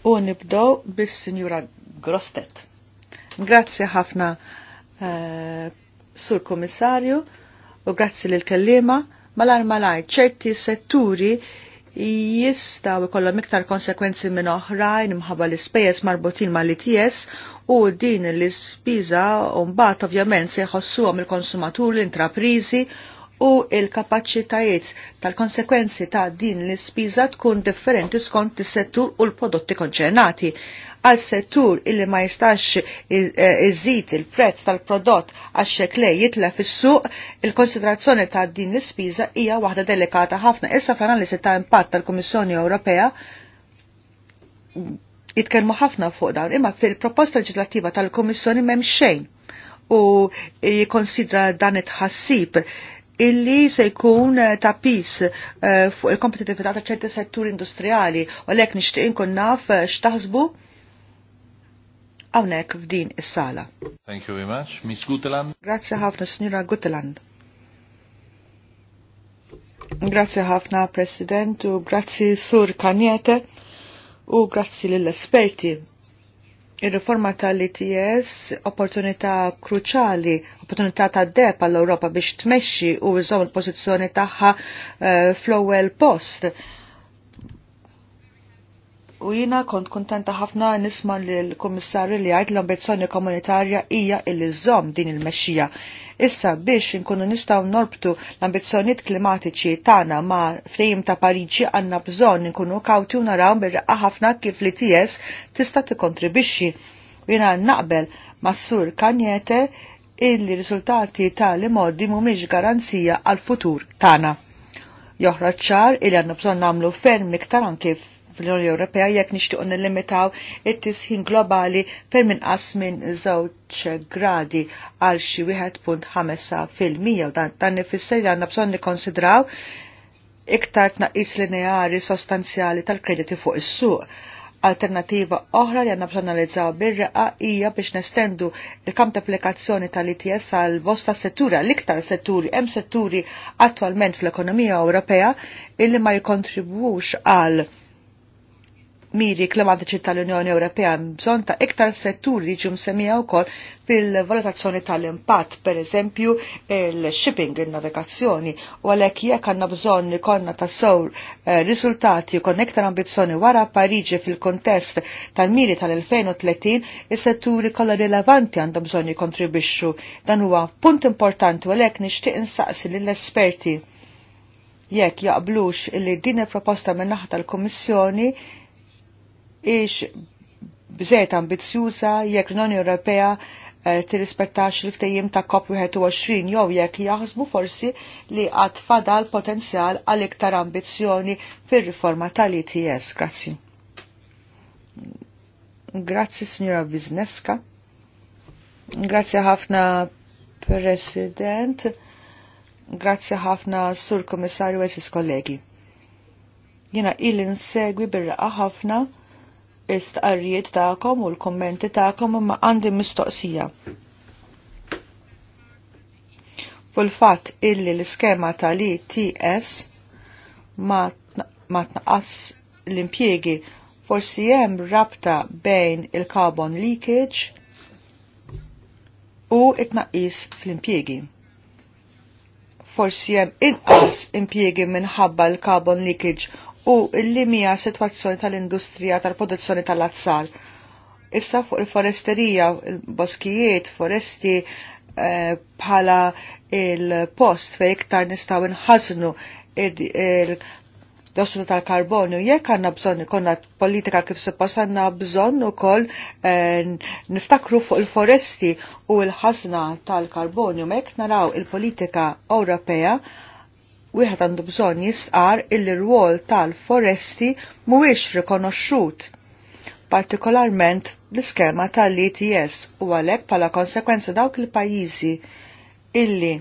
u nibdew bis-Sinjura Grostet. Grazzi ħafna uh, Sur Komissarju u grazzi lill kellima malar malar ċerti setturi jistaw ikollhom iktar konsekwenzi minn oħrajn imħabba l-ispejjeż marbutin mal-ITS u din l-ispiża mbagħad ovvjament se jħossuhom il-konsumatur l-intraprizi u il-kapaċitajiet tal-konsekwenzi ta' din l-ispiża tkun differenti skont is-settur u l-prodotti konċernati għal settur illi ma jistax e, iżid il-prezz tal-prodott għax xekle jitla fis-suq, il-konsiderazzjoni ta' din l-ispiża hija waħda delikata ħafna. Issa fl se ta' impatt tal-Kummissjoni Ewropea jitkellmu ħafna fuq dawn, imma fil-proposta leġislattiva tal-Kummissjoni m'hemm xejn u jikonsidra dan it-ħassib illi se jkun ta' pis e, fuq il-kompetitività ta' ċerti setturi industrijali u lek nishtiqin inkun naf e, x'taħsbu hawnhekk f'din is-sala. Thank you very much. Miss Guteland. Grazzi ħafna Sinjura Gutteland. Grazzi ħafna President u grazie Sur Kanjete u grazie lill-esperti Ir-riforma tal-ITS opportunità kruċali, opportunità ta' deb għall-Europa biex tmexxi u iżom il pozizjoni tagħha uh, eh, fl ewel post U jina kont kontenta ħafna nisma l-Komissarju li għajt l-ambizzjoni komunitarja hija illi żomm din il-mexxija. Issa biex inkunu nistgħu norbtu l-ambizzjonijiet klimatiċi tagħna ma' fejm ta' Pariġi għandna bżonn inkunu kawti u naraw birraqqa ħafna kif li TS tista' tikkontribixxi. Jina naqbel Massur sur Kanjete illi riżultati tali modi mhumiex garanzija għal-futur tagħna. Joħra ċar illi għandna bżonn nagħmlu ferm iktar anke fl-Unjoni Ewropea jekk nixtiequ nillimitaw it-tisħin globali per minqas minn żewġ gradi għal xi wieħed punt ħamesa fil-mija u dan ifisser li għandna bżonn nikkonsidraw iktar tnaqqis lineari sostanzjali tal-krediti fuq is-suq. Alternativa oħra li għanna bżanalizzaw bir-reqa hija biex nestendu il-kamp ta' applikazzjoni tal-ITS għal bosta settura, l-iktar setturi, hemm setturi attualment fl-ekonomija Ewropea illi ma jikontribwux għal miri klimatiċi tal-Unjoni Ewropea bżon ta' iktar setturi semija msemmija wkoll fil-valutazzjoni tal-impatt, per eżempju il-shipping, il-navigazzjoni, u għalhekk jekk għandna bżonn konna ta' sow eh, riżultati u iktar ambizzjoni wara Pariġi fil-kontest tal-miri tal-2030, is-setturi kollha rilevanti għandhom bżonn kontribixxu Dan huwa punt importanti u għalhekk nixtieq insaqsi lill-esperti jekk jaqblux li din il-proposta minnaħta l komissjoni ix bżet ambizzjuża jekk l-Unjoni Ewropea eh, tirrispettax l-ftejjim ta' COP21 jew jekk jaħsbu forsi li għad fadal potenzjal għal iktar ambizzjoni fir-riforma tal-ETS. Grazzi. Grazzi, signora Wisneska. Grazzi ħafna, President. Grazzi ħafna, Sur Komissarju, eżis kollegi. Jina il-insegwi birraqa ħafna istqarrijiet ta'kom u l-kommenti ta'kom imma għandi mistoqsija. Ful-fat illi l-iskema tal TS ma tnaqqas l impiegi forsi hemm rabta bejn il-carbon leakage u it-naqis fl impiegi Forsi hemm inqas impiegi minħabba l-carbon leakage u l-limija situazzjoni tal-industrija tal-produzzjoni tal-azzar. Issa fuq il-foresterija, il-boskijiet, foresti eh, bħala il-post fej iktar nistaw nħaznu l dossu tal-karbonju, jekk għanna bżonn ikonna politika kif suppost għanna bżonn ukoll eh, niftakru fuq il-foresti u l-ħasna tal-karbonju, Mek naraw il-politika Ewropea wieħed għandu bżonn jistqar il rwol tal-foresti mhuwiex rikonoxxut, partikolarment l-iskema tal-ETS u għalhekk bħala konsekwenza dawk il-pajjiżi illi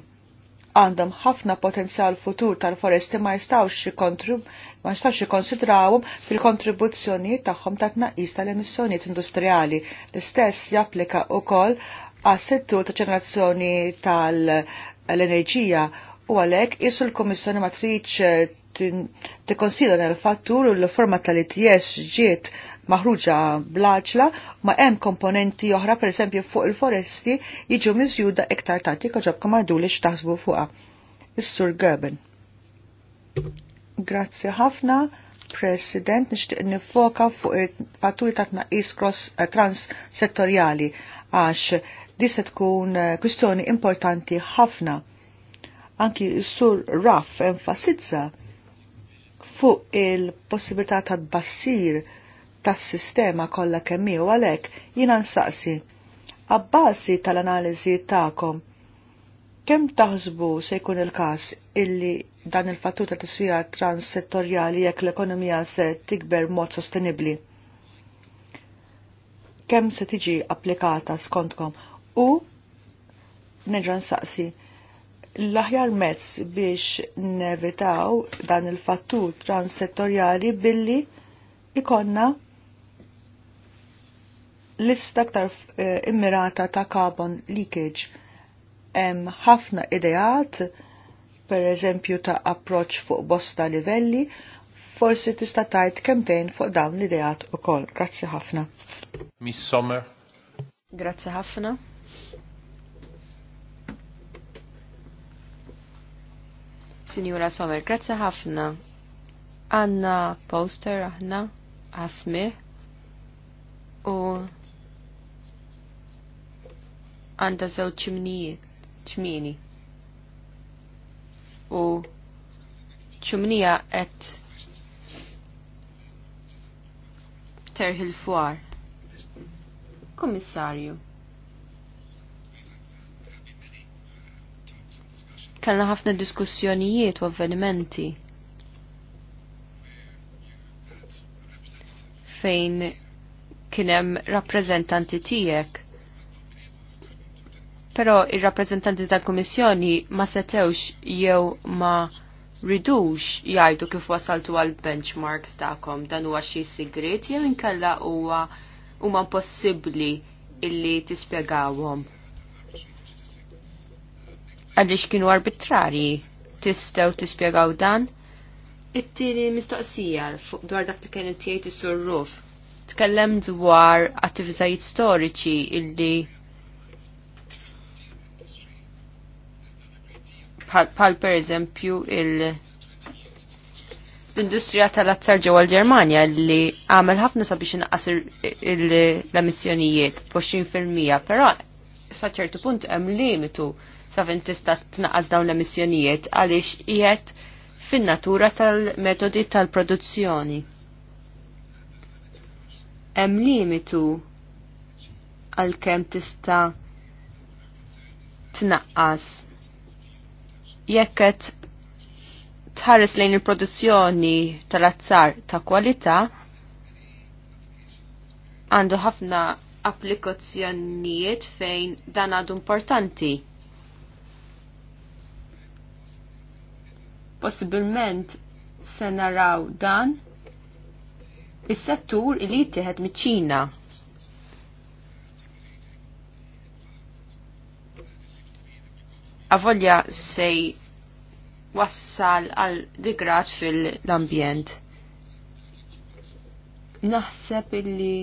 għandhom ħafna potenzjal futur tal-foresti ma jistgħux ma jistgħux jikonsidrawhom fil-kontribuzzjonijiet tagħhom ta' tnaqqis tal-emissjonijiet industrijali. L-istess japplika wkoll għas settur ta' ġenerazzjoni tal-enerġija U għalek, jessu l-Komissjoni Matriċ eh, tikkonsidra l-fattur l-forma tal-ITS ġiet maħruġa blaċla ma hemm komponenti oħra per esempio fuq il-foresti jiġu miżjuda iktar tatika ġobka għadu li xtaħsbu fuqa. Is-Sur Gerben. Grazzi ħafna, President, nixtieq nifoka fuq il-fatturi ta' tnaqqis cross eh, trans settorjali għax di se tkun eh, kwistjoni importanti ħafna Anki sur Raff enfasizza fuq il-possibilità ta' bassir tas sistema kollha kemm u għalhekk jiena nsaqsi. Abbasi tal-analiżi tagħkom kemm taħsbu se jkun il-każ illi dan il-fattur ta' tiswija transsettorjali jekk l-ekonomija se tikber mod sostenibbli? Kemm se tiġi applikata skontkom? U neġan saqsi l-aħjar mezz biex nevitaw dan il-fattur transsettorjali billi ikonna lista aktar eh, immirata ta' carbon leakage. Hemm ħafna ideat, per eżempju ta' approċ fuq bosta livelli, forsi tista' tajt kemtejn fuq dawn l-ideat ukoll. Grazzi ħafna. Miss Sommer. Grazzi ħafna. Sinjura Sommer, grazzi ħafna. Għanna poster aħna għasmi u għanda zew ċimnijiet, ċmini. U ċimnija qed terħil fwar. Kommissarju. kellna ħafna diskussjonijiet u avvenimenti fejn kienem rappresentanti tijek. Pero il-rappresentanti tal-Komissjoni ma setewx jew ma ridux jgħidu kif wasaltu għal benchmarks ta'kom dan huwa xi sigret jew inkella huwa huma possibbli illi tispjegawhom għaliex kienu arbitrari tistaw tispjegaw dan. It-tieni mistoqsija fuq dwar dak li kien tgħid is-surruf. Tkellem dwar attivitajiet storiċi illi pal per eżempju il- l-industrija tal-azzar ġewwa l-Ġermanja li għamel ħafna sabiex inqas l-emissjonijiet b'20 fil-mija, però sa ċertu punt hemm limitu saven tista' tnaqqas dawn l-emissjonijiet għaliex qiegħed fin-natura tal-metodi tal-produzzjoni. Hemm limitu għal kemm tista' tnaqqas. Jekk qed tħares lejn il-produzzjoni tal-azzar ta' kwalità għandu ħafna applikazzjonijiet fejn dan għadu importanti. possibilment se naraw dan is-settur li jittieħed miċ-Ċina. Avolja sej wassal għal digrat fil-ambjent. Naħseb illi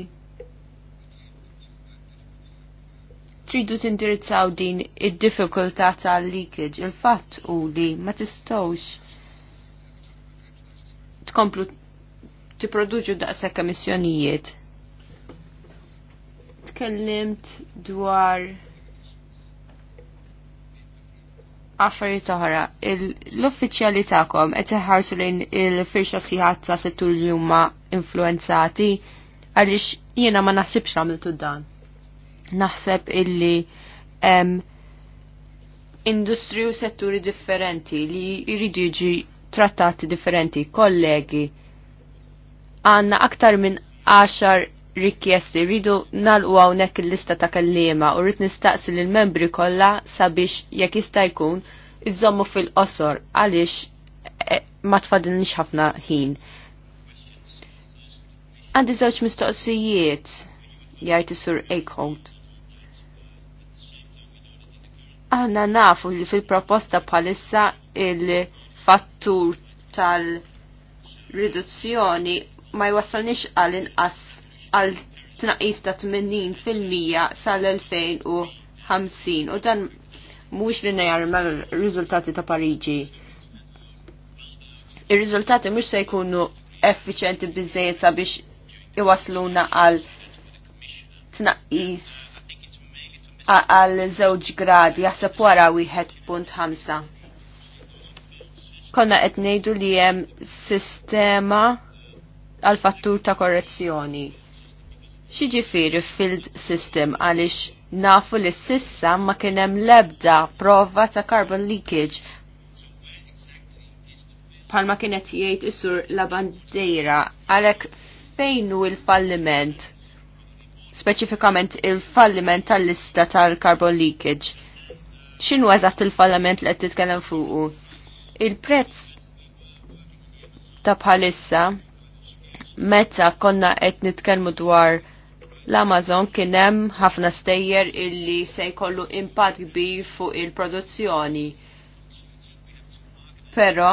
tridu tindirizzaw din id-diffikultà tal-leakage. Il-fatt u li ma tistawx tkomplu tipproduġu daqshekk emissjonijiet. Tkellimt dwar affarijiet oħra. L-uffiċjali tagħkom qed iħarsu lejn il-firxa sħiħat ta' settur li huma influenzati għaliex jiena ma naħsibx għamiltu dan. Naħseb illi industri u setturi differenti li jridu jiġi trattati differenti, kollegi, għanna aktar minn 10 rikjesti rridu nalqu hawnhekk il-lista ta' kellima u rrid nistaqsi lil membri kollha sabiex jekk jista' jkun iżommu fil-qosor għaliex eh, ma tfadilniex ħafna ħin. Għandi żewġ mistoqsijiet jgħid sur Eichholt. Aħna nafu li fil-proposta bħalissa il- fattur tal-riduzzjoni ma jwassalniex għal inqas għal tnaqis ta' 80% sal-2050 u dan mhux li nejjar mal-riżultati ta' Pariġi. Ir-riżultati mhux se jkunu effiċenti biżejjed sabiex iwasluna għal tnaqis għal żewġ gradi jaħseb wara wieħed punt konna qed ngħidu li hemm sistema għal fattur ta' korrezzjoni. Xiġifieri field system għaliex nafu li sissa ma kien hemm lebda prova ta' carbon leakage palma kienet jgħid isur la bandejra għalek fejnu il-falliment speċifikament il-falliment tal-lista tal-carbon leakage xinu eżatt il-falliment li qed titkellem fuqu Il-prezz ta' bħalissa meta konna qed nitkellmu dwar l-Amazon kien hemm ħafna stejjer illi se jkollu impatt kbir fuq il-produzzjoni. Però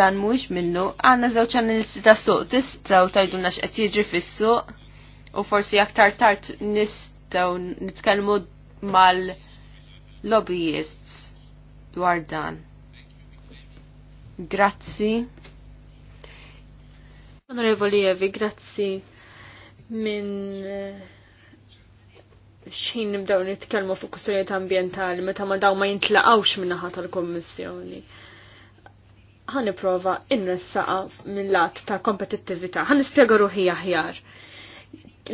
dan mhux minnu għandna żewġ analisti ta' suq tistgħu tgħidulna x'qed jiġri fis-suq u forsi aktar tard nistgħu nitkellmu mal-lobbyists dwar dan. Grazzi. Onorevoli Evi, grazzi minn eh, xin nibdaw nitkellmu fuq kusturijiet ambientali meta ma daw ma jintlaqawx minnaħat tal-Kommissjoni. Ħan prova innessaqa mill-lat ta' kompetittività. Ħan nispjega ruħi aħjar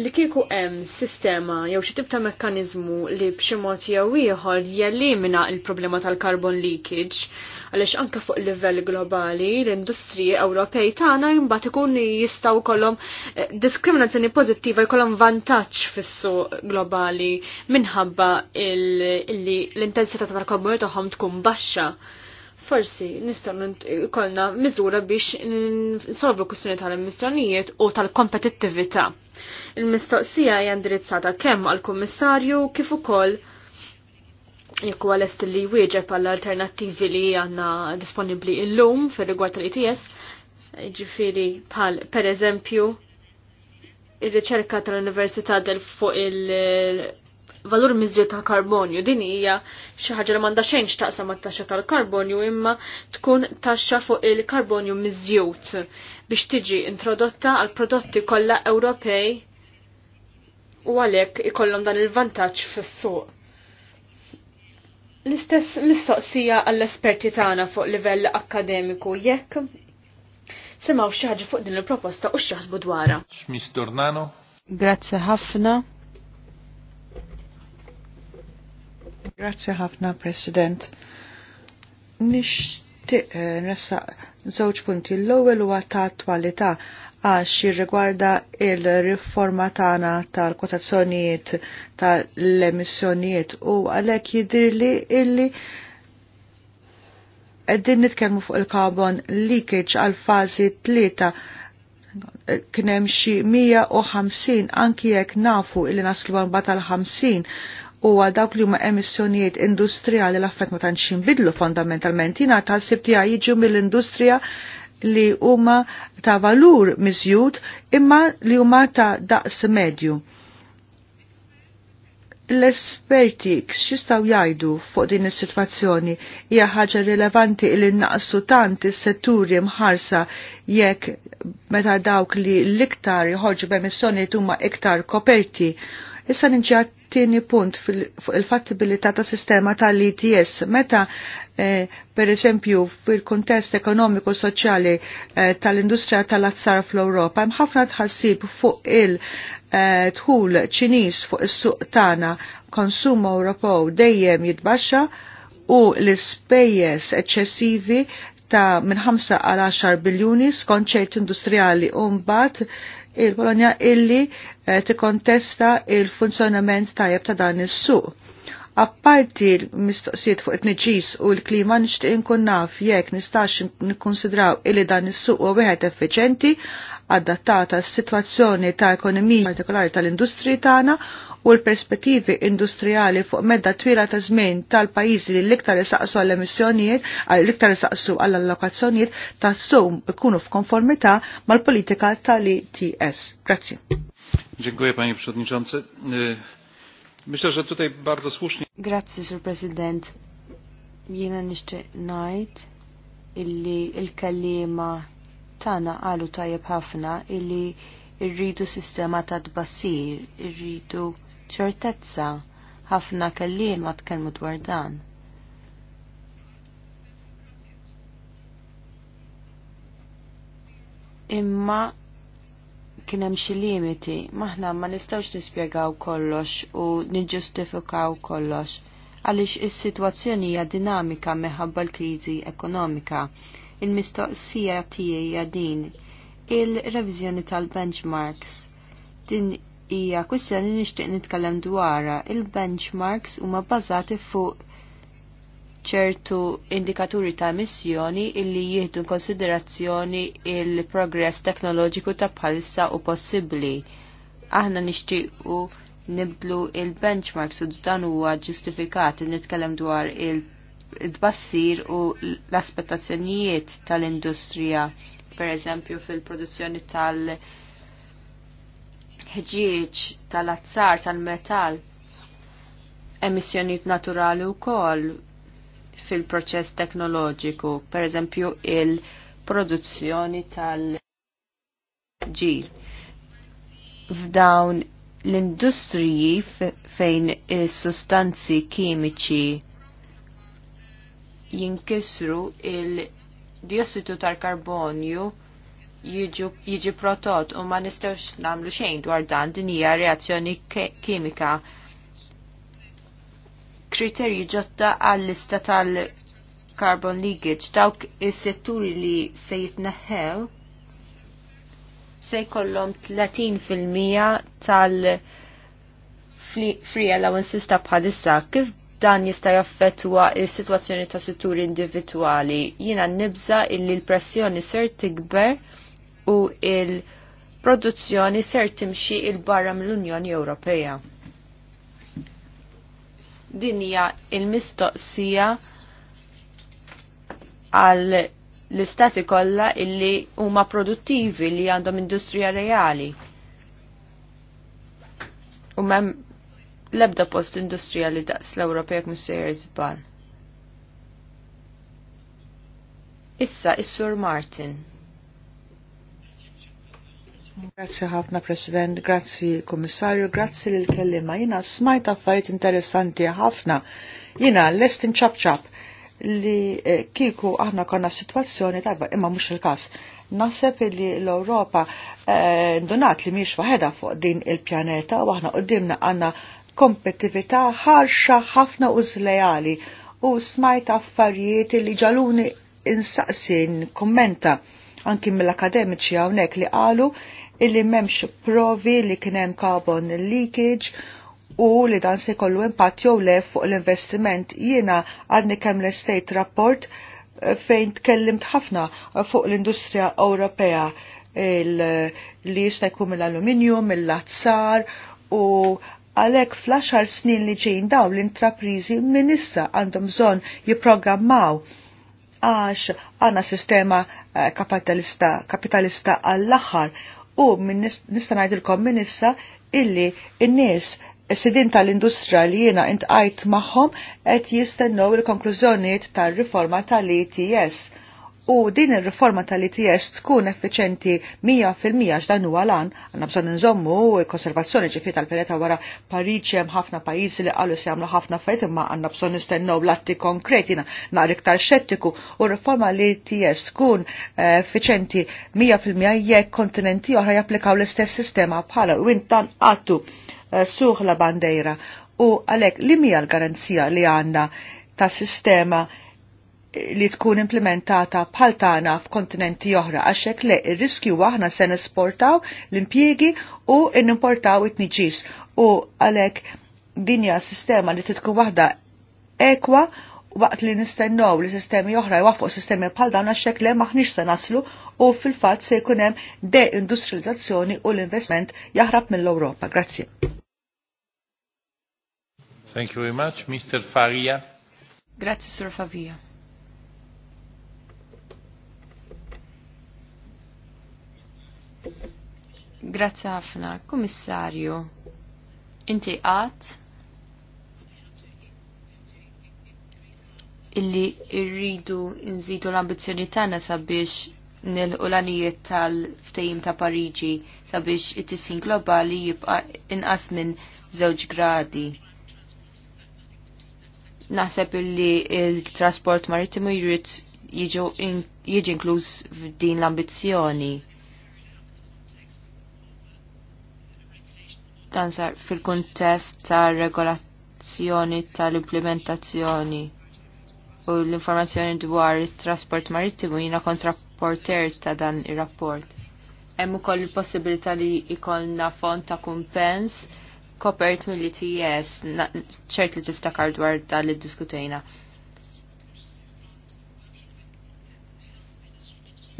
li kieku hemm sistema jew xi tip ta' mekkaniżmu li b'xi mod jew ieħor jellimina l-problema tal-carbon leakage għaliex anke fuq livell globali l-industriji Ewropej tagħna imbagħad ikun jistgħu jkollhom eh, diskriminazzjoni pożittiva jkollhom vantaġġ fis-suq globali minħabba l-intensità tal-karbonju tagħhom tkun baxxa forsi nistgħu kollna miżura biex nsolvu kwistjoni tal-emissjonijiet u tal-kompetittività. Il-mistoqsija hija indirizzata kemm għall-Kummissarju kif ukoll jekk huwa lest li jwieġeb għall alternattivi li għandna disponibbli illum fir-rigward tal its ġifieri bħal pereżempju ir-riċerka tal-Università del fuq il- valur miżju ta' karbonju. Din hija xi ħaġa li m'għandha xejn x'taqsam mat-taxxa tal-karbonju imma tkun taxxa fuq il-karbonju miżjud biex tiġi introdotta għal prodotti kollha Ewropej u għalhekk ikollhom dan il-vantaġġ fis-suq. L-istess mistoqsija għall-esperti tagħna fuq livell akkademiku jekk semaw xi ħaġa fuq din il-proposta u x'jaħsbu dwarha. Grazie Grazzi ħafna. Grazie ħafna, President. Nixtieq eh, nressa żewġ punti. L-ewwel huwa ta' attwalità għax jirrigwarda il-riforma tagħna tal-kotazzjonijiet tal-emissjonijiet u għalhekk jidhirli illi qegħdin nitkellmu fuq il-carbon leakage għal fażi tlieta kien hemm xi 150 anki jekk nafu illi naslu bata tal-50 huwa dawk li huma emissjonijiet industrijali l-affett ma tantx jinbidlu fondamentalment. Jiena tal tiegħi jiġu mill-industrija li huma ta' valur miżjud imma li huma ta' daqs medju. L-esperti xistaw jgħidu fuq din is-sitwazzjoni hija ħaġa rilevanti li naqsu tant is-setturi mħarsa jekk meta dawk li l-iktar jħorġu b'emissjoni huma iktar koperti Issa ninġi tieni punt fuq il-fattibilità ta' sistema tal-ITS. Meta, eh, per eżempju, fil-kontest ekonomiku soċjali eh, tal-industrija tal-azzar fl-Ewropa, hemm ħafna tħassib fuq il-tħul eh, ċiniż fuq is-suq tagħna konsum Ewropew dejjem jitbaxxa u l-ispejjeż eċċessivi ta' minn 5 għal 10 biljuni skont ċejt industrijali u mbagħad il polonia illi eh, tikontesta il-funzjonament tajjeb ta' dan is-suq. Apparti l-mistoqsijiet fuq it-nġis u l-klima nixtieq inkun naf jekk nistax nikkonsidraw illi dan is-suq huwa wieħed effiċenti adattata s-sitwazzjoni ta' ekonomija partikolari tal-industri tagħna u l-perspettivi industrijali fuq medda twila ta' żmien tal-pajjiżi li l-iktar isaqsu għall-emissjonijiet, l-iktar isaqsu għall-allokazzjonijiet ta' sum ikunu f'konformità mal-politika tal-ITS. Grazzi. Dziękuję panie przewodniczący. Myślę, że tutaj bardzo słusznie. Grazie, sur President. Jiena nixtieq ngħid illi il-kallima tagħna qalu tajjeb ħafna illi irridu sistema ta' tbassir, irridu ċertezza ħafna kelliema tkellmu dwar dan. Imma kien hemm xi limiti, maħna ma nistgħux nispjegaw kollox u niġġustifikaw kollox għaliex is-sitwazzjoni hija dinamika meħabba l-kriżi ekonomika. Il-mistoqsija tiegħi hija din il-reviżjoni tal-benchmarks din hija kwistjoni nixtieq nitkellem dwarha. Il-benchmarks huma bbażati fuq ċertu indikaturi ta' missjoni illi jieħdu konsiderazzjoni il-progress teknoloġiku ta' bħalissa u possibbli. Aħna nixtiequ nibdlu il-benchmarks u dan huwa ġustifikat nitkellem dwar il-tbassir u l-aspettazzjonijiet tal-industrija, per eżempju fil-produzzjoni tal-, -industrija, ħġieġ tal-azzar tal-metall emissjonijiet naturali wkoll fil-proċess teknoloġiku, per eżempju il-produzzjoni tal-ġir. F'dawn l-industriji fejn is-sustanzi kimiċi jinkisru il diossitu tal-karbonju jiġi protot u ma nistgħux nagħmlu xejn dwar dan din hija reazzjoni kimika. Kriterji ġotta għall-lista tal-carbon leakage dawk is-setturi li se jitneħħew se jkollhom 30% tal- free allowances ta' bħalissa, kif dan jista' jaffettwa is-sitwazzjoni ta' setturi individwali? Jiena nibża illi l-pressjoni ser tikber u il-produzzjoni ser timxi il-barra mill-Unjoni Ewropea. Din hija il-mistoqsija għal l-istati kollha illi huma produttivi li għandhom industrija reali. U mem lebda post industrija li daqs l-Ewropea mus Issa Issur sur Martin. Grazzi ħafna President, grazzi Komissarju, grazzi lil kellima Jina smajt affarijiet interessanti ħafna. Jina lest inċabċab li eh, kiku aħna konna situazzjoni tajba imma mhux il-każ. Naseb li l-Ewropa eh, ndunat li miex waħedha fuq din il-pjaneta u aħna qudiemna għandna kompetività ħarxa ħafna u żlejali u smajt affarijiet li ġaluni insaqsin kommenta anki mill-akademiċi hawnhekk li qalu illi memx provi li kienem carbon leakage u li dan se kollu impatt jew le fuq l-investiment. Jiena għadni kemm l-estate rapport eh, fejn tkellimt ħafna fuq l-industrija Ewropea li jista' jkun mill aluminium mill-azzar u għalek fl snin li ġejn daw l-intraprizi minn issa għandhom bżonn jipprogrammaw għax għanna sistema eh, kapitalista, kapitalista għall aħħar u nista' ngħidilkom minn issa illi n-nies sidin tal-industrija li jiena intqajt magħhom qed jistennew il-konklużjonijiet tar-riforma tal-ETS u din ir-riforma tal-ITS tkun effiċenti 100% dan huwa lan, għandna bżonn nżommu konservazzjoni ġifiet tal pereta wara Pariġi hemm ħafna pajjiżi li qalu se jagħmlu ħafna affarijiet imma għandna bżonn nistennew latti konkreti naqra iktar xettiku u riforma li ITS tkun eh, effiċenti 100% jekk kontinenti oħra japplikaw l-istess sistema bħala u intan għattu eh, suħ la bandejra u għalhekk li mija l-garanzija li għandna ta' sistema li tkun implementata bħal tagħna f'kontinenti oħra għaxek le ir-riskju aħna se nesportaw l-impjiegi u n-importaw it-niġis u għalhekk dinja sistema li titkun waħda ekwa waqt li nistennow li sistemi oħra jwaffuq sistemi bħal dawn għaxek le maħniex se naslu u fil-fatt se jkun hemm deindustrializzazzjoni u l-investment jaħrab mill-Ewropa. Grazzi. Thank you very much, Mr. Faria. Grazie, Sur Favia. Grazzi ħafna, Kummissarju. Inti qatt illi rridu nżidu l-ambizzjoni tagħna sabiex nilqu l għanijiet tal-ftehim ta' Pariġi sabiex it-tisin globali jibqa' inqas minn żewġ gradi. Naħseb illi il-trasport marittimu jrid jiġu jiġi inkluż f'din l-ambizzjoni dan sar fil-kuntest ta' regolazzjoni tal-implementazzjoni u l-informazzjoni dwar it-trasport marittimu jina kontrapporter ta' dan ir-rapport. Hemm ukoll il-possibilità li jkollna font ta' kumpens kopert mill-ITS, ċert li tiftakar dwar dan li diskutejna.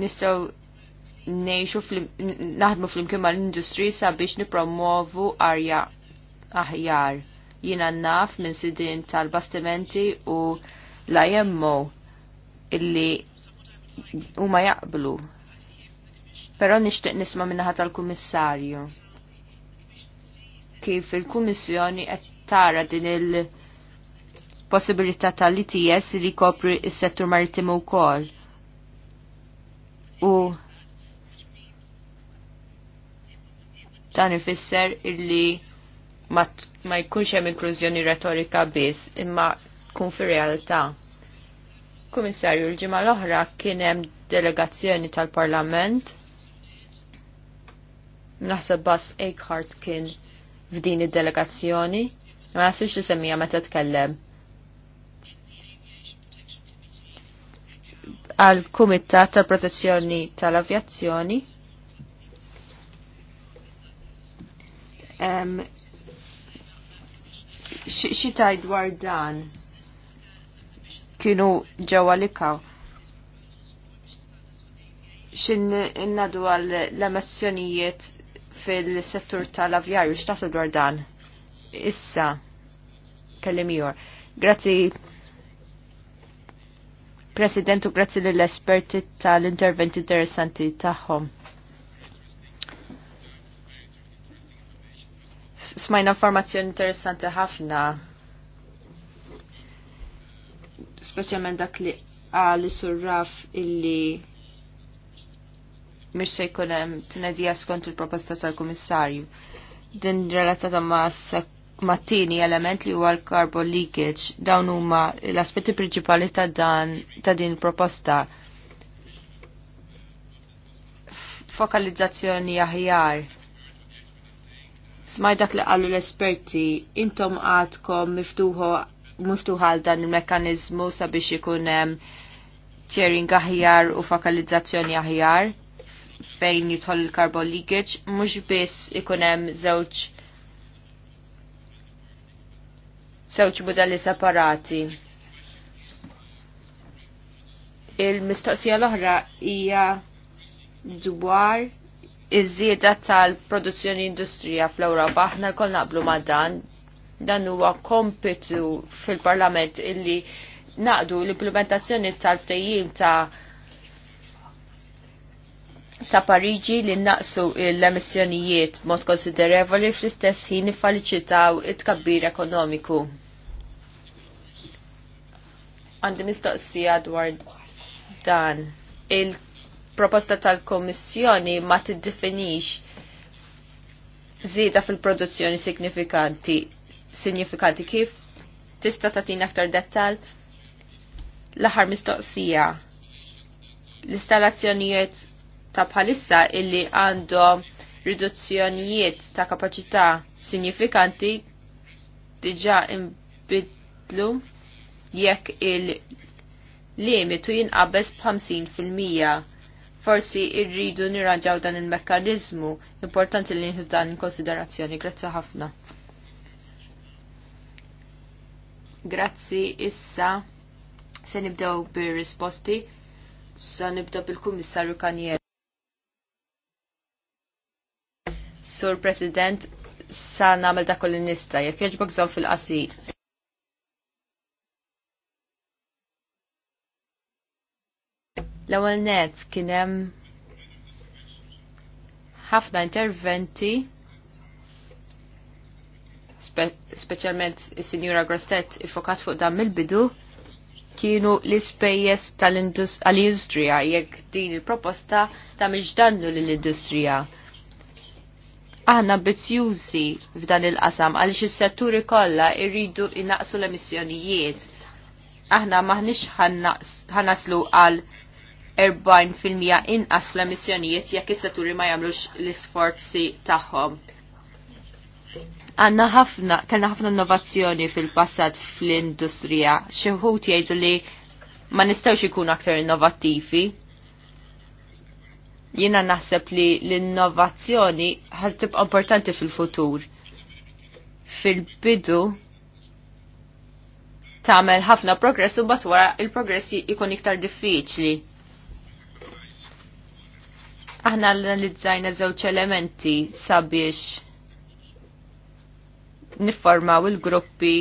Nistgħu nejxu naħdmu fl-imkien mal-industri sabiex nipromovu arja aħjar. Jina naf minn sidin tal-bastimenti u l-IMO illi huma jaqblu. Però nixtieq nisma' minnaħa tal-Kummissarju. Kif il-Kummissjoni qed tara din il- possibilità tal-ITS li kopri il settur marittimu wkoll. U Dan ifisser illi ma, ma jkunx hemm inklużjoni retorika biss, imma tkun fi realtà. Kummissarju, l-ġimgħa l-oħra kien hemm delegazzjoni tal-Parlament. Naħseb Bass Eichhardt kien f'din id-delegazzjoni. Ma nasibx li semmija meta tkellem. għal kumitat tal-protezzjoni tal-avjazzjoni xitaj dwar dan kienu ġewa likaw. Xin innadu għal l-emissjonijiet fil-settur tal-avjarju, xtasu dwar dan? Issa, kellim jor. Grazzi, Presidentu, grazzi l-esperti tal-interventi interessanti taħħom. smajna informazzjoni interessanti ħafna. Speċjalment dak li għali surraf illi mish se jkun hemm tnedija skont il-proposta tal-Kummissarju. Din relatata ma' mat element li huwa l-carbon leakage dawn huma l-aspetti prinċipali ta' dan ta' din proposta. Fokalizzazzjoni aħjar Smaj dak li għallu l-esperti, intom għadkom miftuħo għal dan il-mekanizmu sabiex ikun tiering aħjar u fokalizzazzjoni aħjar fejn jitħol il-carbon leakage, mux biss ikunem zewċ zewċ modelli separati. Il-mistoqsija l-oħra hija dwar iż-żieda tal-produzzjoni industrija fl-Ewropa, aħna kol naqblu ma' dan, dan huwa kompitu fil-Parlament illi naqdu l-implementazzjoni tal-ftejjim ta' ta' Pariġi li naqsu l-emissjonijiet mod konsiderevoli fl-istess ħin iffaċilitaw it-kabbir ekonomiku. Għandi mistoqsija dwar dan. Il- proposta tal-Komissjoni ma tiddefinix zida fil-produzzjoni signifikanti signifikanti kif tista' tagħtina aktar dettal l-aħħar mistoqsija l-installazzjonijiet ta' bħalissa illi għandhom riduzzjonijiet ta' kapaċità sinifikanti diġa imbidlu jekk il-limitu jinqabeż b'50% forsi irridu nirraġaw dan il-mekkanizmu. Importanti li nħu dan konsiderazzjoni. Grazzi ħafna. Grazzi issa se nibdew bir-risposti. Sa nibdew bil-Kummissarju Kanjer. Sur President, sa namel dak nista jekk jogħġbok fil-qasir. L-ewwel net kien hemm ħafna interventi speċjalment is-Sinjura Grostet ifokat fuq dan mill-bidu kienu l-ispejjeż tal-industrija jekk din il-proposta ta' mhix dannu lill-industrija. Aħna ambizjużi f'dan il-qasam għaliex is-setturi kollha jridu jnaqsu l-emissjonijiet. Aħna maħniex ħanaslu għal 40% inqas fl-emissjonijiet jekk is-setturi ma jagħmlux l-isforzi tagħhom. Għanna ħafna, kellna ħafna innovazzjoni fil-passat fl-industrija. Xi wħud jgħidu li ma nistgħux ikun aktar innovattivi. Jiena naħseb li l-innovazzjoni ħal tibqa' importanti fil-futur. Fil-bidu tagħmel ħafna progress u bat wara il-progress ikun iktar diffiċli Aħna analizzajna żewġ elementi sabiex niformaw il-gruppi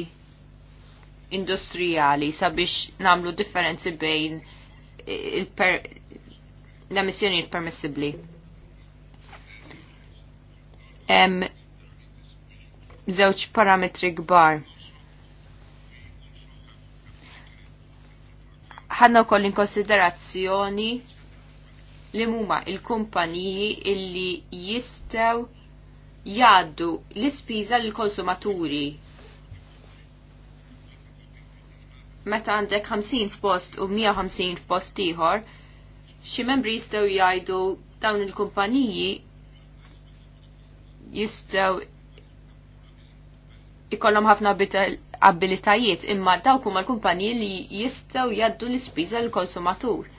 industrijali sabiex namlu differenzi bejn l-emissjoni permissibli. Em, zewċ parametri gbar. ħanna wkoll inkonsiderazzjoni li huma il-kumpaniji illi jistaw jaddu l-ispiża l-konsumaturi. Meta għandek 50 f'post u 150 f'post ieħor, xi membri jistgħu jgħidu dawn il-kumpaniji jistgħu ikollhom ħafna abilitajiet imma dawk huma l-kumpaniji li jistgħu jaddu l-ispiża l-konsumatur.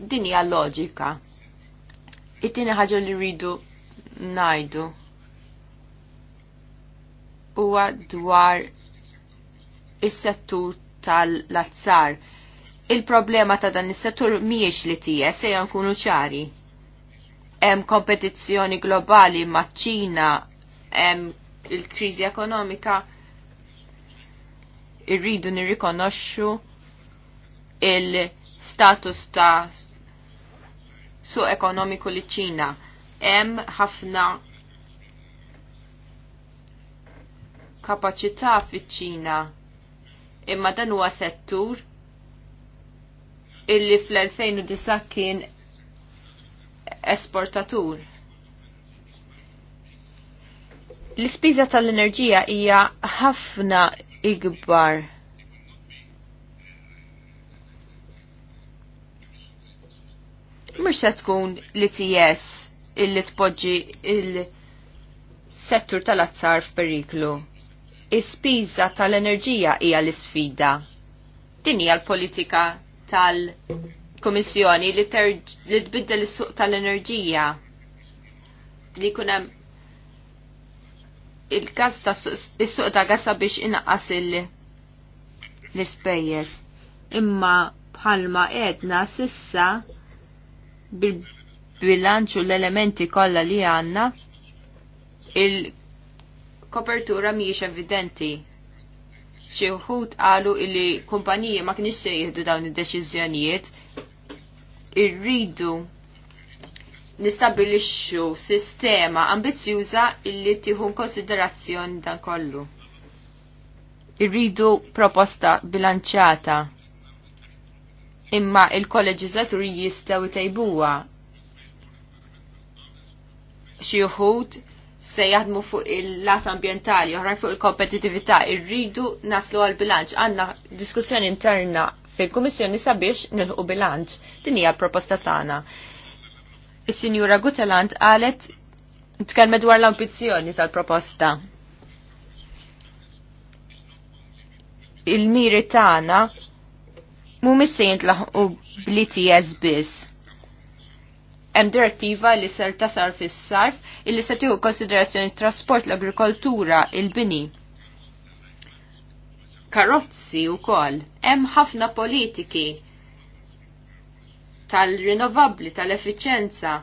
din hija loġika. It-tieni ħaġa li rridu ngħidu huwa dwar is-settur tal-azzar. Il-problema ta' dan is-settur mhijiex li tija se nkunu ċari. Hemm kompetizzjoni globali maċ-Ċina, hemm il-kriżi ekonomika, irridu nirrikonoxxu il-, -krizi ekonomika, il status ta' su ekonomiku li ċina. Hemm ħafna kapaċità fiċ-Ċina. Imma dan huwa settur illi fl-2009 kien esportatur. L-ispiża tal-enerġija hija ħafna ikbar mhux se tkun li its illi tpoġġi il-settur tal-azzar f'periklu. Ispiża tal-enerġija hija l-isfida. Din hija l-politika tal-Komissjoni li, li tbiddel is-suq tal-enerġija li jkun hemm il-gas ta' is-suq ta' gasa biex inqas l-ispejjeż. Imma bħalma qedna sissa bil-bilanċu l-elementi kollha li għandna il-kopertura mhijiex evidenti. Xi wħud qalu li kumpaniji ma kienx se jieħdu dawn id-deċiżjonijiet irridu nistabilixxu sistema ambizzjuża illi tieħu konsiderazzjoni dan kollu. Irridu proposta bilanċata imma il kolleġizzaturi jistaw tajbuwa. Xi se jaħdmu fuq il-lat ambientali, oħrajn fuq il-kompetitività, irridu naslu għal bilanċ. Għanna diskussjoni interna fil-Kummissjoni sabiex nilħu bilanċ. Din hija proposta tagħna. Is-Sinjura Guteland qalet tkellmet dwar l-ambizzjoni tal-proposta. Il-miri tagħna mu se jintlaħqu bl-ITS biss. Hemm direttiva li ser tasar fis-sarf illi se tieħu konsiderazzjoni trasport l-agrikoltura, il-bini. Karozzi wkoll hemm ħafna politiki tal-rinnovabli, tal-efficienza.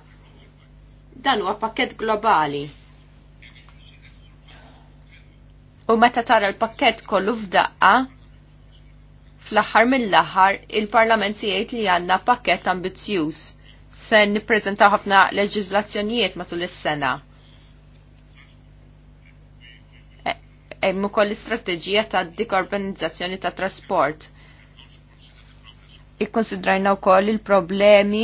Dan huwa pakket globali. U meta tara l-pakket kollu f'daqqa, Fl-aħħar mill-aħħar il-Parlament si jgħid li għandna pakkett ambizzjuż. Se nippreżentaw ħafna leġiżlazzjonijiet matul is-sena. E, hemm ukoll l-istrateġija ta' dekarbonizzazzjoni ta' trasport. Ikkonsidrajna wkoll il-problemi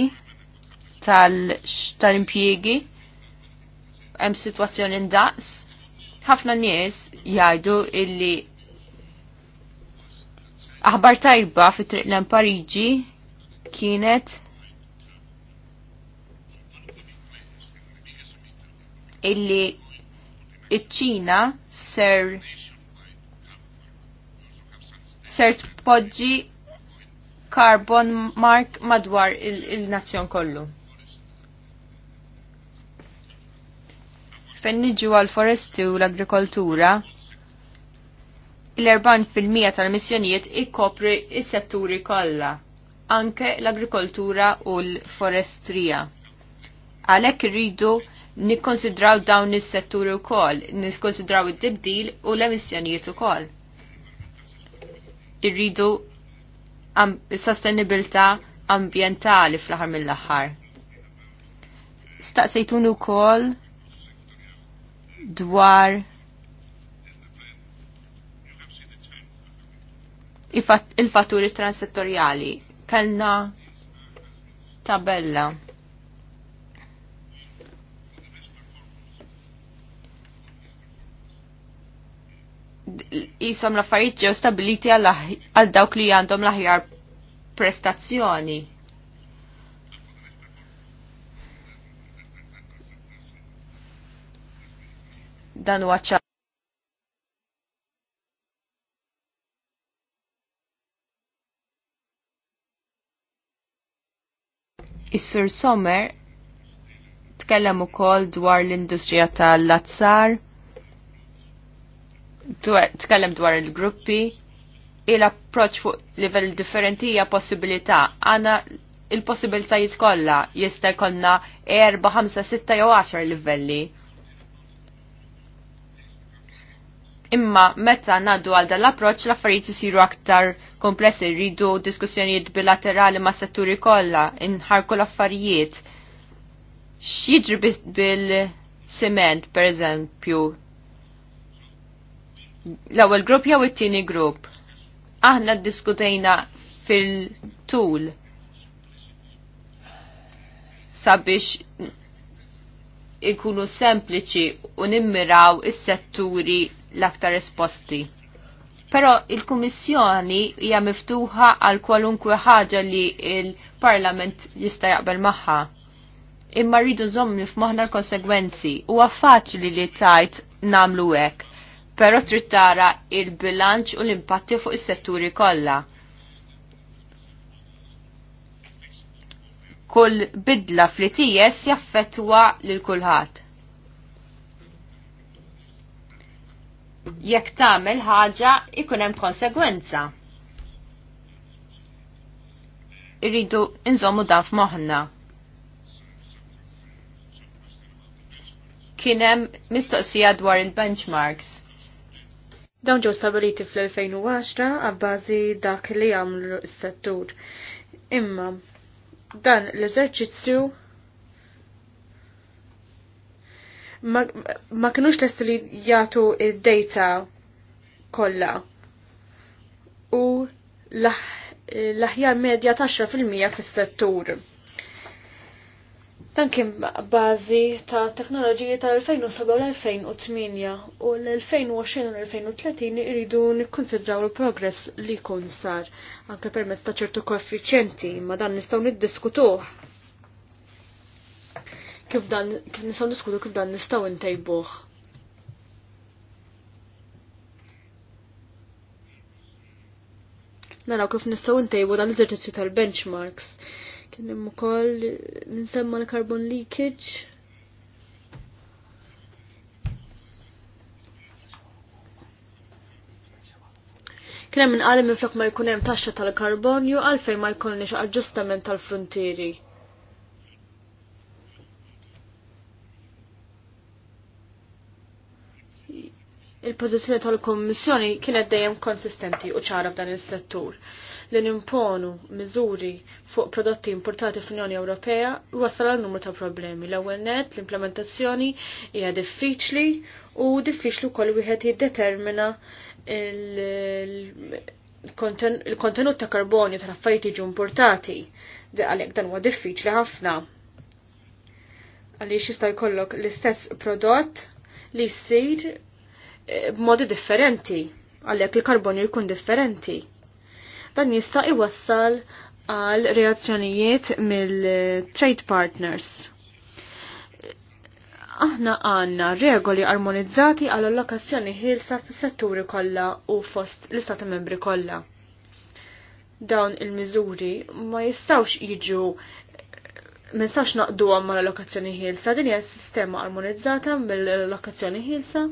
tal-impjiegi hemm sitwazzjoni ndaqs ħafna nies jgħidu illi Aħbar tajba fit triq l Pariġi kienet illi iċ-Ċina ser ser tpoġġi carbon mark madwar il-nazzjon il kollu. Fejn niġu għal-foresti u l-agrikoltura, l-40% tal-missjonijiet ikkopri is-setturi kollha, anke l-agrikoltura u l-forestrija. Għalhekk irridu nikkonsidraw dawn is-setturi wkoll, nikkonsidraw id-dibdil u l-emissjonijiet ukoll. Irridu am sostenibilità ambjentali fl-aħħar mill-aħħar. Staqsejtun ukoll dwar il-fatturi transettoriali. Kellna tabella. Isom l-affarijiet ġew stabiliti għal dawk li għandhom l-aħjar prestazzjoni. Dan huwa Is-Sur Sommer tkellem ukoll dwar l-industrija tal-azzar, tkellem dwar il-gruppi, il-approċ fuq livell differenti hija possibilità. Għana il-possibilitajiet kollha jista' jkollna erba' ħamsa, sitta jew 10 livelli. Imma meta naddu għal dan l-approċ l-affarijiet isiru aktar komplessi, rridu diskussjonijiet bilaterali ma' setturi kollha, inħarku l-affarijiet. X'jiġri bil-siment, per eżempju, l-ewwel grupp jew it-tieni grupp. Aħna ddiskutejna fil-tul sabiex ikunu sempliċi u nimmiraw is-setturi l-aktar risposti. Però il-Kummissjoni hija miftuħa għal kwalunkwe ħaġa li il-Parlament jista' jaqbel magħha. Imma rridu nżommu f'moħħna l-konsegwenzi. Huwa faċli li tajt namlu hekk, però trid tara il-bilanċ u l-impatti fuq is-setturi kollha. Kull bidla fl-ITS jaffettwa lil kulħadd jekk tagħmel ħaġa ikun hemm konsegwenza. Irridu nżommu dan f'moħħna. Kien hemm mistoqsija dwar il-benchmarks. Dawn ġew stabiliti fl-2010 għabbażi dak li għamlu s-settur. Imma dan l-eżerċizzju ma kinux lest li jagħtu id-data kollha. U l-aħjar medja fil 10% fis-settur. Dan kien bażi ta' teknoloġiji tal-2007 l-2008 u l-2020 u l-2030 iridu nikkonsidraw il-progress li jkun sar anke permezz ta' ċertu koeffiċjenti ma dan nistgħu niddiskutuh kif dan kif nistgħu niskutu kif dan nistgħu ntejbuh. Naraw kif nistgħu ntejbu dan l-eżerċizzju tal-benchmarks. Kien hemm ukoll minsemma l-carbon leakage. Kien hemm inqalem minflok ma jkun hemm taxxa tal-karbonju għalfejn ma jkollniex aġġustament tal-frontieri. il-pożizzjoni tal-Kommissjoni kienet dejjem konsistenti u ċara f'dan is-settur li nimponu miżuri fuq prodotti importati fl-Unjoni Ewropea wasal għal numru ta' problemi. L-ewwel net l-implementazzjoni hija diffiċli u diffiċli wkoll wieħed jiddetermina il-kontenut ta' karbonju tal-affarijiet jiġu importati. Għalhekk dan huwa diffiċli ħafna. Għaliex jista' jkollok l-istess prodott li jsir b'modi differenti, għalhekk il-karbonju jkun differenti. Dan jista' iwassal għal reazzjonijiet mill-trade partners. Aħna għanna regoli armonizzati għal allokazzjoni ħilsa fis-setturi kollha u fost l-istati membri kollha. Dawn il-miżuri ma jistawx jiġu ma jistawx naqduhom mal l-allokazzjoni ħilsa, din hija sistema armonizzata mill-allokazzjoni ħilsa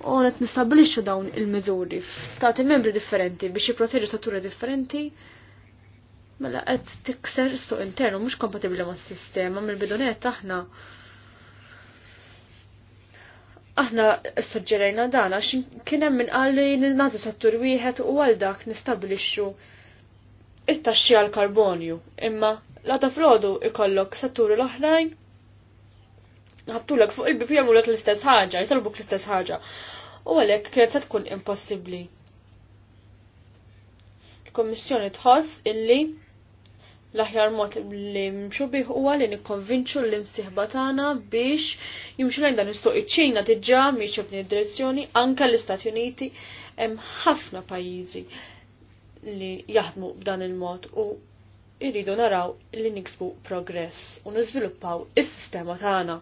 u qed nistabilixu dawn il-miżuri f'stati membri differenti biex jipproteġu staturi differenti mela qed tikser suq internu mhux kompatibbli mas-sistema mill bidonet aħna aħna suġġerejna dan għax kienem minn għalli n li nagħtu settur wieħed u għal dak nistabbilixxu it-taxxi għall karbonju imma la ta' frodu ikollok satturi l-oħrajn ħabtulek fuq il-bib jagħmulek l-istess ħaġa, jitalbuk l-istess ħaġa. U għalhekk kienet se tkun impossibbli. Il-Kommissjoni tħoss illi l-aħjar mod li mxu bih huwa li nikkonvinċu l-imsieħba tagħna biex jimxu lejn dan istuq iċ-Ċina diġà miex f'din id-direzzjoni anke l-Istati Uniti hemm ħafna pajjiżi li jaħdmu b'dan il-mod u irridu naraw li niksbu progress u niżviluppaw is-sistema tagħna.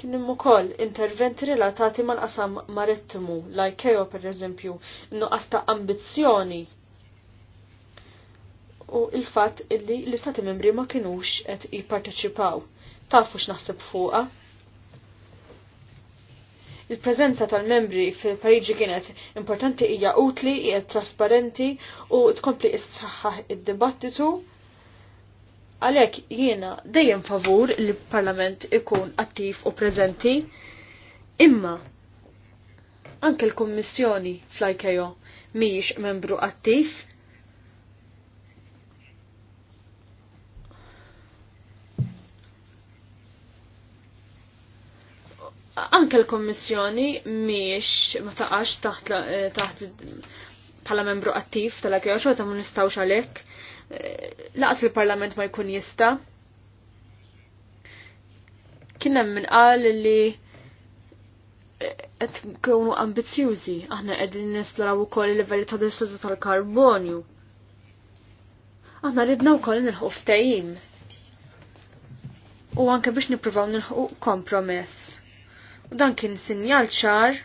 Kien hemm ukoll interventi relatati mal-qasam marittimu, l-IKEO pereżempju, nuqqas ta' ambizzjoni u il-fatt illi l-istati membri ma kinux qed jipparteċipaw. Tafu x'naħseb fuqha. Il-preżenza tal-membri fil-Pariġi kienet importanti hija utli, hija trasparenti u tkompli issaħħaħ id-dibattitu Għalek jiena dejjem favur li parlament ikun attiv u prezenti, imma anke l-Kommissjoni fl-IKEO miex membru attiv. Anke l-Kommissjoni miex ma taqax taħt bħala eh, membru attiv tal-IKEO xorta ma nistawx għalek laqas il-Parlament ma jkun jista. Kien hemm min qal li eh, qed kunu ambizzjużi, aħna qegħdin nesploraw ukoll il-livelli ta' dissidu tal-karbonju. Aħna ridna wkoll nilħu ftehim. U anke biex nippruvaw nilħu kompromess. U dan kien sinjal ċar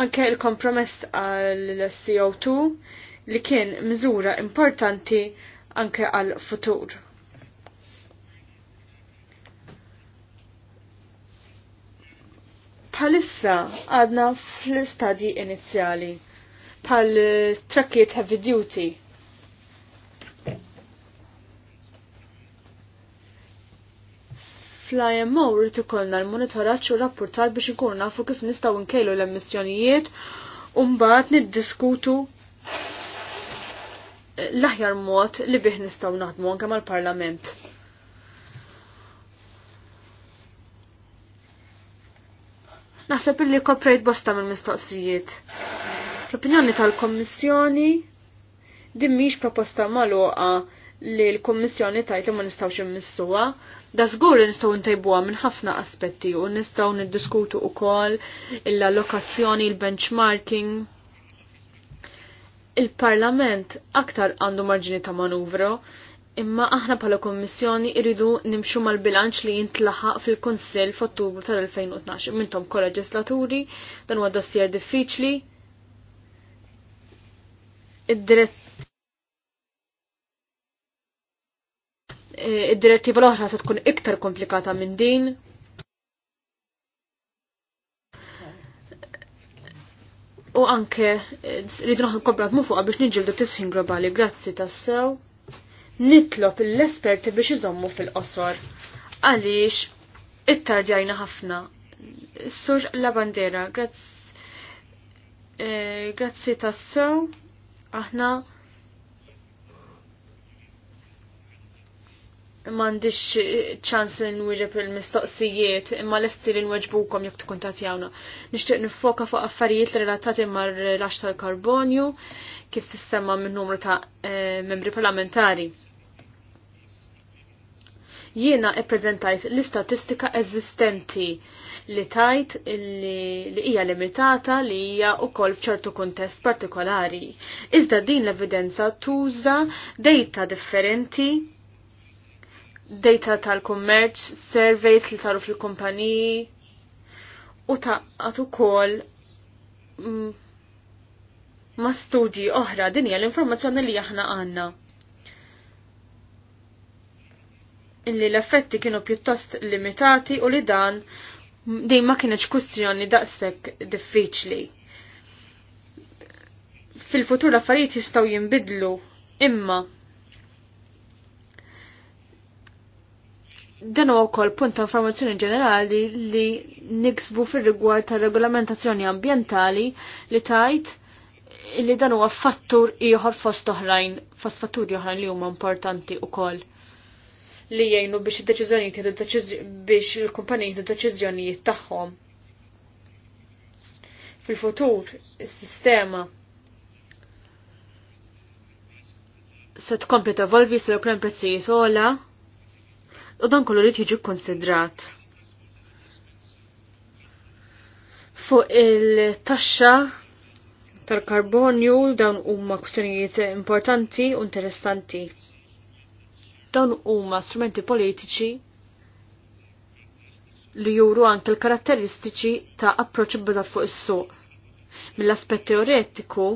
anke il-kompromess għal CO2 li kien miżura importanti anke għal futur. Bħalissa għadna fl-istadji inizjali pal trakkiet heavy duty. Fl-IMO rrit ikollna l-monitoraġġ u rapportar biex ikunu nafu kif nistgħu nkejlu l-emissjonijiet u mbagħad niddiskutu l-aħjar mod li bih nistgħu naħdmu anke mal-Parlament. Naħseb illi koprejt bosta mill-mistoqsijiet. L-opinjoni tal-Kommissjoni din mhix proposta magħluqa li l-Kommissjoni tajt li ma nistgħux immissuha, da żgur li nistgħu ntejbuha minn ħafna aspetti u nistgħu niddiskutu wkoll il-allokazzjoni, il-benchmarking il-Parlament aktar għandu marġini ta' manuvro, imma aħna bħala kommissjoni irridu nimxu mal-bilanċ li jintlaħaq fil-Konsil f'Ottubru tal-2012. Mintom kol-leġislaturi, dan huwa dossier diffiċli. Eh, id-direttiva l-oħra se tkun iktar komplikata minn din, u anke eh, rridu naħdu kobrat mufuq biex nġildu tisħin globali grazzi tassew. Nitlob l-esperti biex iżommu fil-qosor Għalix, it-tardjajna ħafna. Sur la bandera, eh, grazzi tassew, aħna mandiċ ċans li nwieġeb il-mistoqsijiet imma l-esti li n-wġbukom jek tkun tatjawna. Nishtiq nifoka fuq affarijiet relatati mar rilax tal-karbonju kif tissemma minn numru ta' eh, membri parlamentari. Jiena ippreżentajt l-istatistika eżistenti li tajt li hija limitata li hija wkoll f'ċertu kuntest partikolari. Iżda din l-evidenza tuża data differenti data tal-kummerċ, surveys li saru fil-kumpaniji u għatu ukoll mm, ma' studji oħra din hija l-informazzjoni li aħna għandna. Illi l-effetti kienu pjuttost limitati u li dan din ma kienx kwistjoni daqshekk diffiċli. Fil-futur l-affarijiet jistgħu jinbidlu imma dan huwa wkoll punt ta' informazzjoni ġenerali li niksbu fir-rigward ta' regolamentazzjoni ambjentali li tajt li dan huwa fattur ieħor fost oħrajn, fost fatturi oħrajn li huma importanti wkoll li jgħinu biex id-deċiżjonijiet biex il-kumpaniji jieħdu deċiżjonijiet tagħhom. Fil-futur, is-sistema se tkompli tevolvi se jkun hemm prezzijiet ola, u dan kollu li tiġi konsidrat. Fuq il-taxxa tal-karbonju dawn huma kwistjonijiet importanti u interessanti. Dawn huma strumenti politiċi li juru anke l-karatteristiċi ta' approċċ bbażat fuq is-suq. Mill-aspett teoretiku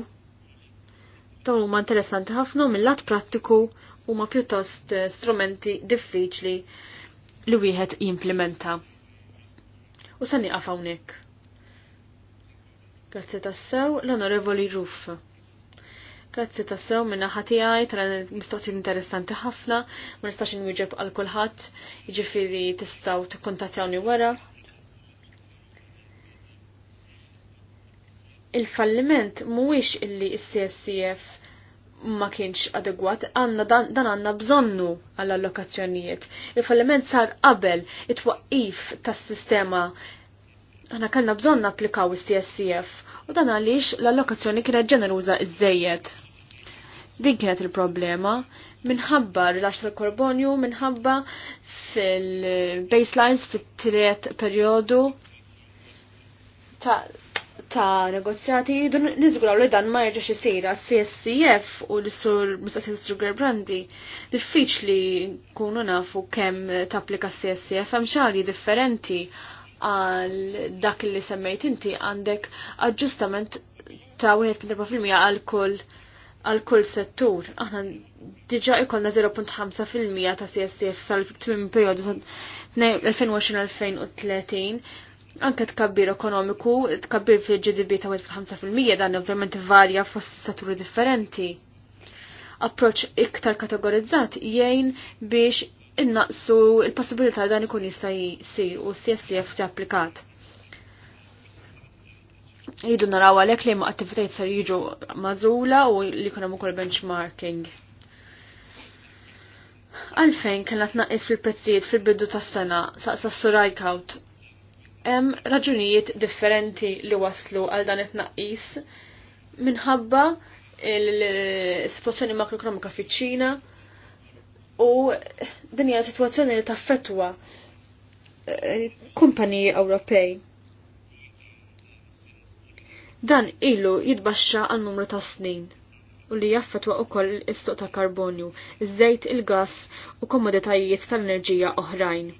dawn huma interessanti ħafna mill-lat prattiku huma pjuttost eh, strumenti diffiċli li wieħed jimplementa. U sani hawnhekk. Grazzi tassew l-Onorevoli Ruff. Grazzi tassew minna ħatijaj tal mistoqsi interessanti ħafna, ma nistax inwieġeb għal kulħadd, jiġifieri tistgħu tikkuntattjawni wara. Il-falliment mhuwiex illi s-CSCF ma kienx adegwat, għanna dan għanna bżonnu għall-allokazzjonijiet. Il-falliment sar qabel it-twaqif tas sistema għanna kanna bżon applikaw il-CSCF u dan għalix l-allokazzjoni kienet ġeneruża iż-żejjed. Din kienet il-problema minħabba rilax tal-korbonju, minħabba fil-baselines fit-triet periodu ta' ta' negozjati jridu niżguraw li dan ma jerġax isir CSCF u l-sur Mr. Gerbrandi. Diffiċli nkunu nafu kemm tapplika CSCF hemm xari differenti għal dak li semmejt inti għandek aġġustament ta' 1.4% għal kull għal kull settur. Aħna diġa ikolna 0.5% ta' CSCF sal-tmim periodu 2020-2030 anke tkabbir ekonomiku, tkabbir fil-GDP ta' 5% dan ovvjament varja fost saturi differenti. Approċ iktar kategorizzat jgħin biex innaqsu il-possibilità dan ikun jista' jsir u CSF ti applikat. Jidu naraw għalhekk li ma' attivitajiet sar jiġu mażula u li jkun hemm ukoll benchmarking. Għalfejn kellna tnaqqis fil-prezzijiet fil-bidu tas-sena saqsa Surajkaut Hemm raġunijiet differenti li waslu għal dan it-tnaqqis minħabba il-situazzjoni makroekonomika fiċ-Ċina u din hija situazzjoni li taffettwa eh, kumpaniji Ewropej. Dan ilu jitbaxxa għal numru ta' snin u li jaffetwa u koll istuq ta' karbonju, iż-żejt il-gas u komoditajiet tal-enerġija oħrajn.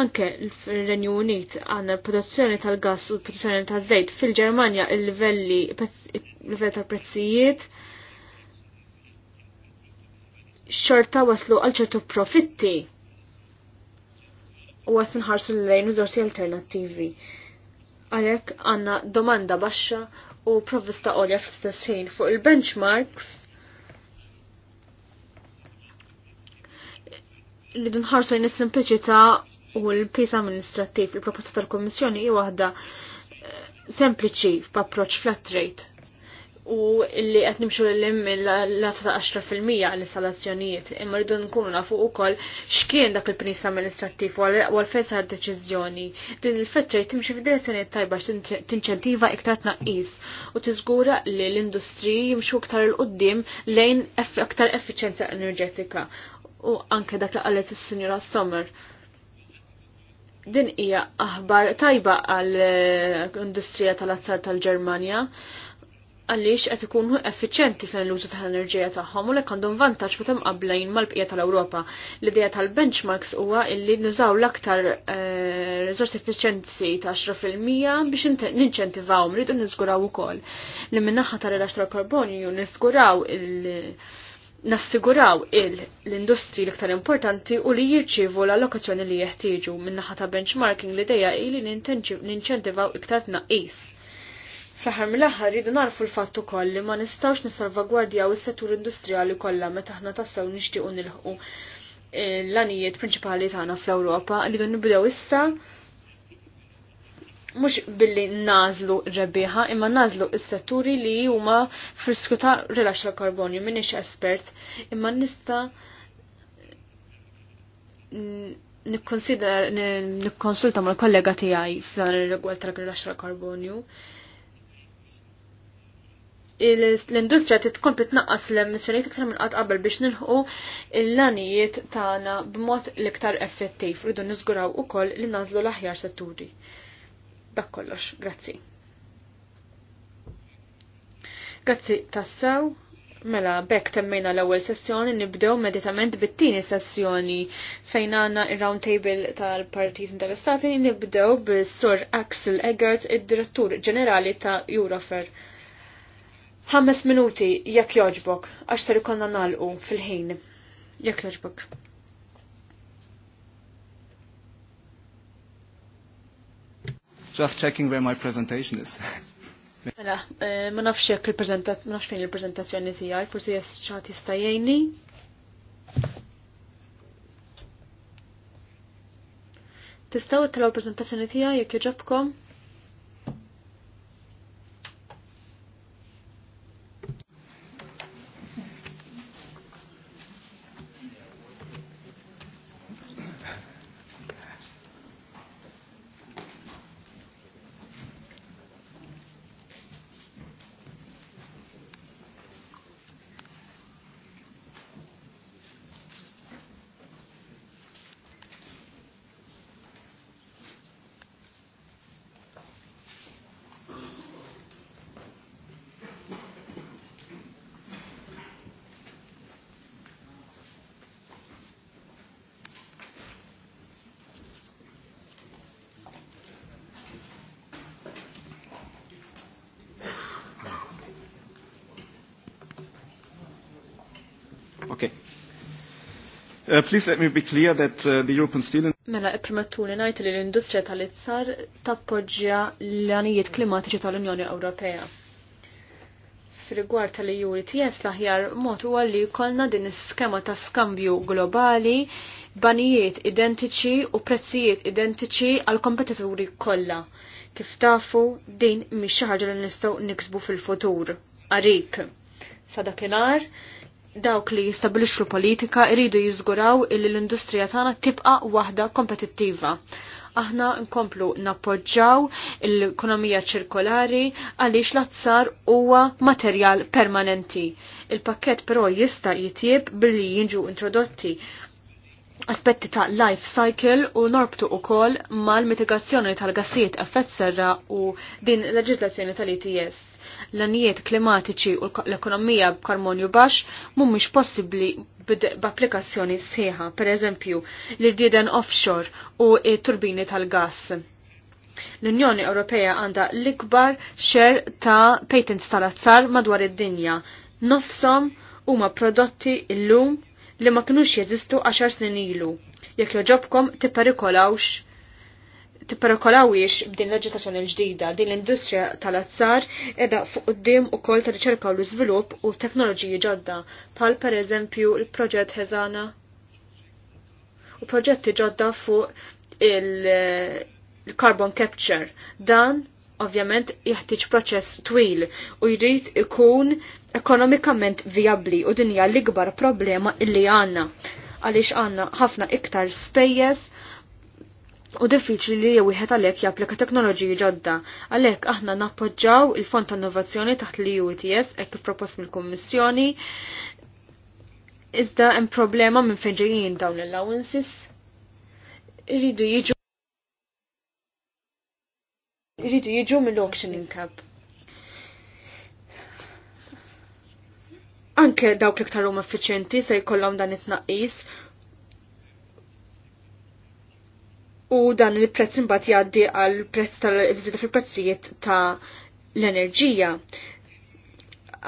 Anke l-Renju Unit għanna produzzjoni tal-gas u l produzzjoni tal-żejt fil-Ġermanja il-livelli livell tal-prezzijiet xorta waslu għal ċertu profitti u għat nħarsu l-lejn użorsi alternativi. Għalek għanna domanda baxxa u provvista olja fl-istessin fuq il-benchmarks li dunħarsu jnis simpliċita u l-pis amministrattiv il-proposta tal-Kommissjoni hija waħda eh, sempliċi f'approċċ flat rate u li qed nimxu l-lim l-għata ta' 10% għall-installazzjonijiet imma rridu nkunu nafu wkoll x'kien dak il pinis amministrattiv u għalfejn sar deċiżjoni. Din il flat rate timxi f'direzzjoni tajba tinċentiva iktar tnaqqis u tiżgura li l-industriji jimxu iktar il-qudiem lejn iktar effiċenza enerġetika u anke dak li qalet is-Sinjora Sommer din hija aħbar tajba għall eh, industrija tal-azzar tal-Ġermanja għaliex qed ikunu effiċjenti fejn l-użu tal-enerġija tagħhom u lek għandhom vantaġġ meta mqabblejn mal-bqija tal-Ewropa. L-idea tal-benchmarks huwa illi nużaw l-aktar eh, riżorsi effiċjenzi ta' 10% biex ninċentivawhom rridu niżguraw ukoll li min-naħa tar-rilax tal-karbonju niżguraw il- nassiguraw l-industri l-iktar importanti u li jirċivu l-allokazzjoni li jeħtieġu minn ta' benchmarking li dejja ili ninċentivaw iktar tnaqqis. Fl-aħħar mill-aħħar rridu narfu l-fatt ukoll li ma nistgħux nissalvagwardjaw is-settur industrijali kollha meta aħna tassew nixtiequ nilħqu eh, l-anijiet prinċipali tagħna fl-Ewropa rridu nibdew issa mux billi nazlu rebbieħa imma nazlu is-setturi li huma frisku ta' rilax karbonju minix espert imma nista nikkonsidra nikkonsulta mal kollega tiegħi f'dan ir-rigward tal-rilax karbonju L-industrija titkompli tnaqqas l-emissjonijiet iktar minn qatt qabel biex nilħu l-lanijiet tagħna b'mod l-iktar effettiv. Rridu niżguraw ukoll li nażlu l-aħjar setturi. Dak kollox, grazzi. Grazzi tassew. Mela, bekk temmejna l-ewwel sessjoni nibdew meditament bit-tieni sessjoni fejn għandna ir-round table tal-partit interessati nibdew bis-Sur Axel Eggert, id-Direttur Ġenerali ta' Eurofer. Ħames minuti jekk joġbok għax ser ikolna nagħlqu fil-ħin. Jekk joġbok. Just checking where my presentation is. <laughs> Mela, eh, ma nafx jekk il-prezentazzjoni, ma nafx fejn il-prezentazzjoni tiegħi, forsi jess ċati jgħinni. Tistgħu tlaw il-prezentazzjoni tiegħi jekk jġobkom? Uh, please let me be clear that uh, the European Steel Mela ipprimettuli ngħid li l-industrija tal-izzar tappoġġja l-għanijiet klimatiċi tal-Unjoni Ewropea. Fir-rigward tal juri TS l-aħjar mod huwa li jkollna din iskema ta' skambju globali banijiet identiċi u prezzijiet identiċi għal kompetituri kollha. Kif tafu din mhix xi ħaġa li nistgħu niksbu fil-futur. Arik. Sa dakinhar dawk li jistabilixxu politika jridu jiżguraw illi l-industrija tagħna tibqa' waħda kompetittiva. Aħna nkomplu nappoġġaw l-ekonomija ċirkolari għaliex l-azzar huwa materjal permanenti. Il-pakket però jista' jitjieb billi jinġu introdotti aspetti ta' life cycle u norbtu u kol mal-mitigazzjoni tal-gassijiet effett serra u din leġislazzjoni tal-ETS. L-anijiet klimatiċi u l-ekonomija b'karmonju baxx mhumiex possibbli b'applikazzjoni sħiħa, per eżempju l irdieden offshore u turbini tal-gass. L-Unjoni Ewropea għandha l-ikbar xer ta' patents tal-azzar madwar id-dinja. Nofsom huma prodotti illum li ma kinux jeżistu 10 snin ilu. Jekk joġobkom tipperikolawx tipperikolawiex b'din leġislazzjoni l-ġdida din l-industrija tal-azzar edha fuq qudiem ukoll ta' riċerka u l-iżvilupp u teknoloġiji ġodda bħal pereżempju l-proġett Hezana u proġetti ġodda fuq il-carbon capture. Dan ovvjament jeħtieġ proċess twil u jrid ikun ekonomikament viabli u dinja l-ikbar problema illi għanna għaliex għanna ħafna iktar spejjes u diffiċli li wieħed għalhekk japplika teknoloġiji ġodda. Għalhekk aħna nappoġġaw il-Fond ta' Innovazzjoni taħt l UTS hekk kif propost mill-Kummissjoni. Iżda hemm problema minn fejn ġejjin dawn l-allowances. Iridu jiġu Iridu jiġu mill-auction cap. anke dawk l-iktar huma effiċjenti se jkollhom dan it-tnaqqis u dan il-prezz imbagħad jgħaddi għal prezz tal-iżida fil-prezzijiet ta' l-enerġija.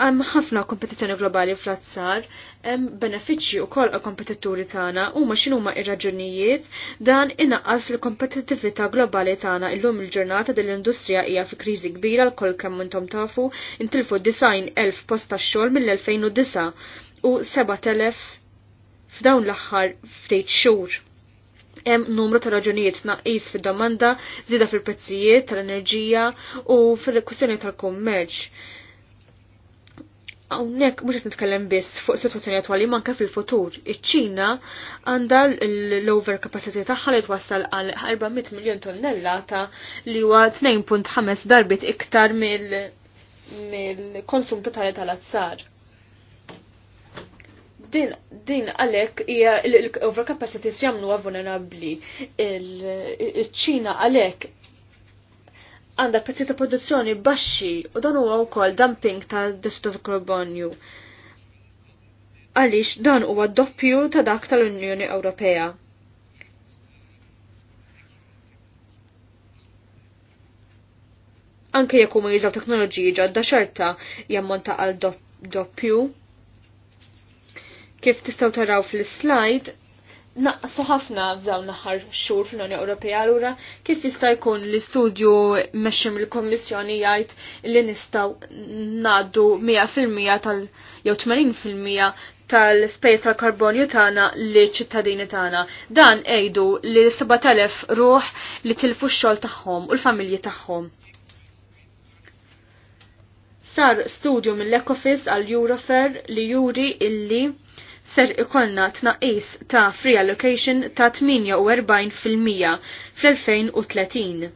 Għam ħafna kompetizzjoni globali fl-azzar, hemm benefiċċji wkoll għal kompetituri tagħna huma x'inhuma ir-raġunijiet dan inaqqas l kompetittività globali tagħna illum il-ġurnata din l-industrija hija fi kriżi kbira l koll kemm intom tafu intilfu design elf post tax-xogħol mill-2009 u 7000 f'dawn l-aħħar ftit xhur hemm numru ta' raġunijiet naqis fid-domanda, zida fil-prezzijiet tal-enerġija u fil-kwistjoni tal-kummerċ. Hawnhekk mhux qed nitkellem biss fuq sitwazzjoni għatwali, manka fil-futur. Iċ-Ċina għandha l-over capacity tagħha li twassal għal 400 miljun tonnellata li huwa 2.5 darbit iktar mill-konsum totali tal-azzar. Din, din għalek hija l-overcapacity s'jamlu vulnerabbli. Iċ-Ċina għalek għandha prezzi ta' produzzjoni baxxi u dan huwa wkoll dumping ta' distof karbonju. Għaliex dan huwa doppju ta' dak tal-Unjoni Ewropea. Anke jekk huma jużaw teknoloġiji ġodda xorta jammonta għal doppju. Kif tistgħu taraw fl-slide, naqsu ħafna f'dawn l-aħħar xhur fl-Unjoni Ewropea allura kif jista' jkun l-istudju mexxi mill-Kommissjoni jgħid li nistgħu ngħaddu 100% tal jew 80% tal-space tal-karbonju tagħna li ċittadini tagħna. Dan għejdu li 7000 ruħ li tilfu x-xogħol tagħhom u l-familji tagħhom. Sar studju mill-Ecofis għal Eurofer li juri illi ser ikollna tnaqis ta' free allocation ta' 48% fl-2030.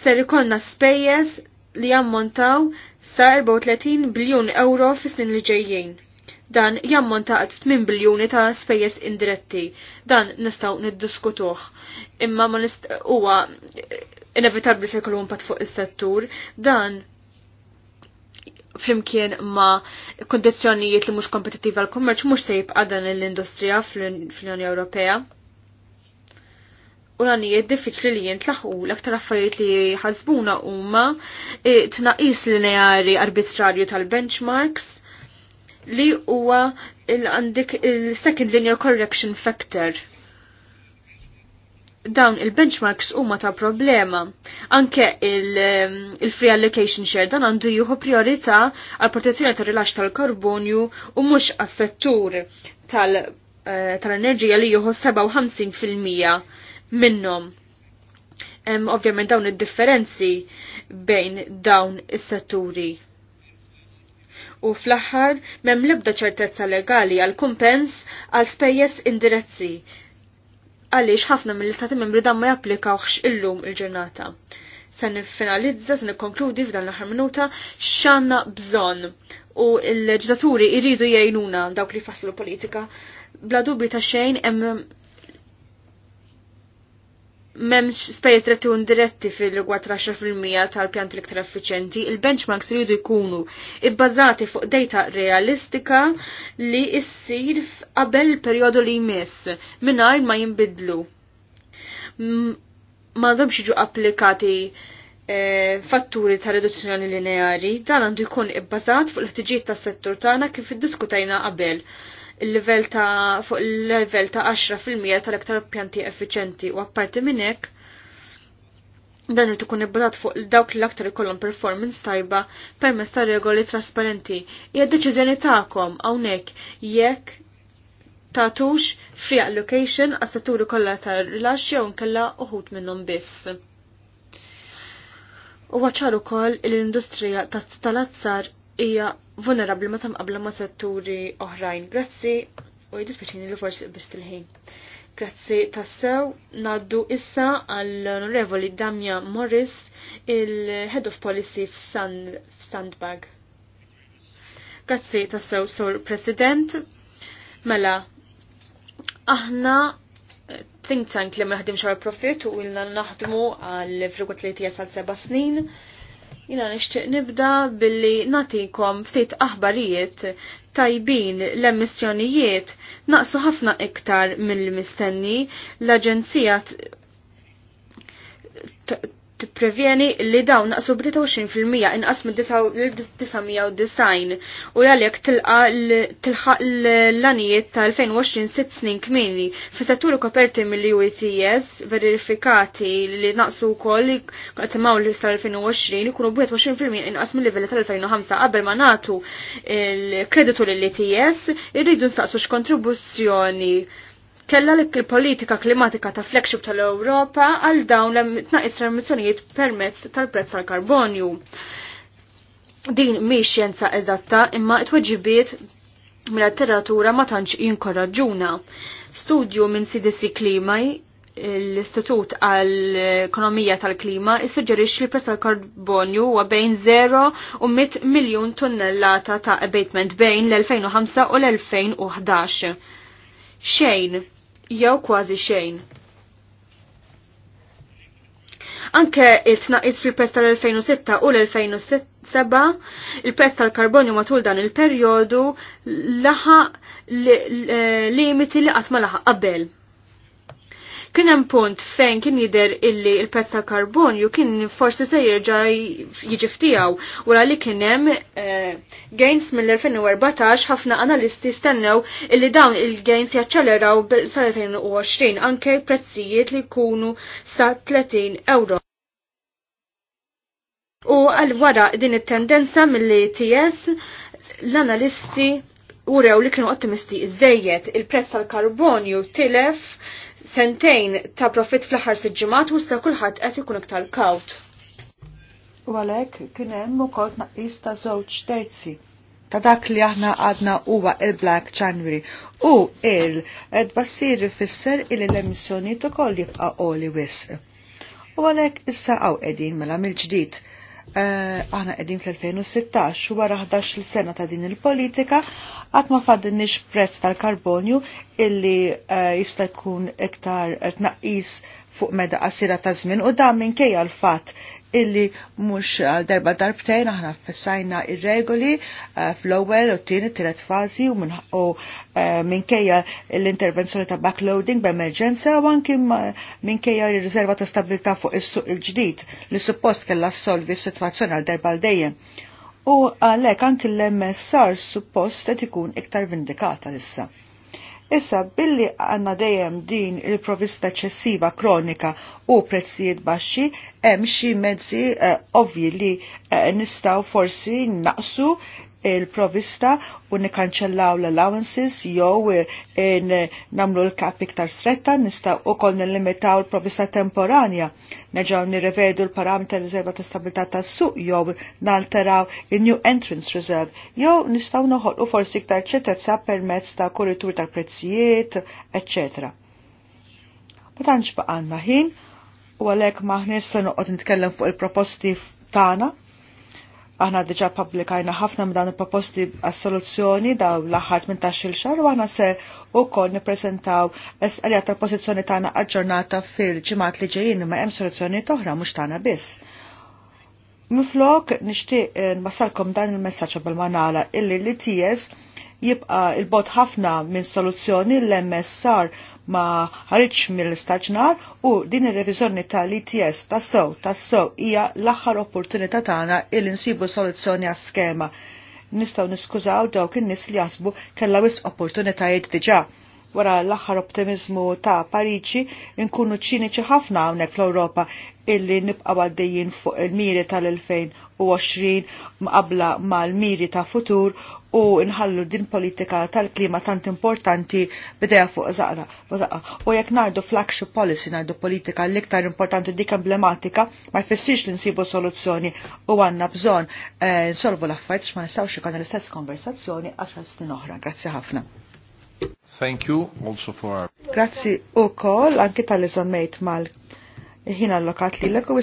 Ser ikollna spejjeż li jammontaw sa' 34 biljun euro fis-snin li ġejjin dan jammonta għad 8 biljoni ta' spejjeż indiretti. Dan nistaw niddiskutuh. Imma ma nist huwa inevitabli se jkollhom pat fuq is-settur, dan flimkien ma kondizjonijiet li mhux kompetittivi għal kummerċ mhux se jibqa' dan l-industrija fl-Unjoni Ewropea. U l-għanijiet diffiċli li jintlaħu l-aktar affarijiet li ħasbuna huma e, tnaqis lineari arbitrarju tal-benchmarks li huwa għandik il-second linear correction factor dawn il-benchmarks huma ta' problema. Anke um, il-free il allocation share dan għandu juhu priorità għal protezzjoni ta' rilax tal-karbonju u mhux għas-settur eh, tal-enerġija tal li juhu 57% minnhom. Ovvjament dawn id-differenzi bejn dawn is-setturi. U fl-aħħar m'hemm l-ebda ċertezza legali għal kumpens għal spejjeż indirezzi għaliex ħafna mill-istati membri dan ma japplikawx illum il-ġurnata. Se nifinalizza, se nikkonkludi f'dan l-aħħar minuta x'għandna bżonn u l leġizaturi jridu jgħinuna dawk li faslu politika. Bla dubju ta' xejn hemm memx spejjet retun diretti fil-rigward 10% tal-pjanti l-iktar effiċenti, il-benchmarks rridu jkunu ibbażati fuq data realistika li issir qabel periodu li jmiss mingħajr ma jinbidlu. Ma domx jiġu applikati e, fatturi ta' riduzzjoni lineari, dan għandu jkun ibbażat fuq l-ħtiġijiet tas-settur tagħna kif iddiskutajna qabel il-level ta' fuq il-level ta' 10% fil-mijed tal aktar pjanti effiċenti u apparti minn hekk dan li ikun ibbażat fuq dawk l-aktar ikollhom performance tajba permezz ta' regoli trasparenti. Hija deċiżjoni tagħkom hawnhekk jekk tatux free allocation għas taturi kollha ta' rilaxxi jew nkella uħud minnhom biss. U għacħar ukoll l-industrija tat-talazzar hija ma meta mqabbla ma' setturi oħrajn. Grazzi u jiddispjaċini li forsi bist il-ħin. Grazzi tassew, naddu issa għall-Onorevoli Damja Morris, il-Head of Policy f-Sandbag. Grazzi tassew, Sur President. Mela, aħna eh, think tank li maħdim xar profit u ilna naħdmu għal li tijas sal seba snin Jina nixtieq nibda billi natikom ftit aħbarijiet tajbin l-emissjonijiet naqsu ħafna iktar mill-mistenni l-Aġenzija tipprevjeni li dawn naqsu b-23% inqas minn 990 u għalhekk tilħaq l-lanijiet ta' 2020 sitt snin kmini fi setturi koperti mill-UECS verifikati li naqsu wkoll qatmaw li sa' 2020 ikunu b-21% inqas mill-livelli tal-2005 qabel ma nagħtu l-kreditu lill its irridu nsaqsu x'kontribuzzjoni kella li il politika klimatika ta' flagship tal-Europa għal dawn l-tnaqis remissjonijiet permezz tal-prezz tal-karbonju. Din mi xjenza eżatta imma it-weġibiet mill-letteratura ma tantx jinkoraġuna. Studju minn CDC Klimaj l-Istitut għall-Ekonomija tal-Klima issuġġerix li prezz tal-karbonju huwa bejn 0 u 100 miljun tonnellata ta' abatement bejn l-2005 u l-2011. Xejn jew kważi xejn. Anke il-tnaqis fil-pest tal-2006 u l-2007, il-pest tal-karbonju matul dan il-perjodu laħa eh, limiti li qatt ma laħaq qabel. Kien hemm punt fejn kien jidher illi il-prezz tal-karbonju kien forsi se jerġa' jiġi ftiegħu wara li kien hemm eh, gains mill-2014 ħafna analisti stennew illi dawn il-gains jaċċeleraw sal-2020 anke prezzijiet li jkunu sa 30 euro. U għal wara din it-tendenza mill TS l-analisti urew li kienu ottimisti iżejjed il-prezz tal-karbonju tilef sentejn ta' profit fl-aħħar siġġimat u sta' kulħadd qed ikun iktar kawt. U għalhekk kien hemm ukoll tnaqqis ta' żewġ terzi ta' dak li aħna għadna huwa il-Black January u il basir fisser il l-emissjoni ta' koll jibqa' oli wisq. U għalhekk issa għaw qegħdin mela mill-ġdid Eh, aħna qegħdin fl-2016 wara 11 sena ta' din il-politika qatt ma faddinix prezz tal-karbonju illi eh, jista' jkun iktar tnaqqis fuq meda qasira ta' żmien u dan minkejja l-fatt illi mux darba darbtejn aħna fessajna ir-regoli eh, fl-ewwel u t-tieni tielet fażi u eh, minkejja l-intervenzjoni ta' backloading b'emerġenza u anki minkejja r-riserva ta' stabilità fuq is-suq il-ġdid li suppost kellha solvi s-sitwazzjoni għal darba dejjem. U għalhekk anki l-MSR suppost qed ikun iktar vindikata issa. Issa billi għanna dejjem din il-provista ċessiva kronika u prezzijiet baxxi, hemm xi mezzi eh, ovvji li nistgħu eh, nistaw forsi naqsu il-provista u nikanċellaw l-allowances jew eh, namlu l-kap iktar stretta nista' ukoll nillimitaw l-provista temporanja. Neġgħu nirrevedu l-parameter riserva ta' stabilità tas-suq jew nalteraw il-new entrance reserve jew nistgħu noħolqu forsi iktar ċertezza permezz ta' korritur ta' prezzijiet, eċċetera. Ma tantx baqanna ħin u għalhekk maħnis se noqgħod nitkellem fuq il-proposti tagħna Aħna diġa publikajna ħafna minn dawn il-proposti għas-soluzzjoni daw l minn 18-il xar u aħna se u wkoll nippreżentaw għalija tal-pożizzjoni tagħna aġġornata fil-ġimgħat li ġejjin ma hemm soluzzjoni oħra mhux tagħna biss. Miflok nixtieq eh, nwasalkom dan il-messaġġ bil manala illi li ties jibqa il-bot ħafna minn soluzzjoni l-MSR ma ħaritx mill-istaġnar u din ir-reviżjoni tal-ITS tas-sow tas-sow hija l-aħħar opportunità tagħna il insibu soluzzjoni għas-skema. Nistgħu niskużaw dawk in-nies li jasbu kellha wis opportunitajiet diġà. Wara l-aħħar optimizmu ta' Pariċi nkunu ċiniċi ħafna hawnhekk fl-Ewropa illi nibqa' għaddejjin fuq il-miri tal-2000 2020 mqabla mal-miri ta' futur u nħallu din politika tal-klima tant importanti bideja fuq zaqra. U jekk ngħidu flagship policy ngħidu politika l-iktar importanti dik emblematika ma jfissirx li nsibu soluzzjoni u għandna bżonn eh, nsolvu l-affarijiet ma nistgħux ikun l-istess konversazzjoni għax snin oħra. Grazzi ħafna. Thank you also for our Grazzi u kol, anki tal mejt mal ħina l-lokat li l-eku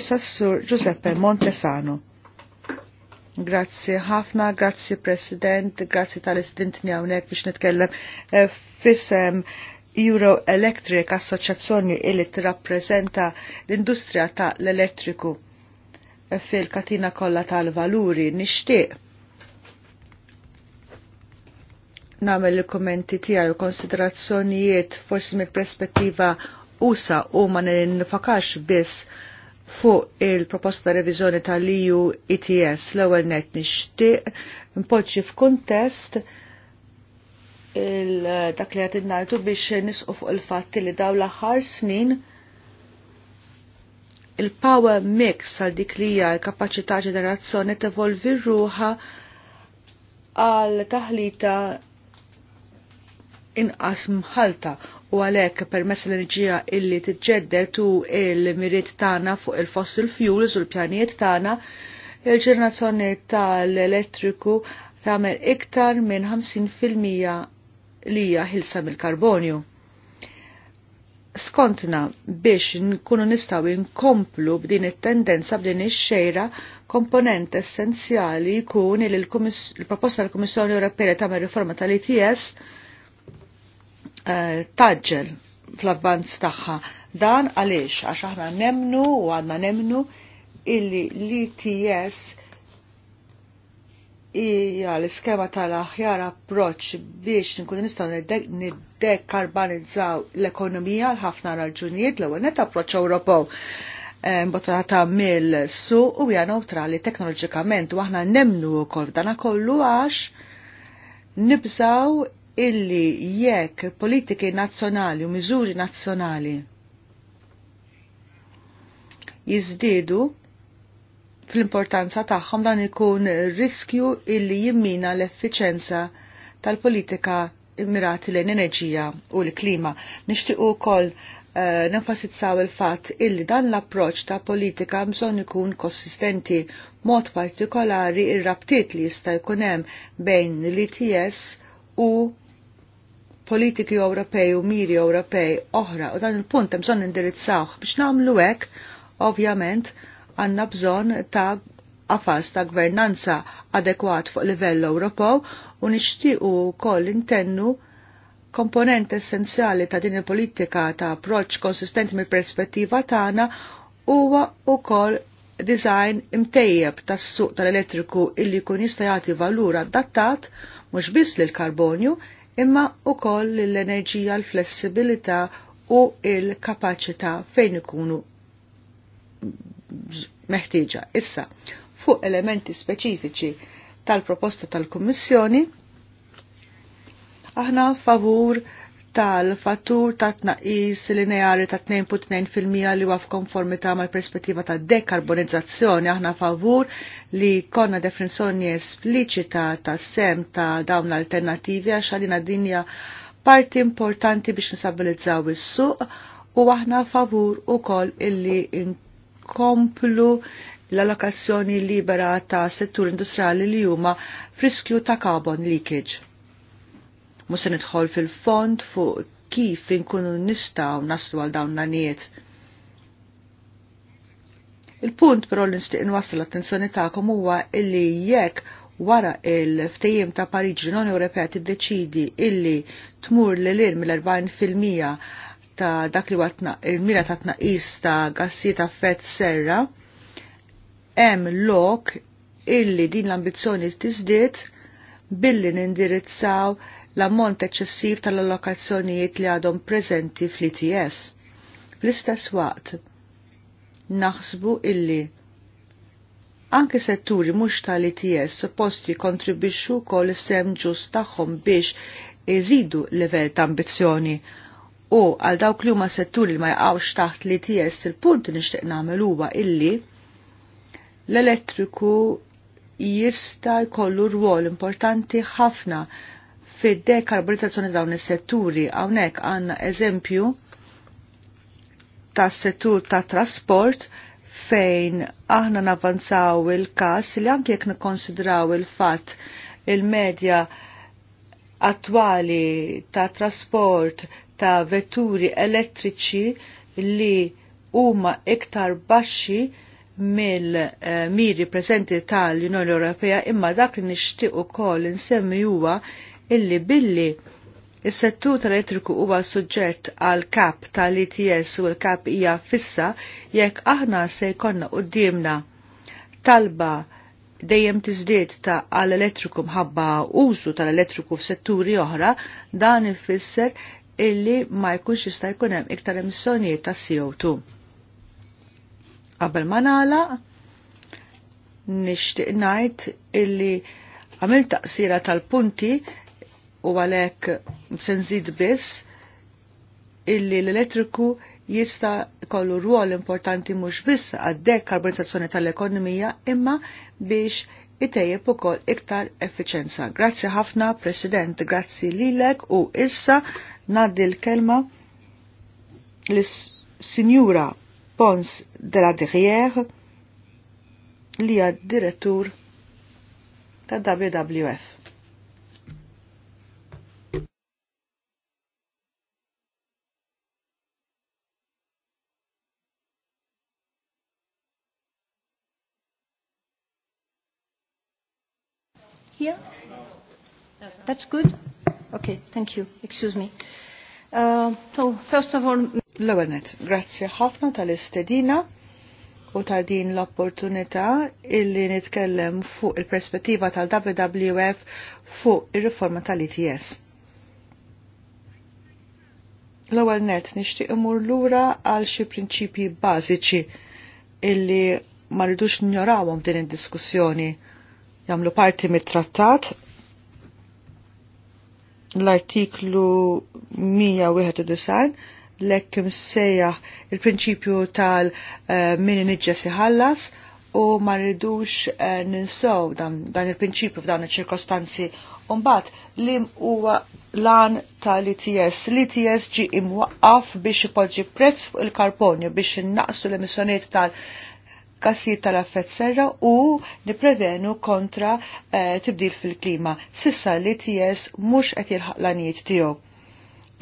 Giuseppe Montesano. Grazzi ħafna, grazzi President, grazzi tal-istintni għawnek biex nitkellem eh, fissem Euro Electric Assoċjazzjoni illi t-rapprezenta l-industrija ta' l-elettriku eh, fil-katina kollha tal-valuri nixtieq nagħmel il-kommenti tiegħi u konsiderazzjonijiet forsi mill-perspettiva usa u ma nifakax biss fuq il-proposta revizjoni tal-EU ETS l-ewwel net nixtieq npoġġi f'kuntest dak li qed innajtu biex nisqu fuq il-fatt li daw l-aħħar snin il-power mix għal dik li hija l-kapaċità ġenerazzjoni tevolvi ruħa għal taħlita inqas mħalta u għalhekk permezz l-enerġija illi tiġġedded u l mirit tagħna fuq il-fossil fuels u l-pjanijiet tagħna, il-ġenerazzjoni tal-elettriku tagħmel iktar minn 50% li hija ħilsa mill-karbonju. Skontna biex nkunu nistgħu nkomplu b'din it-tendenza b'din ix-xejra komponent essenzjali jkun il-proposta tal-Kummissjoni Ewropea tagħmel riforma tal-ETS Eh, taġġel fl-avvanz tagħha. Dan għaliex għax aħna nemnu u għandna nemnu illi l-ITS hija l-iskema tal-aħjar approċċ biex nkunu nistgħu niddekarbonizzaw l-ekonomija għal ħafna raġunijiet l-ewwel net approċċ Ewropew eh, mbotata mill-su u hija neutrali teknoloġikament u aħna nemnu wkoll dan kollu għax nibżaw illi jekk politiki nazzjonali u miżuri nazzjonali jizdidu fl-importanza tagħhom dan ikun riskju illi jimmina l-effiċenza tal-politika immirati lejn enerġija u l-klima. Nixtiequ ukoll eh, nenfasizzaw il-fatt illi dan l-approċċ ta' politika bżonn ikun konsistenti mod partikolari ir-rabtiet li jista' jkun hemm bejn l-ITS u politiki Ewropej u miri Ewropej oħra u dan il-punt hemm bżonn indirizzawh biex nagħmlu hekk ovvjament għandna bżonn ta' qafas ta' gvernanza adekwat fuq livell Ewropew u nixtiequ wkoll intennu komponent essenzjali ta' din il-politika ta' approċċ konsistenti mill-perspettiva tagħna huwa wkoll design imtejjeb tas-suq tal-elettriku illi jkun jista' jagħti valur adattat mhux biss lill karbonju imma koll l-enerġija, l-flessibilità u l-kapaċità fejn ikunu meħtieġa. Issa, fuq elementi speċifiċi tal-proposta tal-Kummissjoni, aħna favur tal-fattur ta' tnaqis lineari ta' 2.2% li huwa f'konformità mal-perspettiva ta' dekarbonizzazzjoni aħna favur li konna definizjoni espliċita ta' sem ta' dawn l-alternativi għax għalina dinja parti importanti biex nisabilizzaw is-suq u aħna favur ukoll illi inkomplu l-allokazzjoni libera ta' settur industriali li huma friskju ta' carbon leakage mus se nidħol fil-fond fuq kif inkunu nistgħu naslu għal dawn l-għaniet. Il-punt però li nixtieq nwassal l-attenzjoni tagħkom huwa illi jekk wara il-ftejjem ta' Pariġi l-Unjoni Ewropea tiddeċidi illi tmur l lil mill-40% ta' dak li watna il-mira ta' tnaqis ta' gassi ta' fett serra, hemm lok illi din l-ambizzjoni tiżdied billi nindirizzaw l-ammont eċċessiv tal-allokazzjonijiet li għadhom preżenti fl-ITS. Fl-istess waqt, naħsbu illi Anke setturi mhux tal-ITS suppost jikontribixxu wkoll is-sem ġust tagħhom biex iżidu livell ta' ambizzjoni u għal dawk li huma setturi li ma jaqgħux taħt l-ITS il-punt li nixtieq nagħmel huwa illi l-elettriku jista jkollu rwol importanti ħafna fid-dekarbonizzazzjoni dawn is-setturi. Hawnhekk għandna eżempju tas settur ta' trasport fejn aħna navanzaw il-kas li anke jekk nikkonsidraw il-fatt il-medja attwali ta' trasport ta' vetturi elettriċi li huma iktar baxxi mill-miri eh, preżenti tal-Unjoni Ewropea imma dak li nixtieq ukoll insemmi huwa illi billi Is-settur tal-elettriku huwa suġġett għal kap tal its u l-kap hija fissa jekk aħna se jkollna quddiemna talba dejjem tiżdied ta' għal elettriku mħabba użu tal-elettriku f'setturi oħra, dan ifisser illi ma jkunx jista' jkun hemm iktar emissjonijiet ta' CO2. Qabel ma nagħla nixtieq ngħid illi għamilt taqsira tal-punti u għalhekk senzid biss illi l-elettriku jista' kollu rwol importanti mhux biss għad karbonizzazzjoni tal-ekonomija imma biex itejjeb ukoll iktar effiċenza. Grazzi ħafna, President, grazzi lilek u issa naddi l-kelma l-Sinjura Pons de la Derrière li għad direttur ta' WWF. here? That's good? Okay, thank you. Excuse me. Uh, so, first of all... l grazie ħafna tal-istedina u ta' din l-opportunità illi nitkellem fuq il-perspettiva tal-WWF fuq il-riforma tal-ITS. L-ewwel net nixtieq imur lura għal xi prinċipji bażiċi illi ma rridux njorawhom f'din id-diskussjoni jamlu parti mit-trattat l-artiklu 191 lekk imsejjaħ il-prinċipju tal-mini eh, nidġa siħallas u ma rridux eh, ninsow dan, dan il-prinċipju f'dawn iċ-ċirkostanzi Umbat, lim huwa lan tal-ITS. L-ITS ġi imwaqqaf biex ipoġġi prezz fuq il-karbonju biex innaqsu l-emissjoniet tal-karbonju gassijiet tal-affett serra u niprevenu kontra e, tibdil fil-klima. Sissa li TS mhux qed jilħaq l-anijiet tiegħu.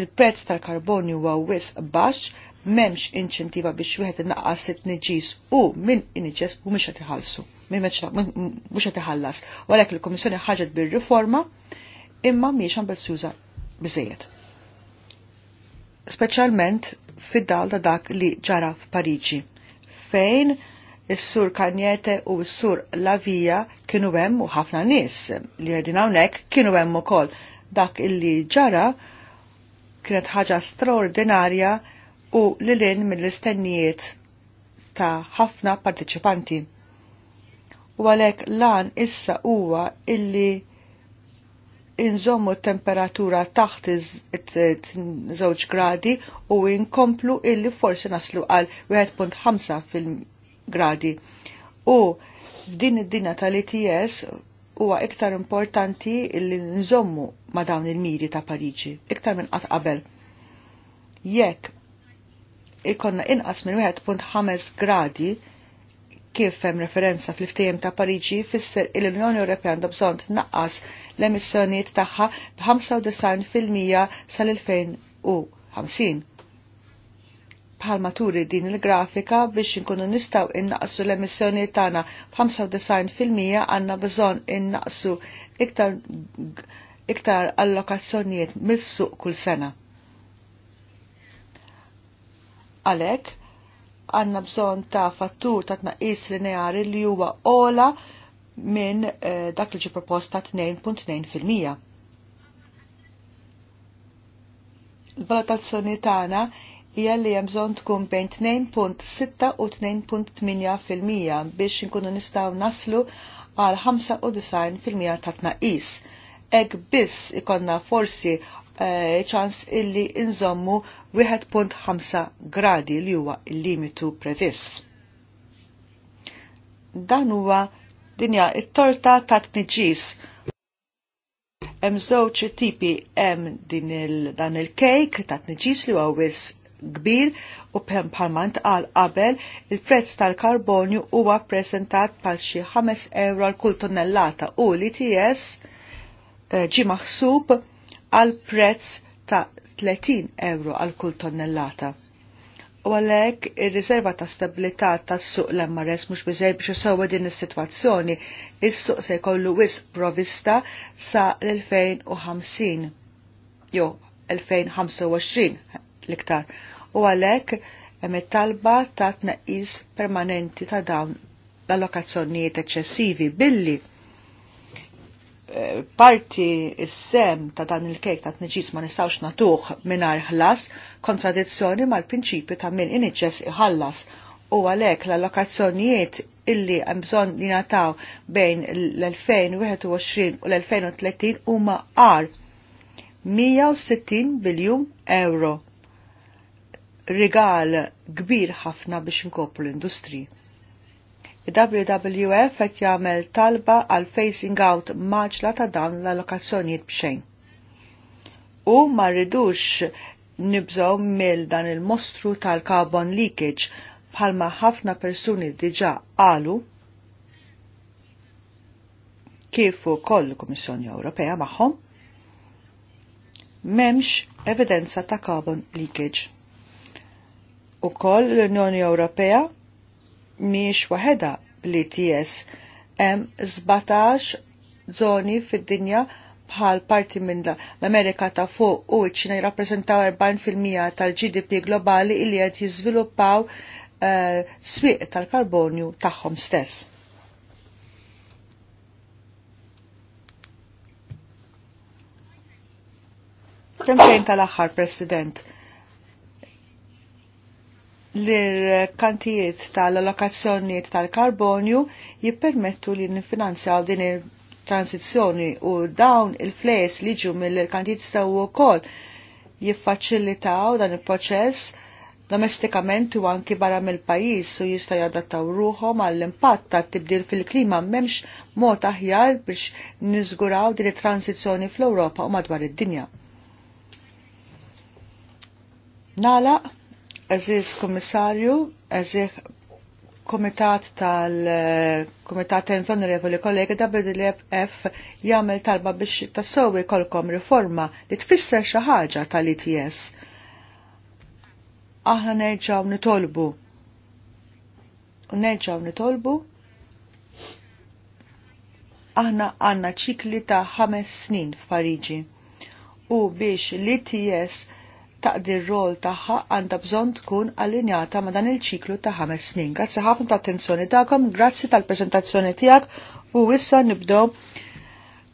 Il-prezz tal-karbonju huwa wis baxx, m'hemmx inċentiva biex wieħed innaqqas it-tniġis u min inġes u mhux qed iħallsu. mhux qed iħallas. Walek il-Kummissjoni ħaġet bir-riforma imma mhijiex ambizzjuża biżejjed. Speċjalment fid-dal ta' dak li ġara f'Pariġi fejn Is-sur Kanjete u s-sur Lavija kienu hemm u ħafna nies li qegħdin hawnhekk kienu hemm ukoll dak illi ġara kienet ħaġa straordinarja u lin mill-istennijiet ta' ħafna partiċipanti. U għalhekk lan issa huwa illi inżommu temperatura taħt iż-żewġ gradi u inkomplu illi forsi naslu għal 1.5 gradi. U f'din id-dinja tal-ETS huwa iktar importanti li nżommu ma dawn il-miri ta' Pariġi, iktar minn qatt qabel. Jekk ikonna inqas minn 1.5 gradi kif hemm referenza fl-ftehim ta' Pariġi fisser il l-Unjoni Ewropea għandha bżonn tnaqqas l-emissjonijiet tagħha b'95% sal-2050 bħal turi din il-grafika biex inkunu nistaw innaqsu l-emissjoni tagħna b'95% għandna bżonn innaqsu iktar iktar allokazzjonijiet mis suq kull sena. Għalhekk għandna bżonn ta' fattur ta' tnaqis lineari li huwa ola minn eh, dak li ġi proposta 2.2%. Il-valutazzjoni tagħna hija li hemm bżonn tkun bejn 2.6 u 2.8% biex inkunu nistgħu naslu għal 95% ta' tnaqis. Hekk biss ikonna forsi eh, ċans uh, illi inżommu 1.5 gradi li huwa l limitu previst. Dan huwa dinja it-torta ta' tniġis hemm żewġ tipi hemm din il dan il-kejk ta' tniġis li huwa wis kbir u palmant għal qabel il-prezz tal-karbonju huwa ppreżentat pal xi 5 euro għal kull tonnellata u l-ITS eh, ġi maħsub għal prezz ta' 30 euro għal kull tonnellata. U għalek il-riserva ta' stabilità ta' suq l-MRS mux bizzej biex jisawa din is-situazzjoni, il-suq se jkollu wis provista sa' l-2050, jo 2025 l-iktar u għalhekk hemm it-talba ta' tneqqis permanenti ta' dawn l-allokazzjonijiet eċċessivi billi eh, parti is-sem ta' dan il-kejk ta' tneġis ma nistawx natuħ minar ħlas kontradizzjoni mal-prinċipju ta' min inġess iħallas u għalek l-allokazzjonijiet illi hemm bżonn li nataw bejn l-2021 u l-2030 huma għar 160 biljum euro rigal kbir ħafna biex nkopru l-industri. WWF qed jagħmel talba għal facing out maġla ta' dan l-allokazzjonijiet b'xejn. U ma rridux nibżgħu mill dan il-mostru tal-carbon leakage bħalma ħafna persuni diġà qalu kif ukoll il-Kummissjoni Ewropea magħhom m'hemmx evidenza ta' carbon leakage U koll l-Unjoni Ewropea miex waħeda li ties hemm 17 zoni fid-dinja bħal parti minn l-Amerika ta' fuq u ċina jirrappreżentaw 40% tal-GDP globali li qed jiżviluppaw eh, swieq tal-karbonju tagħhom stess. Kemm tal-aħħar, President l-kantijiet tal-allokazzjonijiet tal-karbonju jippermettu li nifinanzjaw din il-transizzjoni u dawn il flejs li ġu mill-kantijiet stawu kol jiffaċilitaw dan il-proċess domestikament u anki barra mill-pajis u jista' jadattaw ruħom għall-impatt ta' tibdil fil-klima m'hemmx mod aħjar biex niżguraw din it-transizzjoni fl-Ewropa u madwar id-dinja. Nala, eżis komissarju, eżis komitat tal-komitat eh, onorevoli kollegi WLF jagħmel talba biex tassowi kolkom riforma li tfisser xi ħaġa tal-ITS. Aħna nerġgħu nitolbu. U nerġgħu nitolbu. Aħna għandna ċikli ta' ħames snin f'Pariġi. U biex l-ITS taqdi r-rol tagħha għandha bżonn tkun allinjata ma' dan il-ċiklu ta' ħames snin. Grazzi ħafna ta' attenzjoni tagħkom, grazzi tal-preżentazzjoni tiegħek u issa nibdew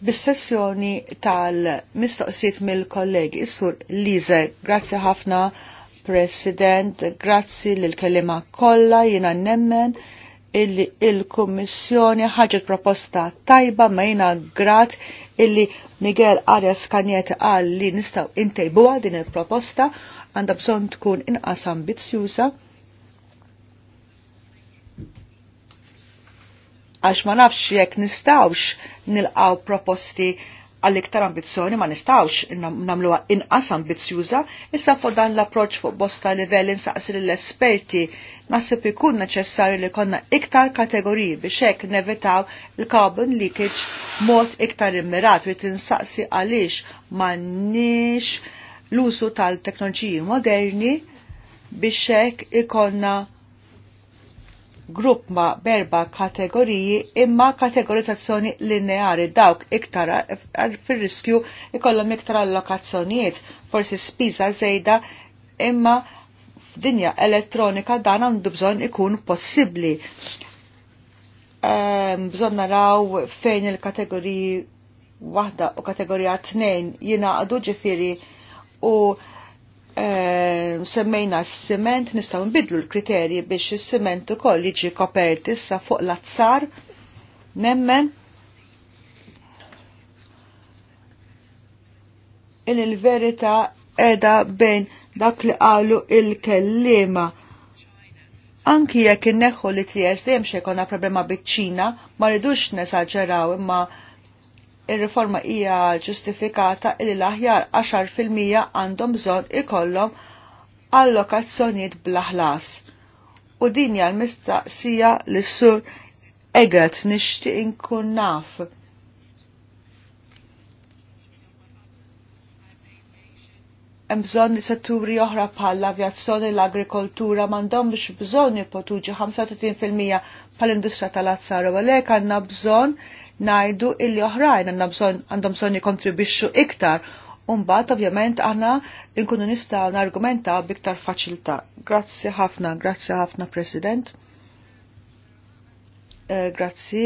bis-sessjoni tal-mistoqsijiet mill-kollegi. Is-sur Lize, grazzi ħafna President, grazzi lill-kelima kollha jiena nemmen il-Kummissjoni ħaġet proposta tajba ma jina grat illi Miguel Arias Kanjet qal li nistgħu intejbuha din il-proposta għandha bżonn tkun inqas ambizjuża. għax ma nafx jekk nistawx nilqaw proposti għall-iktar ambizzjoni ma nistawx namluwa inqas ambizjuża. issa fuq dan l-approċċ fuq bosta livell insaqsi l-esperti nasib ikun neċessarju li konna iktar kategoriji biex hekk nevitaw il-carbon leakage mod iktar immirat li tinsaqsi għaliex m'għandniex l użu tal-teknoloġiji moderni biex hekk ikonna grupp ma' berba kategoriji imma kategorizzazzjoni lineari dawk iktar fil-riskju ikollhom iktar allokazzjonijiet, forsi spiża żejda imma f'dinja elettronika dan għandu bżonn ikun possibbli. Ehm, bżonn naraw fejn il-kategoriji waħda u kategorija tnejn jingħaqdu ġifieri u Eh, semmejna s-siment nistaw nbidlu l-kriterji biex s-siment u koll jiġi kopert issa fuq l-azzar nemmen in il-verita edha bejn dak li qalu il-kellima anki jekk inneħħu li TSD hemm xi problema biċ-Ċina ma rridux nesaġeraw imma ir-riforma hija ġustifikata li l-aħjar 10% għandhom bżonn ikollhom allokazzjonijiet bl-aħlas. U din hija l-mistaqsija li sur Egret nixtieq inkun naf. Hemm bżonn li setturi oħra bħal l-avjazzjoni l-agrikoltura m'għandhom biex bżonn jippotuġi 35% bħal industrija tal-azzar u għalhekk għandna bżonn najdu illi oħrajn għandhom bżonn jikontribixxu iktar Umbat, ovvjament, aħna nkunu nistaw argumenta biktar faċilità. Grazzi ħafna, grazzi ħafna, President. E, grazzi.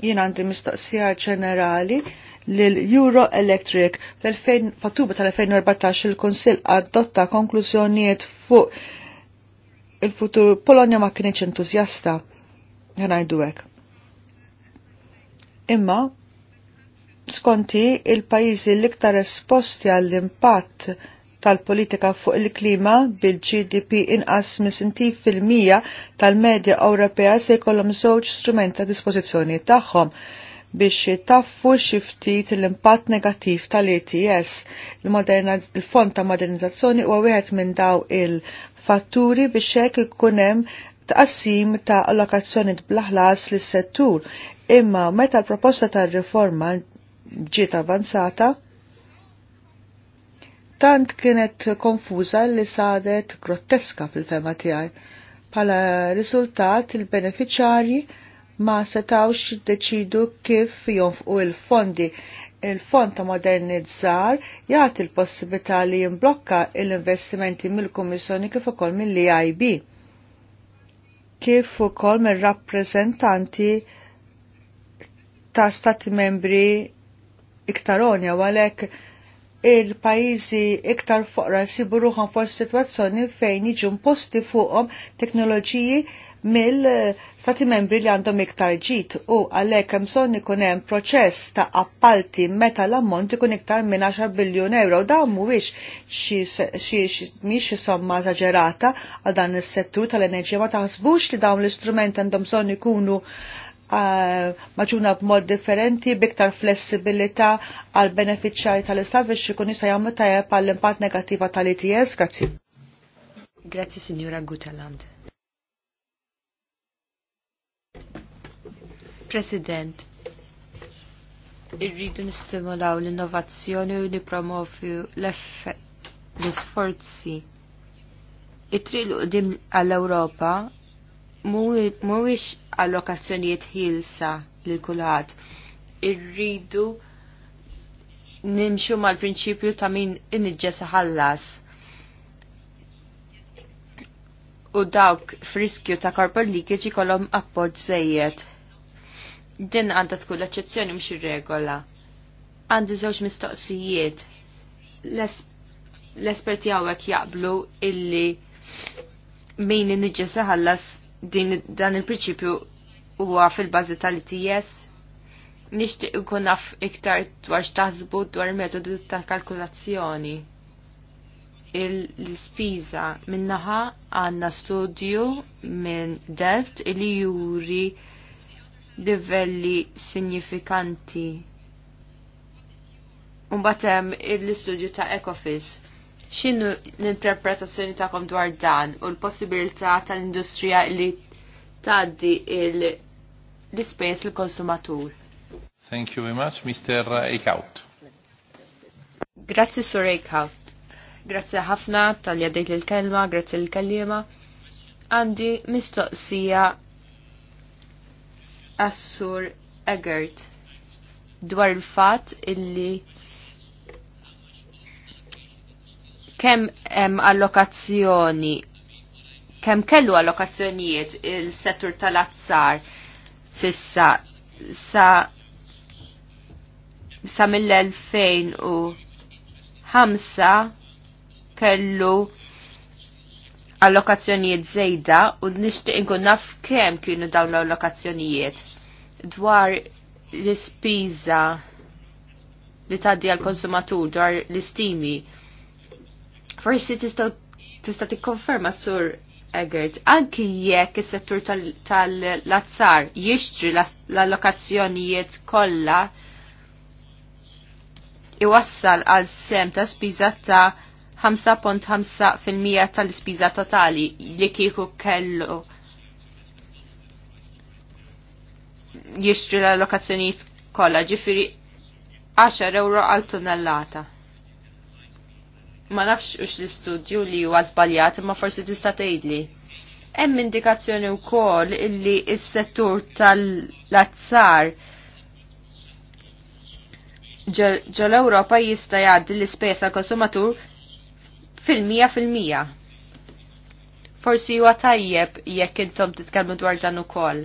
Jien għandi mistoqsija ġenerali lil Euro Electric fattuba tal-2014 il-Konsil adotta konklużjonijiet fuq il-futur Polonja ma kienx entużjasta. Ħanajdu hekk Imma skonti il-pajjiżi l-iktar esposti għall-impatt tal-politika fuq il-klima bil-GDP inqas minn fil-mija tal-medja Ewropea se jkollhom żewġ strumenti ta' dispożizzjoni tagħhom biex jitaffu xi ftit l-impatt negattiv tal-ETS. Il-Fond ta' Modernizzazzjoni huwa wieħed minn daw il-fatturi biex hekk ikun hemm tqassim ta' allokazzjoni blaħlas lis settur imma meta l-proposta ta' riforma ġiet avanzata tant kienet konfuza li sadet grotteska fil-fema tiegħi. Pala riżultat il-beneficjarji ma setawx deċidu kif jonfqu il-fondi il-fond ta' modernizzar jagħti l-possibilità li jimblokka l-investimenti mill-Kummissjoni kif ukoll mill-EIB kif ukoll mir-rappreżentanti ta' stati membri iktar onja għalhekk il-pajizi iktar fuqra sibu ruħan fuq situazzjoni fejn jiġu imposti fuqhom teknoloġiji mill-stati membri li għandhom iktar ġit u għalhekk hemm bżonn ikun hemm proċess ta' appalti meta l-ammont ikun iktar minn 10 biljun euro. Dawn mhuwiex xi mhix xi somma eżaġerata għal dan is-settur tal-enerġija ma taħsbux li dawn l istrument għandhom bżonn ikunu ah, maġuna b'mod differenti, biktar flessibilita għal beneficjari tal-Istat biex ikun jista' jagħmlu tajjeb għall impatt negattiva tal-ITS. Grazzi. Grazzi, Signora Guteland. President, irridu nistimulaw l-innovazzjoni u nipromovju l-sforzi. It-triq l-qdim għall-Europa mhuwiex allokazzjonijiet ħilsa lil kulħadd. Irridu nimxu mal-prinċipju ta' min inġesa ħallas. U dawk friskju ta' korpor li kieċi kolom appoġġ zejjed din għandha tkun l-eċċezzjoni m'x ir-regola. Għandi żewġ mistoqsijiet. L-esperti hawnhekk jaqblu illi min niġġa saħallas din dan il-prinċipju huwa fil-bażi tal-ITS. Nixtieq ikun naf iktar dwar xtaħzbu dwar metodi metodu ta' kalkulazzjoni. il spiza minnaħa għandna studju minn Delft il juri livelli sinifikanti. Umbatem l-istudju ta' Ecofis, xinu l-interpretazzjoni ta' kom dwar dan u l-possibilità tal-industrija li taddi l-ispejs l-konsumatur? Thank you very much, Mr. Eichhout. Grazzi, Sur Eichhout. Grazzi ħafna tal-jadejt l-kelma, grazzi l-kellima. Għandi mistoqsija Assur Egert dwar il-fat illi kem em allokazzjoni kem kellu allokazzjonijiet il-settur tal-azzar sissa sa sa mill-2005 kellu allokazzjonijiet zejda u nixtieq inkun naf kemm kienu dawn l-allokazzjonijiet dwar l-ispiża li tgħaddi għall konsumatur dwar l-istimi. Forsi tista' tista' tikkonferma sur Egert, anki jekk is-settur tal-azzar jixtri l-allokazzjonijiet kollha iwassal għal sem ta' spiża ta' 5.5% tal-ispiża totali li kieku kellu jixtri l-allokazzjonijiet kollha, ġifieri 10 euro għal tunnellata. Ma nafx ux l-istudju li huwa żbaljat imma forsi tista' tgħidli. Hemm indikazzjoni wkoll illi s-settur tal-azzar ġol-Ewropa jista' jgħaddi l-ispejs għal konsumatur fil-mija fil-mija. Forsi huwa tajjeb jekk intom titkellmu dwar dan ukoll.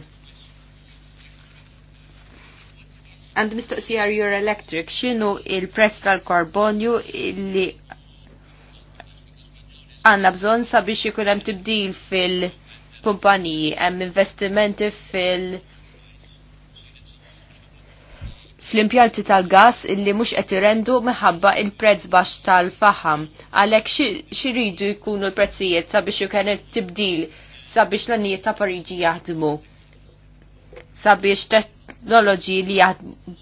Għand mistoqsija Your Electric, x'inhu il-prezz tal-karbonju li għandna bżonn sabiex ikun hemm tibdil fil-kumpaniji, hemm investimenti fil-, fl-impjanti tal-gas illi mhux qed irendu minħabba il-prezz baxx tal-faħam. Għalhekk xiridu jkunu l-prezzijiet sabiex jkun tibdil sabiex l-annijiet ta' Pariġi jaħdmu. Sabiex teknoloġi li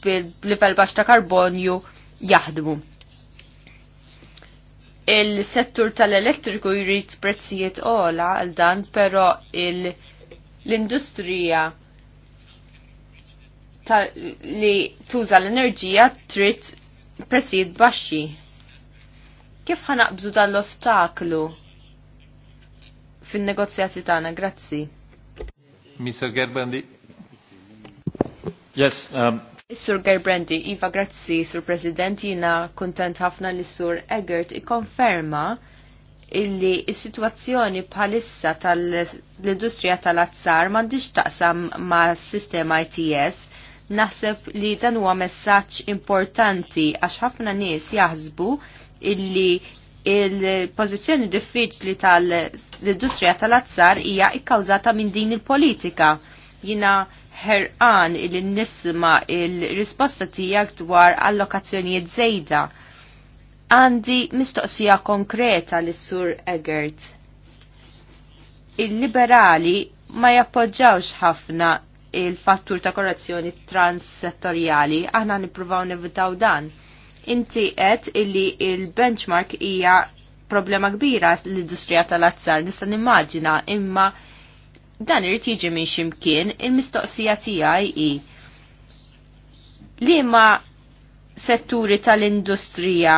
bil-livell baxx ta' karbonju jaħdmu. Il-settur tal-elettriku jrid prezzijiet ola għal dan, però l-industrija li tuża l-enerġija trid prezzijiet baxxi. Kif ħanaqbżu dan l-ostaklu fin-negozjati tagħna? Grazzi. Mr. Gerbrandi. Yes. Um... Sur Gerbrandi, Iva, grazzi, Sur President, jina kontent ħafna li Sur Egert ikkonferma illi s-situazzjoni bħalissa tal-industrija tal-azzar mandiġ taqsam ma' sistema ITS Naħseb li dan huwa messaġġ importanti għax ħafna nies jaħsbu illi il-pożizzjoni diffiċli tal-industrija tal-azzar hija ikkawżata minn din il-politika. Jina ħerqan illi nisma il-risposta tiegħek dwar allokazzjonijiet żejda. Għandi mistoqsija konkreta lis sur Egert. Il-liberali ma jappoġġawx ħafna il-fattur ta' korrezzjoni transsettorjali, aħna nippruvaw nevitaw dan. Inti qed illi il-benchmark hija problema kbira l-industrija tal-azzar nista' nimmaġina imma dan irid jiġi minn ximkien il-mistoqsija tiegħi hi liema setturi tal-industrija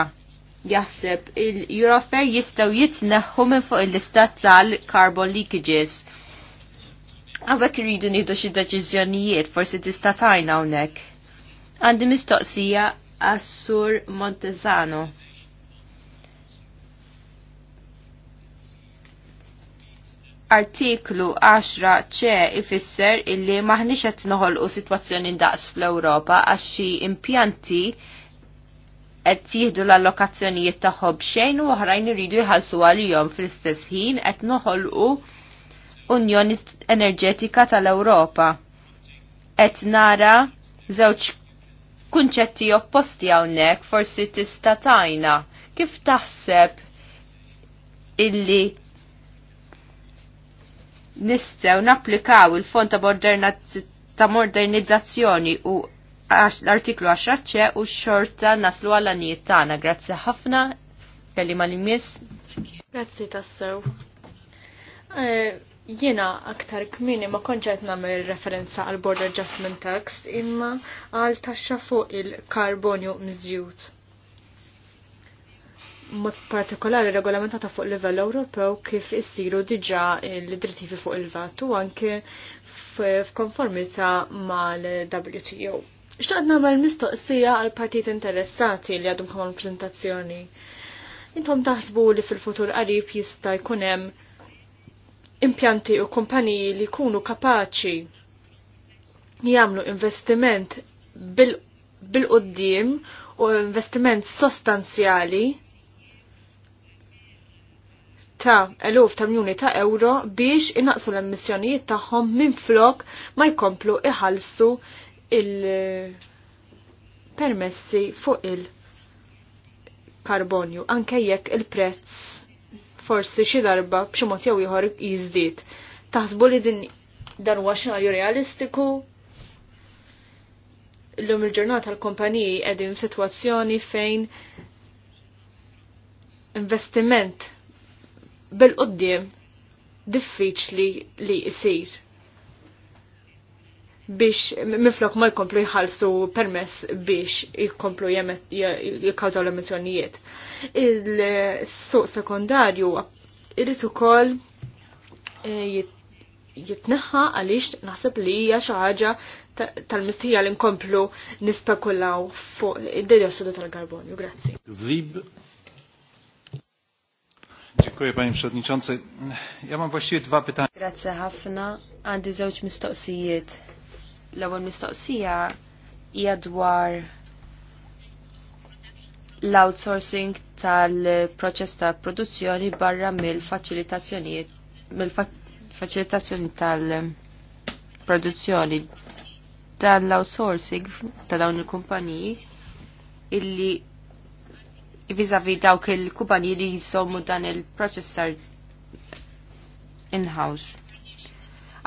jaħseb il-Eurofair jistgħu jitneħħu minn fuq il listat tal-carbon leakages Għawek rridu nieħdu xi deċiżjonijiet forsi tista' tajna hawnhekk. Għandi mistoqsija għas-sur Montezano. artiklu 10 ċe ifisser illi m'aħniex qed noħolqu sitwazzjoni daqs fl-Ewropa għax xi impjanti qed jieħdu l-allokazzjonijiet tagħhom xejn u oħrajn iridu jħallsu għalihom fl-istess ħin qed noħolqu Unjoni Enerġetika tal-Ewropa. Et nara żewġ kunċetti opposti hawnhekk forsi tista' tajna. Kif taħseb illi nistgħu napplikaw il-fond ta' modernizzazzjoni u l-artiklu 10 ċe u xorta naslu għal anijiet tagħna. Grazzi ħafna, kelli li miss. Grazzi tassew. Eh, Jiena aktar kmini ma konċet namel referenza għal Border Adjustment Tax imma għal taxxa fuq il-karbonju mżjut. Mod partikolari regolamentata fuq livell Ewropew kif issiru diġà l-drittivi fuq il-vat u anke f'konformità mal-WTO. Xtaqt namel mistoqsija għal partit interessati li għadhom kamon prezentazzjoni. Intom taħsbu li fil-futur qarib jista' jkun hemm impjanti u kumpaniji li kunu kapaċi jagħmlu investiment bil-qoddim bil u investiment sostanzjali ta' eluf ta' miljoni ta' euro biex inaqsu l-emissjonijiet tagħhom minn flok ma jkomplu iħallsu il-permessi fuq il-karbonju anke jekk il-prezz forsi xi darba b'xi mod jew ieħor jiżdied. Taħsbu li din dan huwa xenarju realistiku? Llum il-ġurnata tal kumpaniji qegħdin f'sitwazzjoni fejn investiment bil-qoddim diffiċli li jsir biex miflok ma jkomplu jħalsu permess biex jkomplu jikkawżaw l-emissjonijiet. Il-suq sekundarju irrid ukoll e, jitneħħa għaliex naħseb li hija xi ħaġa tal-mistija li nkomplu nispekulaw fuq id-dioxidu tal-karbonju. Grazzi. Zib. Dziękuję panie przewodniczący. Ja mam właściwie dwa pytania. Grazie ħafna. Għandi żewġ mistoqsijiet l-ewwel mistoqsija hija dwar l-outsourcing tal-proċess ta' produzzjoni barra mill-faċilitazzjonijiet mill-faċilitazzjoni tal-produzzjoni dan l-outsourcing ta' dawn il-kumpaniji illi vizavi dawk il-kumpaniji li jisommu dan il-proċessar in-house.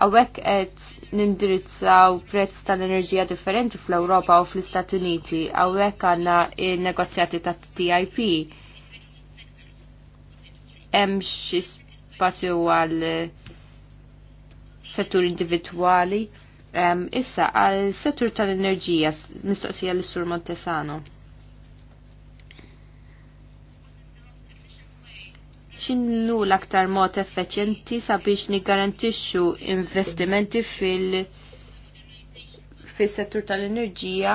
Għawek qed nindirizzaw prezz tal-enerġija differenti fl-Ewropa u fl-Istati Uniti, għawek għanna il-negozjati ta' TIP. Hemm xi spazju għal settur individwali. Issa għal settur tal-enerġija, mistoqsija l-Sur Montesano. xinlu l-aktar mod effeċjenti sabiex nigarantixxu investimenti fil- fil-settur tal-enerġija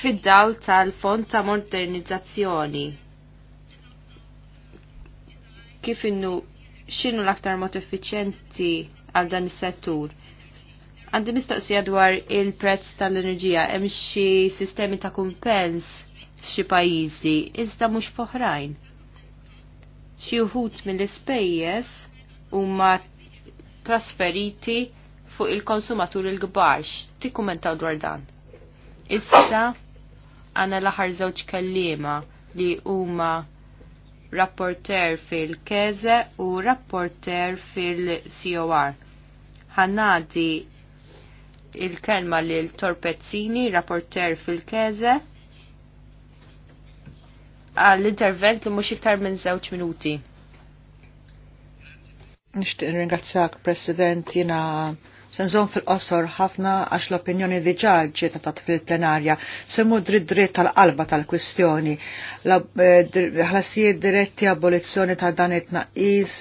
fid-dawl tal-fond ta' modernizzazzjoni. Kif innu xinu l-aktar mod effiċjenti għal dan is-settur? Għandi mistoqsija dwar il-prezz tal-enerġija, hemm xi sistemi ta' kumpens f'xi pajjiżi, iżda mhux f'oħrajn xi wħud mill-ispejjeż huma trasferiti fuq il-konsumatur il-kbar. Tikkumentaw dwar dan. Issa għandna l-aħħar żewġ kelliema li huma rapporter fil-Keze u rapporter fil-COR. Ħanadi il-kelma lil Torpezzini, rapporter fil-Keze għall-intervent li mhux iktar minn żewġ minuti. Nixtieq ringrazzjak President jiena Senżon fil-qosor ħafna għax l-opinjoni diġa ta' tat fil-plenarja semmu dritt-dritt tal-qalba tal-kwistjoni. Eh, ħlasijiet diretti abolizzjoni ta' dan it-naqis,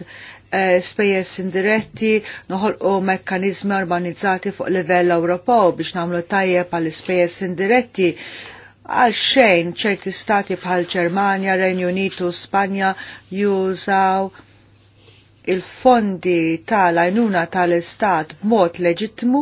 eh, spejjeż indiretti, noħolqu mekkanizmi urbanizzati fuq livell Ewropew biex nagħmlu tajjeb għall spejjeż indiretti għal xejn ċerti stati bħal Ġermanja, Renju Unitu, Spanja jużaw il-fondi tal-għajnuna tal-istat b'mod leġittimu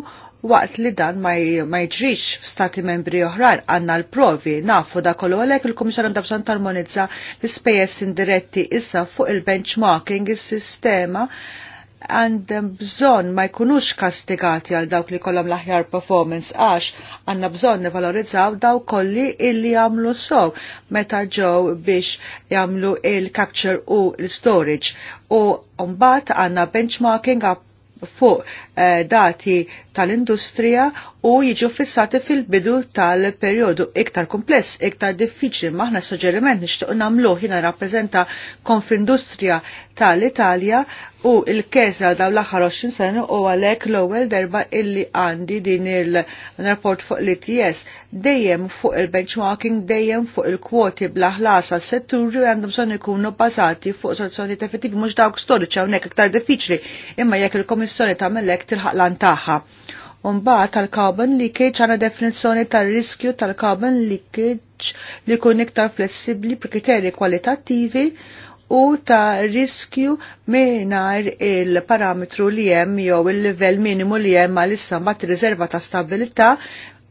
waqt li dan ma jġrix f'stati membri oħrajn għanna l-provi nafu da kollu għalek il-Komissar għandha bżonn tarmonizza l-ispejjeż indiretti issa fuq il-benchmarking is-sistema il għandhom bżonn ma jkunux kastigati għal dawk li kollhom l-aħjar performance għax għandna bżonn nevalorizzaw daw kolli illi jagħmlu sow meta ġew biex jagħmlu il-capture u l-storage u mbagħad għandna benchmarking fuq eh, dati tal-industrija u jiġu fissati fil-bidu tal-periodu iktar kompless, iktar diffiċli maħna suġġeriment nixtieq namlu jina rappresenta Konfindustrija tal-Italja u il-kesa daw l-aħħar 20 sena u għalhekk l-ewwel derba illi għandi din il-rapport fuq l-ITS dejjem fuq il-benchmarking, dejjem fuq il-kwoti bl-aħlas għal setturi għandhom bżonn ikunu bazati fuq soluzzjoni effettivi mhux dawk storiċi hawnhekk iktar diffiċli imma jekk il-Komissjoni tamellek hekk tilħaq lan tagħha. Umbaħt tal-carbon leakage għana definizjoni tal-riskju tal-carbon leakage li kun iktar flessibli per kwalitattivi u ta' riskju minar il-parametru li jem jew il-level minimu li jem għal issa mbagħad riserva ta' stabilità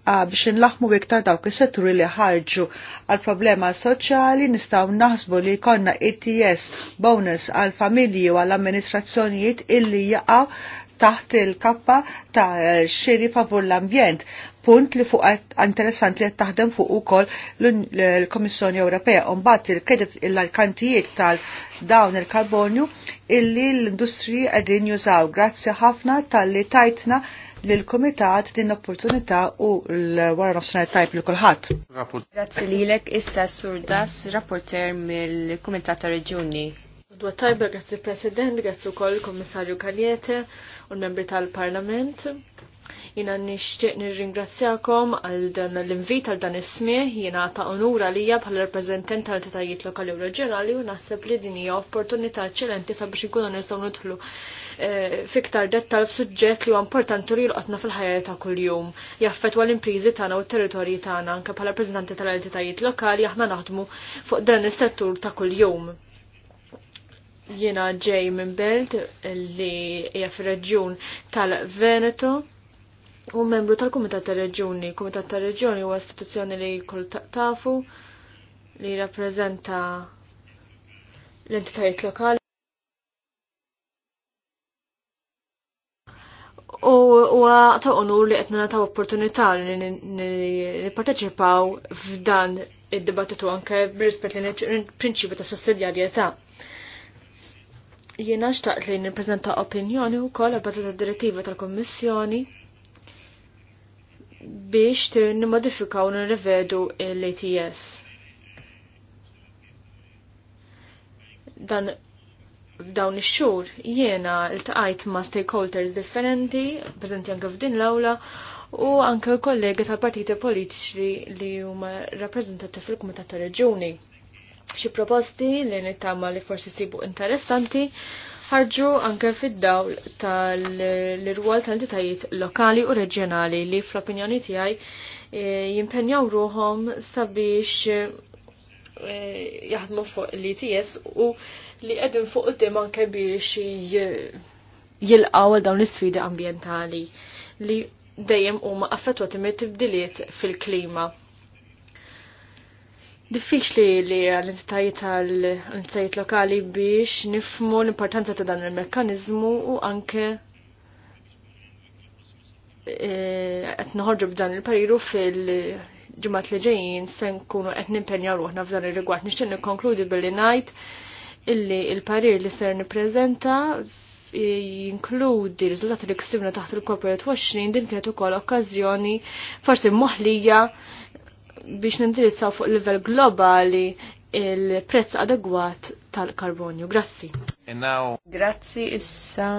biex nlaħmu iktar dawk is-setturi li ħarġu għal problema soċjali nistgħu naħsbu li konna ETS bonus għal familji u għall amministrazzjonijiet illi jaqgħu taħt il-kappa ta' xiri favur l-ambjent, punt li fuq interessant li taħdem fuq ukoll l-Komissjoni Ewropea mbagħad il-kredit il arkantijiet tal-dawn il-karbonju illi l-industriji qegħdin jużaw. Grazzi ħafna tal-li tajtna l komitat din opportunità u l-wara nofsinhar tajb li kulħadd. Grazzi lilek issa Sur Das, rapporter mill-Kumitat ta' Reġuni. Dwa tajba, grazzi President, grazzi wkoll Kummissarju Kaljete u l-membri tal-Parlament. Jina nishtiq nirringrazzjakom għal dan l-invit għal dan ismi, jina ta' onura jab bħala reprezentant tal entitajiet lokali u reġjonali u naħseb li din hija opportunità eċċellenti sabiex ikunu nistgħu nidħlu eh, fiktar dettal f'suġġett li huwa importanti li l-qatna fil-ħajja ta' kuljum. Jaffet l-imprizi tagħna u t-territorji tagħna anke bħala preżidanti tal-entitajiet lokali aħna naħdmu fuq dan is-settur ta' kuljum. Jiena ġej minn belt li hija fir-reġjun tal-Veneto u membru tal-Kumitat tar-Reġjuni. Kumitat tar-Reġjuni huwa istituzzjoni li kull tafu li rappreżenta l-entitajiet lokali. U huwa ta' onur li qed nagħtaw opportunità li nipparteċipaw f'dan id-dibattitu anke b'rispett li prinċipju ta' sussidjarjetà Jiena xtaqt li nippreżenta opinjoni wkoll abbażata direttiva tal-Kommissjoni biex nimmodifikaw nirrevedu l-ATS. Dan f'dawn ix-xhur jiena iltaqajt ma' stakeholders differenti, preżenti anke f'din l-awla, u anke kollegi tal-partiti politiċi li huma rappreżentati fil-Kumitat ta' Reġuni xi proposti li nittama li forsi sibu interessanti ħarġu anke fid-dawl tal-irwol tal-entitajiet lokali u reġjonali li fl-opinjoni tiegħi e, jimpenjaw ruhom sabiex e, jaħdmu fuq l-ITS u li qegħdin fuq qudiem anke biex jilqaw dawn l-isfidi ambjentali li dejjem huma affettwati mit-tibdiliet fil-klima. Diffiċli li għal-entitajiet għal-entitajiet lokali biex nifmu l-importanza ta' dan il-mekkanizmu u anke e, qed noħorġu b'dan il-pariru fil-ġimgħat li ġejjin se nkunu qed nimpenjaw ruħna f'dan ir-rigward. Nixtieq nikkonkludi billi ngħid illi il-parir li ser nippreżenta jinkludi riżultati li ksibna taħt il-Corporate 20 din kienet ukoll okkażjoni forsi moħlija biex nindirizzaw fuq livell globali il-prezz adegwat tal-karbonju. Grazzi. Now... Grazzi issa.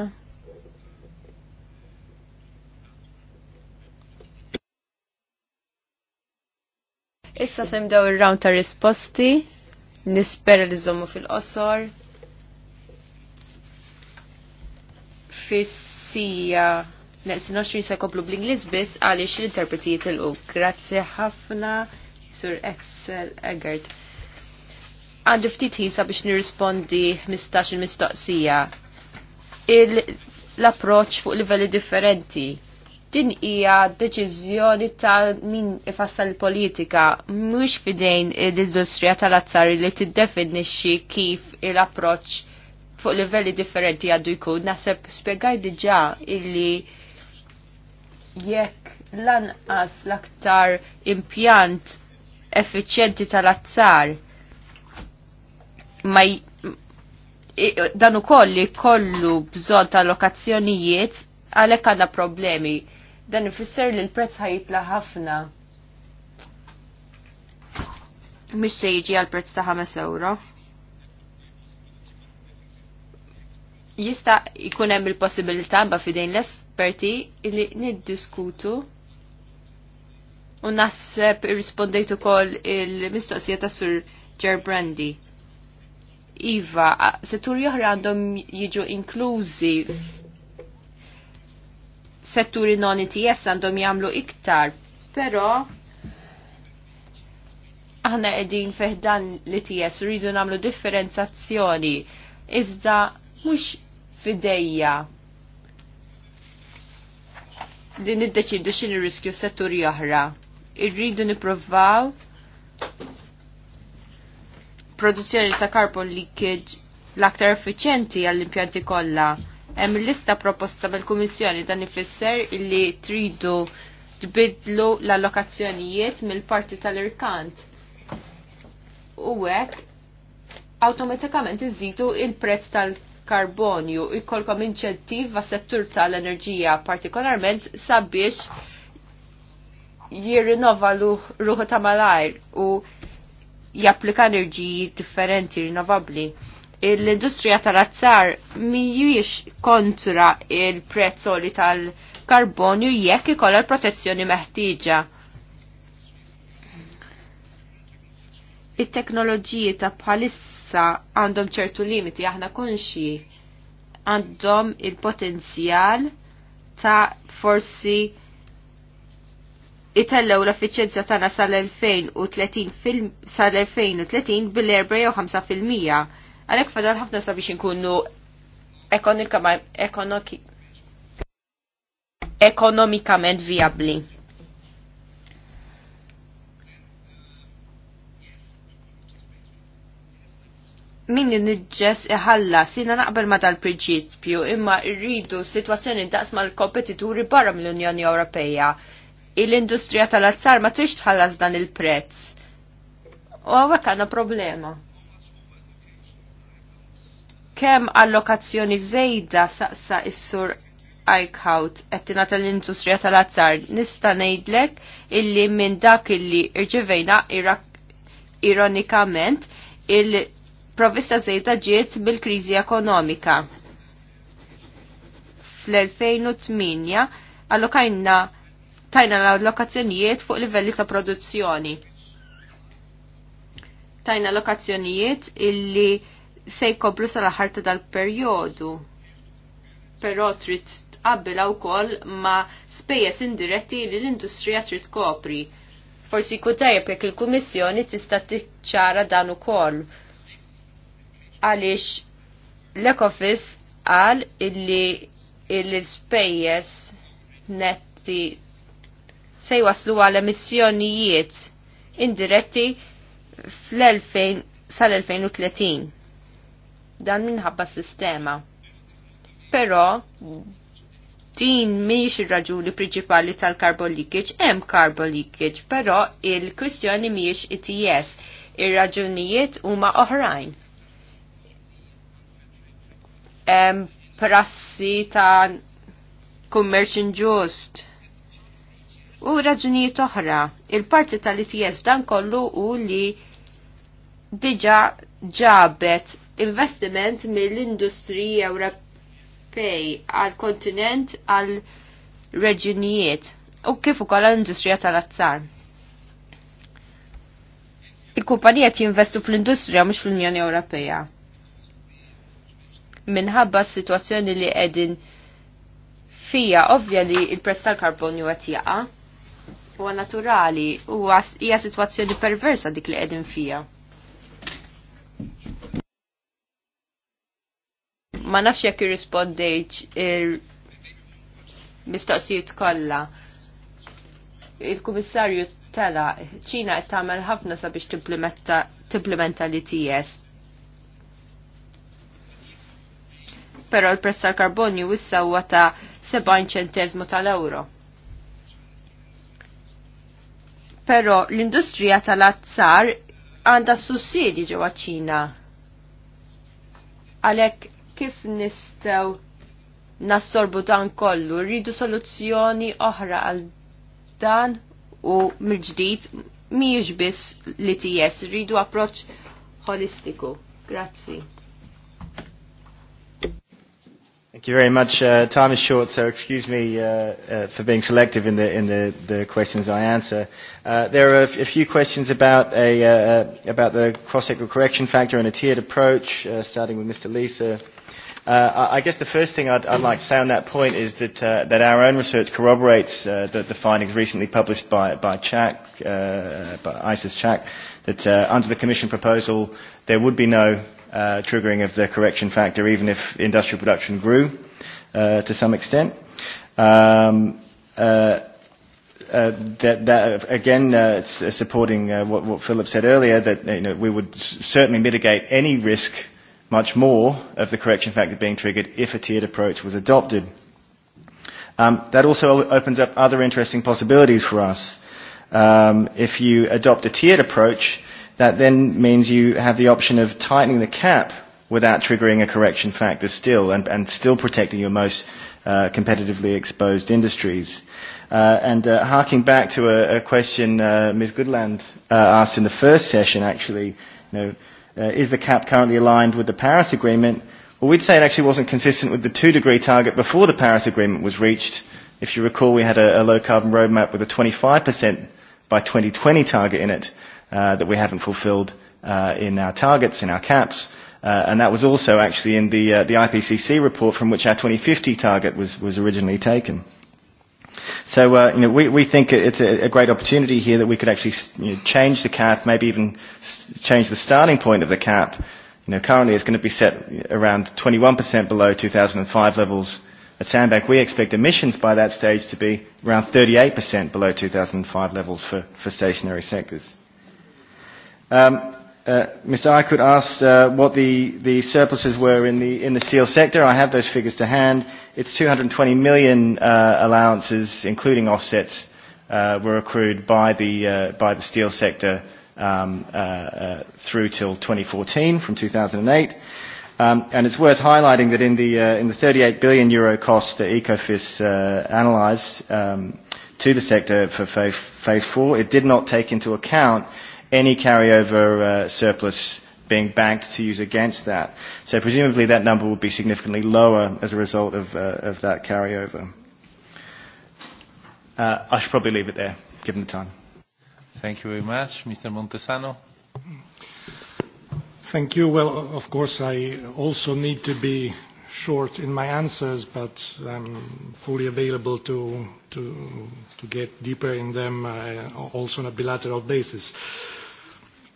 Issa daw il-round ta' risposti. Nispera li zommu fil-qosor. Fissija Neqsin 20 se koplu bl-Inglis bis għaliex l-interpreti jitilqu. Grazzi ħafna, Sur Excel Eggert. Għandu ftit jisa biex nirrispondi mistax il-mistoqsija. L-approċ fuq livelli differenti din hija deċiżjoni ta' min ifassal il-politika mhux fidejn l-industrija tal-azzar li tiddefinixxi kif l-approċċ fuq livelli differenti għaddu jkun. Naħseb spjegaj diġà illi jekk lanqas l-aktar impjant effiċjenti tal-azzar ma dan ukoll kollu bżonn ta' lokazzjonijiet għalhekk għandna problemi. Dan ifisser li l-prezz ħajitla ħafna. Mhix se jiġi għal prezz ta' 5 euro. jista jkun hemm il-possibilità ba fidejn l-esperti li niddiskutu u naħseb rispondejt ukoll il-mistoqsija ta' Sur Gerbrandi. Iva, settur joħra għandhom jiġu inklużi setturi non ITS għandhom jagħmlu iktar, però aħna qegħdin fih dan l-ITS rridu nagħmlu differenzazzjoni iżda mhux fidejja li niddeċidu xin riskju settur joħra. Irridu niprovaw produzzjoni ta' carbon leakage l-aktar effiċenti għall-impjanti kollha. Hemm lista proposta mill-Kummissjoni dan ifisser illi tridu tbidlu l-allokazzjonijiet mill-parti tal-irkant. U hekk awtomatikament iżidu il-prezz tal-irkant karbonju jkollkom inċentiv għas settur tal-enerġija partikolarment sabiex jirrinova ruħu ta' malajr u japplika enerġiji differenti rinnovabli. L-industrija tal-azzar mijiex kontra il-prezz tal-karbonju jekk ikolla l-protezzjoni meħtieġa it-teknoloġiji ta' bħalissa għandhom ċertu limiti aħna konxi għandhom il-potenzjal ta' forsi itellew l-effiċenza tagħna sal-2030 sal-2030 bil-4 jew 5 fil-mija. Għalhekk fadal ħafna sabiex inkunu ekonomikament viabli. min nidġess iħalla sina naqbel ma tal-prinċipju, imma rridu situazzjoni daqs ma l-kompetituri barra mill-Unjoni Ewropeja. Il-industrija tal-azzar ma trix tħallas dan il-prezz. U għawek għanna problema. Kem allokazzjoni zejda saqsa is-sur Eichhout għettina tal-industrija tal-azzar nista nejdlek illi minn dak illi irġivejna ironikament il- provvista zejda ġiet bil-kriżi ekonomika. Fl-2008 allokajna tajna l-allokazzjonijiet fuq livelli ta' produzzjoni. Tajna allokazzjonijiet illi se jkopru sal-aħħar ta' dal-perjodu. Però trid tqabbilha wkoll ma' spejjeż indiretti li l-industrija trid kopri. Forsi jkun tajjeb jekk il-Kummissjoni tista' tiċċara dan ukoll għaliex l-ekofis għal illi l-spejjes netti se waslu għal emissjonijiet indiretti fl-2000 sal-2030. Dan minħabba s-sistema. Pero din miex ir-raġuni prinċipali tal-carbon leakage, hemm carbon leakage, però il-kwistjoni miex ITS, ir-raġunijiet huma oħrajn prassi ta' kummerċ inġust. U raġunijiet oħra, il-parti tal-ITS dan kollu u li diġa ġabet investiment mill industri Ewropej għal-kontinent għal-reġunijiet u kif ukoll l-industrija tal-azzar. Il-kumpanija jinvestu fl-industrija mhux fl-Unjoni Ewropea minħabba s-situazzjoni li qegħdin fija ovvja li il-press tal-karbonju għat jaqa' huwa naturali huwa hija sitwazzjoni perversa dik li qegħdin fija. Ma nafx jekk irrispondejx il-mistoqsijiet kollha. Il-Kummissarju tela ċina qed tagħmel ħafna sabiex timplementa l TSP. però l-prezz tal-karbonju issa huwa ta' 70 ċentesmu tal-euro. Però l-industrija tal-azzar għandha sussidji ġewwa ċina. Għalhekk kif nistgħu nassorbu dan kollu, rridu soluzzjoni oħra għal dan u mill-ġdid mhijiex biss li ties, rridu approċċ holistiku. Grazzi. Thank you very much. Uh, time is short, so excuse me uh, uh, for being selective in the, in the, the questions I answer. Uh, there are a, few questions about, a, uh, uh, about the cross-sectoral correction factor and a tiered approach, uh, starting with Mr. Lisa. Uh, I, I guess the first thing I'd, I'd like to say on that point is that, uh, that our own research corroborates uh, the, the findings recently published by, by CHAC, uh, by ISIS-CHAC, that uh, under the Commission proposal there would be no uh, triggering of the correction factor, even if industrial production grew uh, to some extent. Um, uh, uh, that, that again, uh, it's uh supporting uh, what, what Philip said earlier, that you know, we would certainly mitigate any risk much more of the correction factor being triggered if a tiered approach was adopted. Um, that also opens up other interesting possibilities for us. Um, if you adopt a tiered approach, That then means you have the option of tightening the cap without triggering a correction factor still and, and still protecting your most uh, competitively exposed industries. Uh, and uh, harking back to a, a question uh, Ms. Goodland uh, asked in the first session, actually, you know, uh, is the cap currently aligned with the Paris Agreement? Well, we'd say it actually wasn't consistent with the two-degree target before the Paris Agreement was reached. If you recall, we had a, a low-carbon roadmap with a 25% by 2020 target in it. Uh, that we haven't fulfilled uh, in our targets, in our caps. Uh, and that was also actually in the, uh, the IPCC report from which our 2050 target was, was originally taken. So uh, you know, we, we think it's a, a great opportunity here that we could actually you know, change the cap, maybe even change the starting point of the cap. You know, currently it's going to be set around 21% below 2005 levels. At Sandbank, we expect emissions by that stage to be around 38% below 2005 levels for, for stationary sectors. Um, uh, Mr. Aykut asked uh, what the, the surpluses were in the, in the seal sector. I have those figures to hand. It's 220 million uh, allowances, including offsets, uh, were accrued by the, uh, by the steel sector um, uh, uh, through till 2014 from 2008. Um, and it's worth highlighting that in the, uh, in the 38 billion euro cost that ECOFIS uh, analysed um, to the sector for phase, phase four, it did not take into account any carryover uh, surplus being banked to use against that. So presumably that number would be significantly lower as a result of, uh, of that carryover. Uh, I should probably leave it there, given the time. Thank you very much. Mr. Montesano. Thank you. Well, of course, I also need to be short in my answers, but I'm fully available to, to, to get deeper in them uh, also on a bilateral basis. Uh,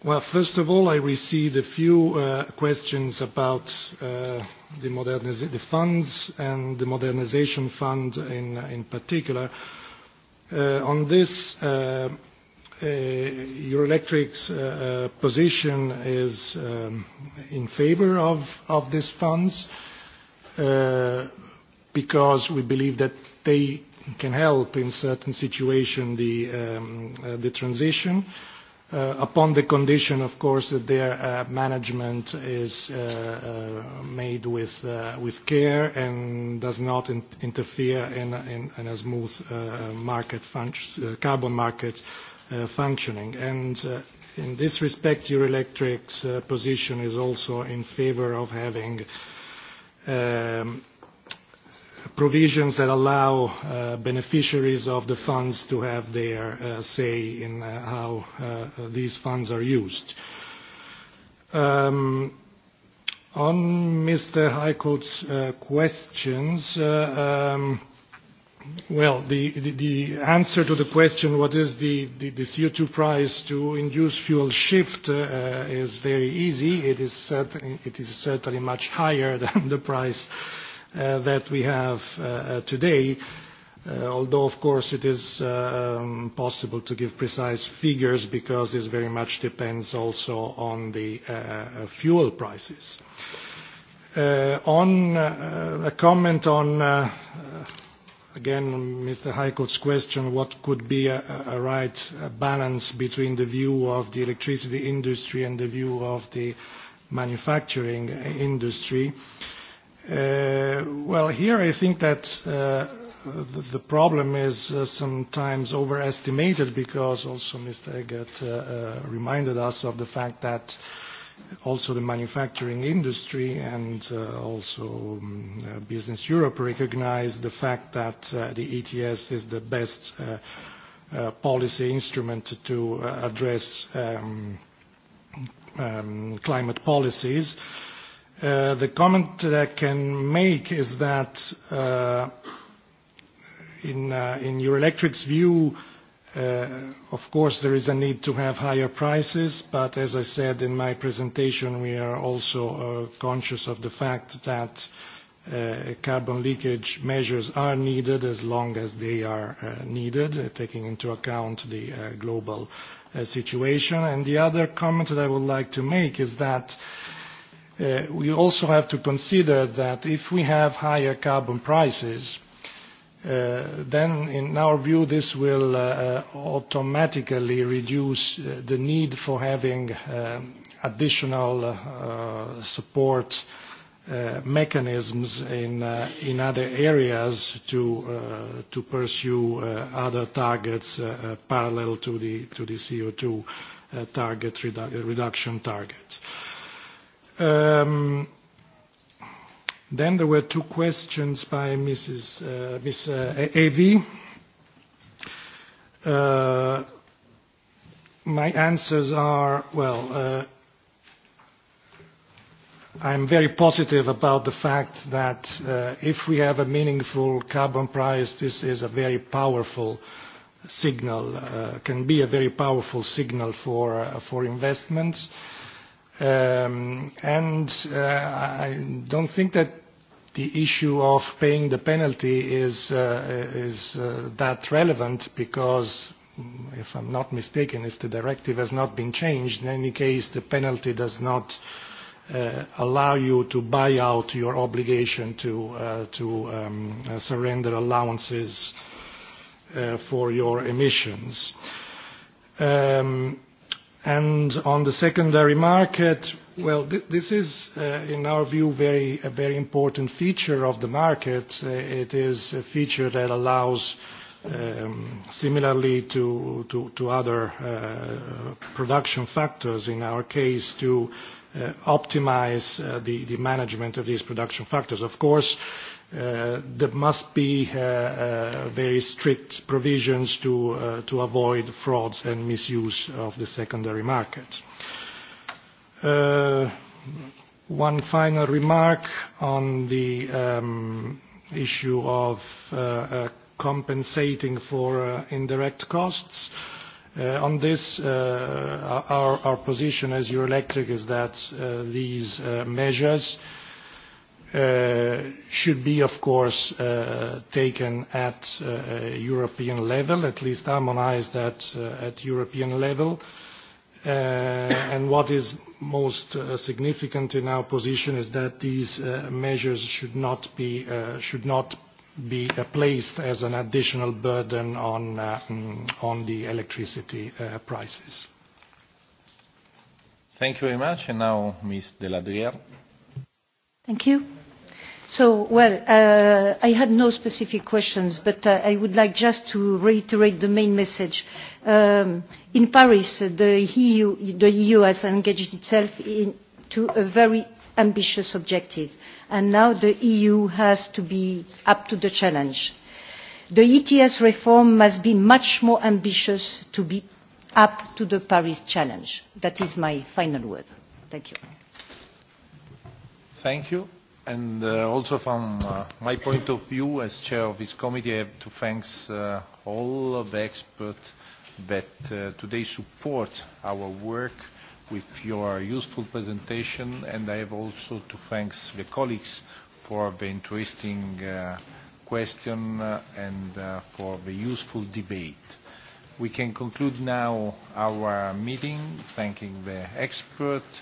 Well, first of all, I received a few uh, questions about uh, the, moderniz the funds and the modernization fund in, in particular. Uh, on this, uh, uh, Eurelectric's uh, uh, position is um, in favor of, of these funds uh, because we believe that they can help in certain situations the, um, uh, the transition. Uh, uh, upon the condition, of course, that their uh, management is uh, uh, made with, uh, with care and does not in interfere in, in, in a smooth uh, market uh, carbon market uh, functioning. And uh, in this respect, Euroelectric's uh, position is also in favor of having um, provisions that allow uh, beneficiaries of the funds to have their uh, say in uh, how uh, these funds are used. Um, on Mr. High uh, questions, uh, um, well, the, the, the answer to the question, what is the, the, the CO2 price to induce fuel shift, uh, is very easy. It is, certain, it is certainly much higher <laughs> than the price uh, uh, that we have uh, uh, today, uh, although of course it is uh, um, possible to give precise figures because this very much depends also on the uh, uh fuel prices. Uh, on uh, a comment on uh, uh again, Mr. Heiko's question, what could be a, a right balance between the view of the electricity industry and the view of the manufacturing industry. Uh, Uh, well, here I think that uh, the, the problem is uh, sometimes overestimated because also Mr. Eggert uh, uh, reminded us of the fact that also the manufacturing industry and uh, also um, uh, Business Europe recognize the fact that uh, the ETS is the best uh, uh, policy instrument to uh, address um, um, climate policies. Uh, Uh, the comment that I can make is that uh, in, uh, in Eurelectric's view, uh, of course, there is a need to have higher prices, but as I said in my presentation, we are also uh, conscious of the fact that uh, carbon leakage measures are needed as long as they are uh, needed, uh, taking into account the uh, global uh, situation. And the other comment that I would like to make is that uh, uh, we also have to consider that if we have higher carbon prices, uh, then in our view this will uh, uh automatically reduce uh, the need for having um, additional uh, support uh, mechanisms in, uh, in other areas to, uh, to pursue uh, other targets uh, uh, parallel to the, to the CO2 uh, target redu reduction target. Uh, Um, then there were two questions by Mrs. Uh, Ms. Uh, A.V. Uh, my answers are, well, uh, I'm very positive about the fact that uh, if we have a meaningful carbon price, this is a very powerful signal, uh, can be a very powerful signal for, uh, for investments. Uh, Um, and uh, I don't think that the issue of paying the penalty is, uh, is uh, that relevant because, if I'm not mistaken, if the directive has not been changed, in any case the penalty does not uh, allow you to buy out your obligation to, uh, to um, uh, surrender allowances uh, for your emissions. Um, And on the secondary market, well, th this is, uh, in our view, very, a very important feature of the market. Uh, it is a feature that allows, um, similarly to, to, to other uh, production factors, in our case, to uh, optimize uh, the, the management of these production factors. Of course, Uh, there must be uh, uh, very strict provisions to, uh, to avoid frauds and misuse of the secondary market. Uh, one final remark on the um, issue of uh, uh, compensating for uh, indirect costs. Uh, on this, uh, our, our position as Euroelectric is that uh, these uh, measures uh, Uh, should be, of course, uh, taken at uh, uh, European level, at least harmonized at, uh, at European level. Uh, and what is most uh, significant in our position is that these uh, measures should not be, uh, should not be uh, placed as an additional burden on, uh, mm, on the electricity uh, prices. Thank you very much. And now, Ms. Deladrier. Thank you. So, well, uh, I had no specific questions, but uh, I would like just to reiterate the main message. Um, in Paris, the EU, the EU has engaged itself to a very ambitious objective, and now the EU has to be up to the challenge. The ETS reform must be much more ambitious to be up to the Paris challenge. That is my final word. Thank you. Thank you. And uh, also from uh, my point of view as chair of this committee, I have to thank uh, all of the experts that uh, today support our work with your useful presentation. And I have also to thank the colleagues for the interesting uh, question uh, and uh, for the useful debate. We can conclude now our meeting, thanking the experts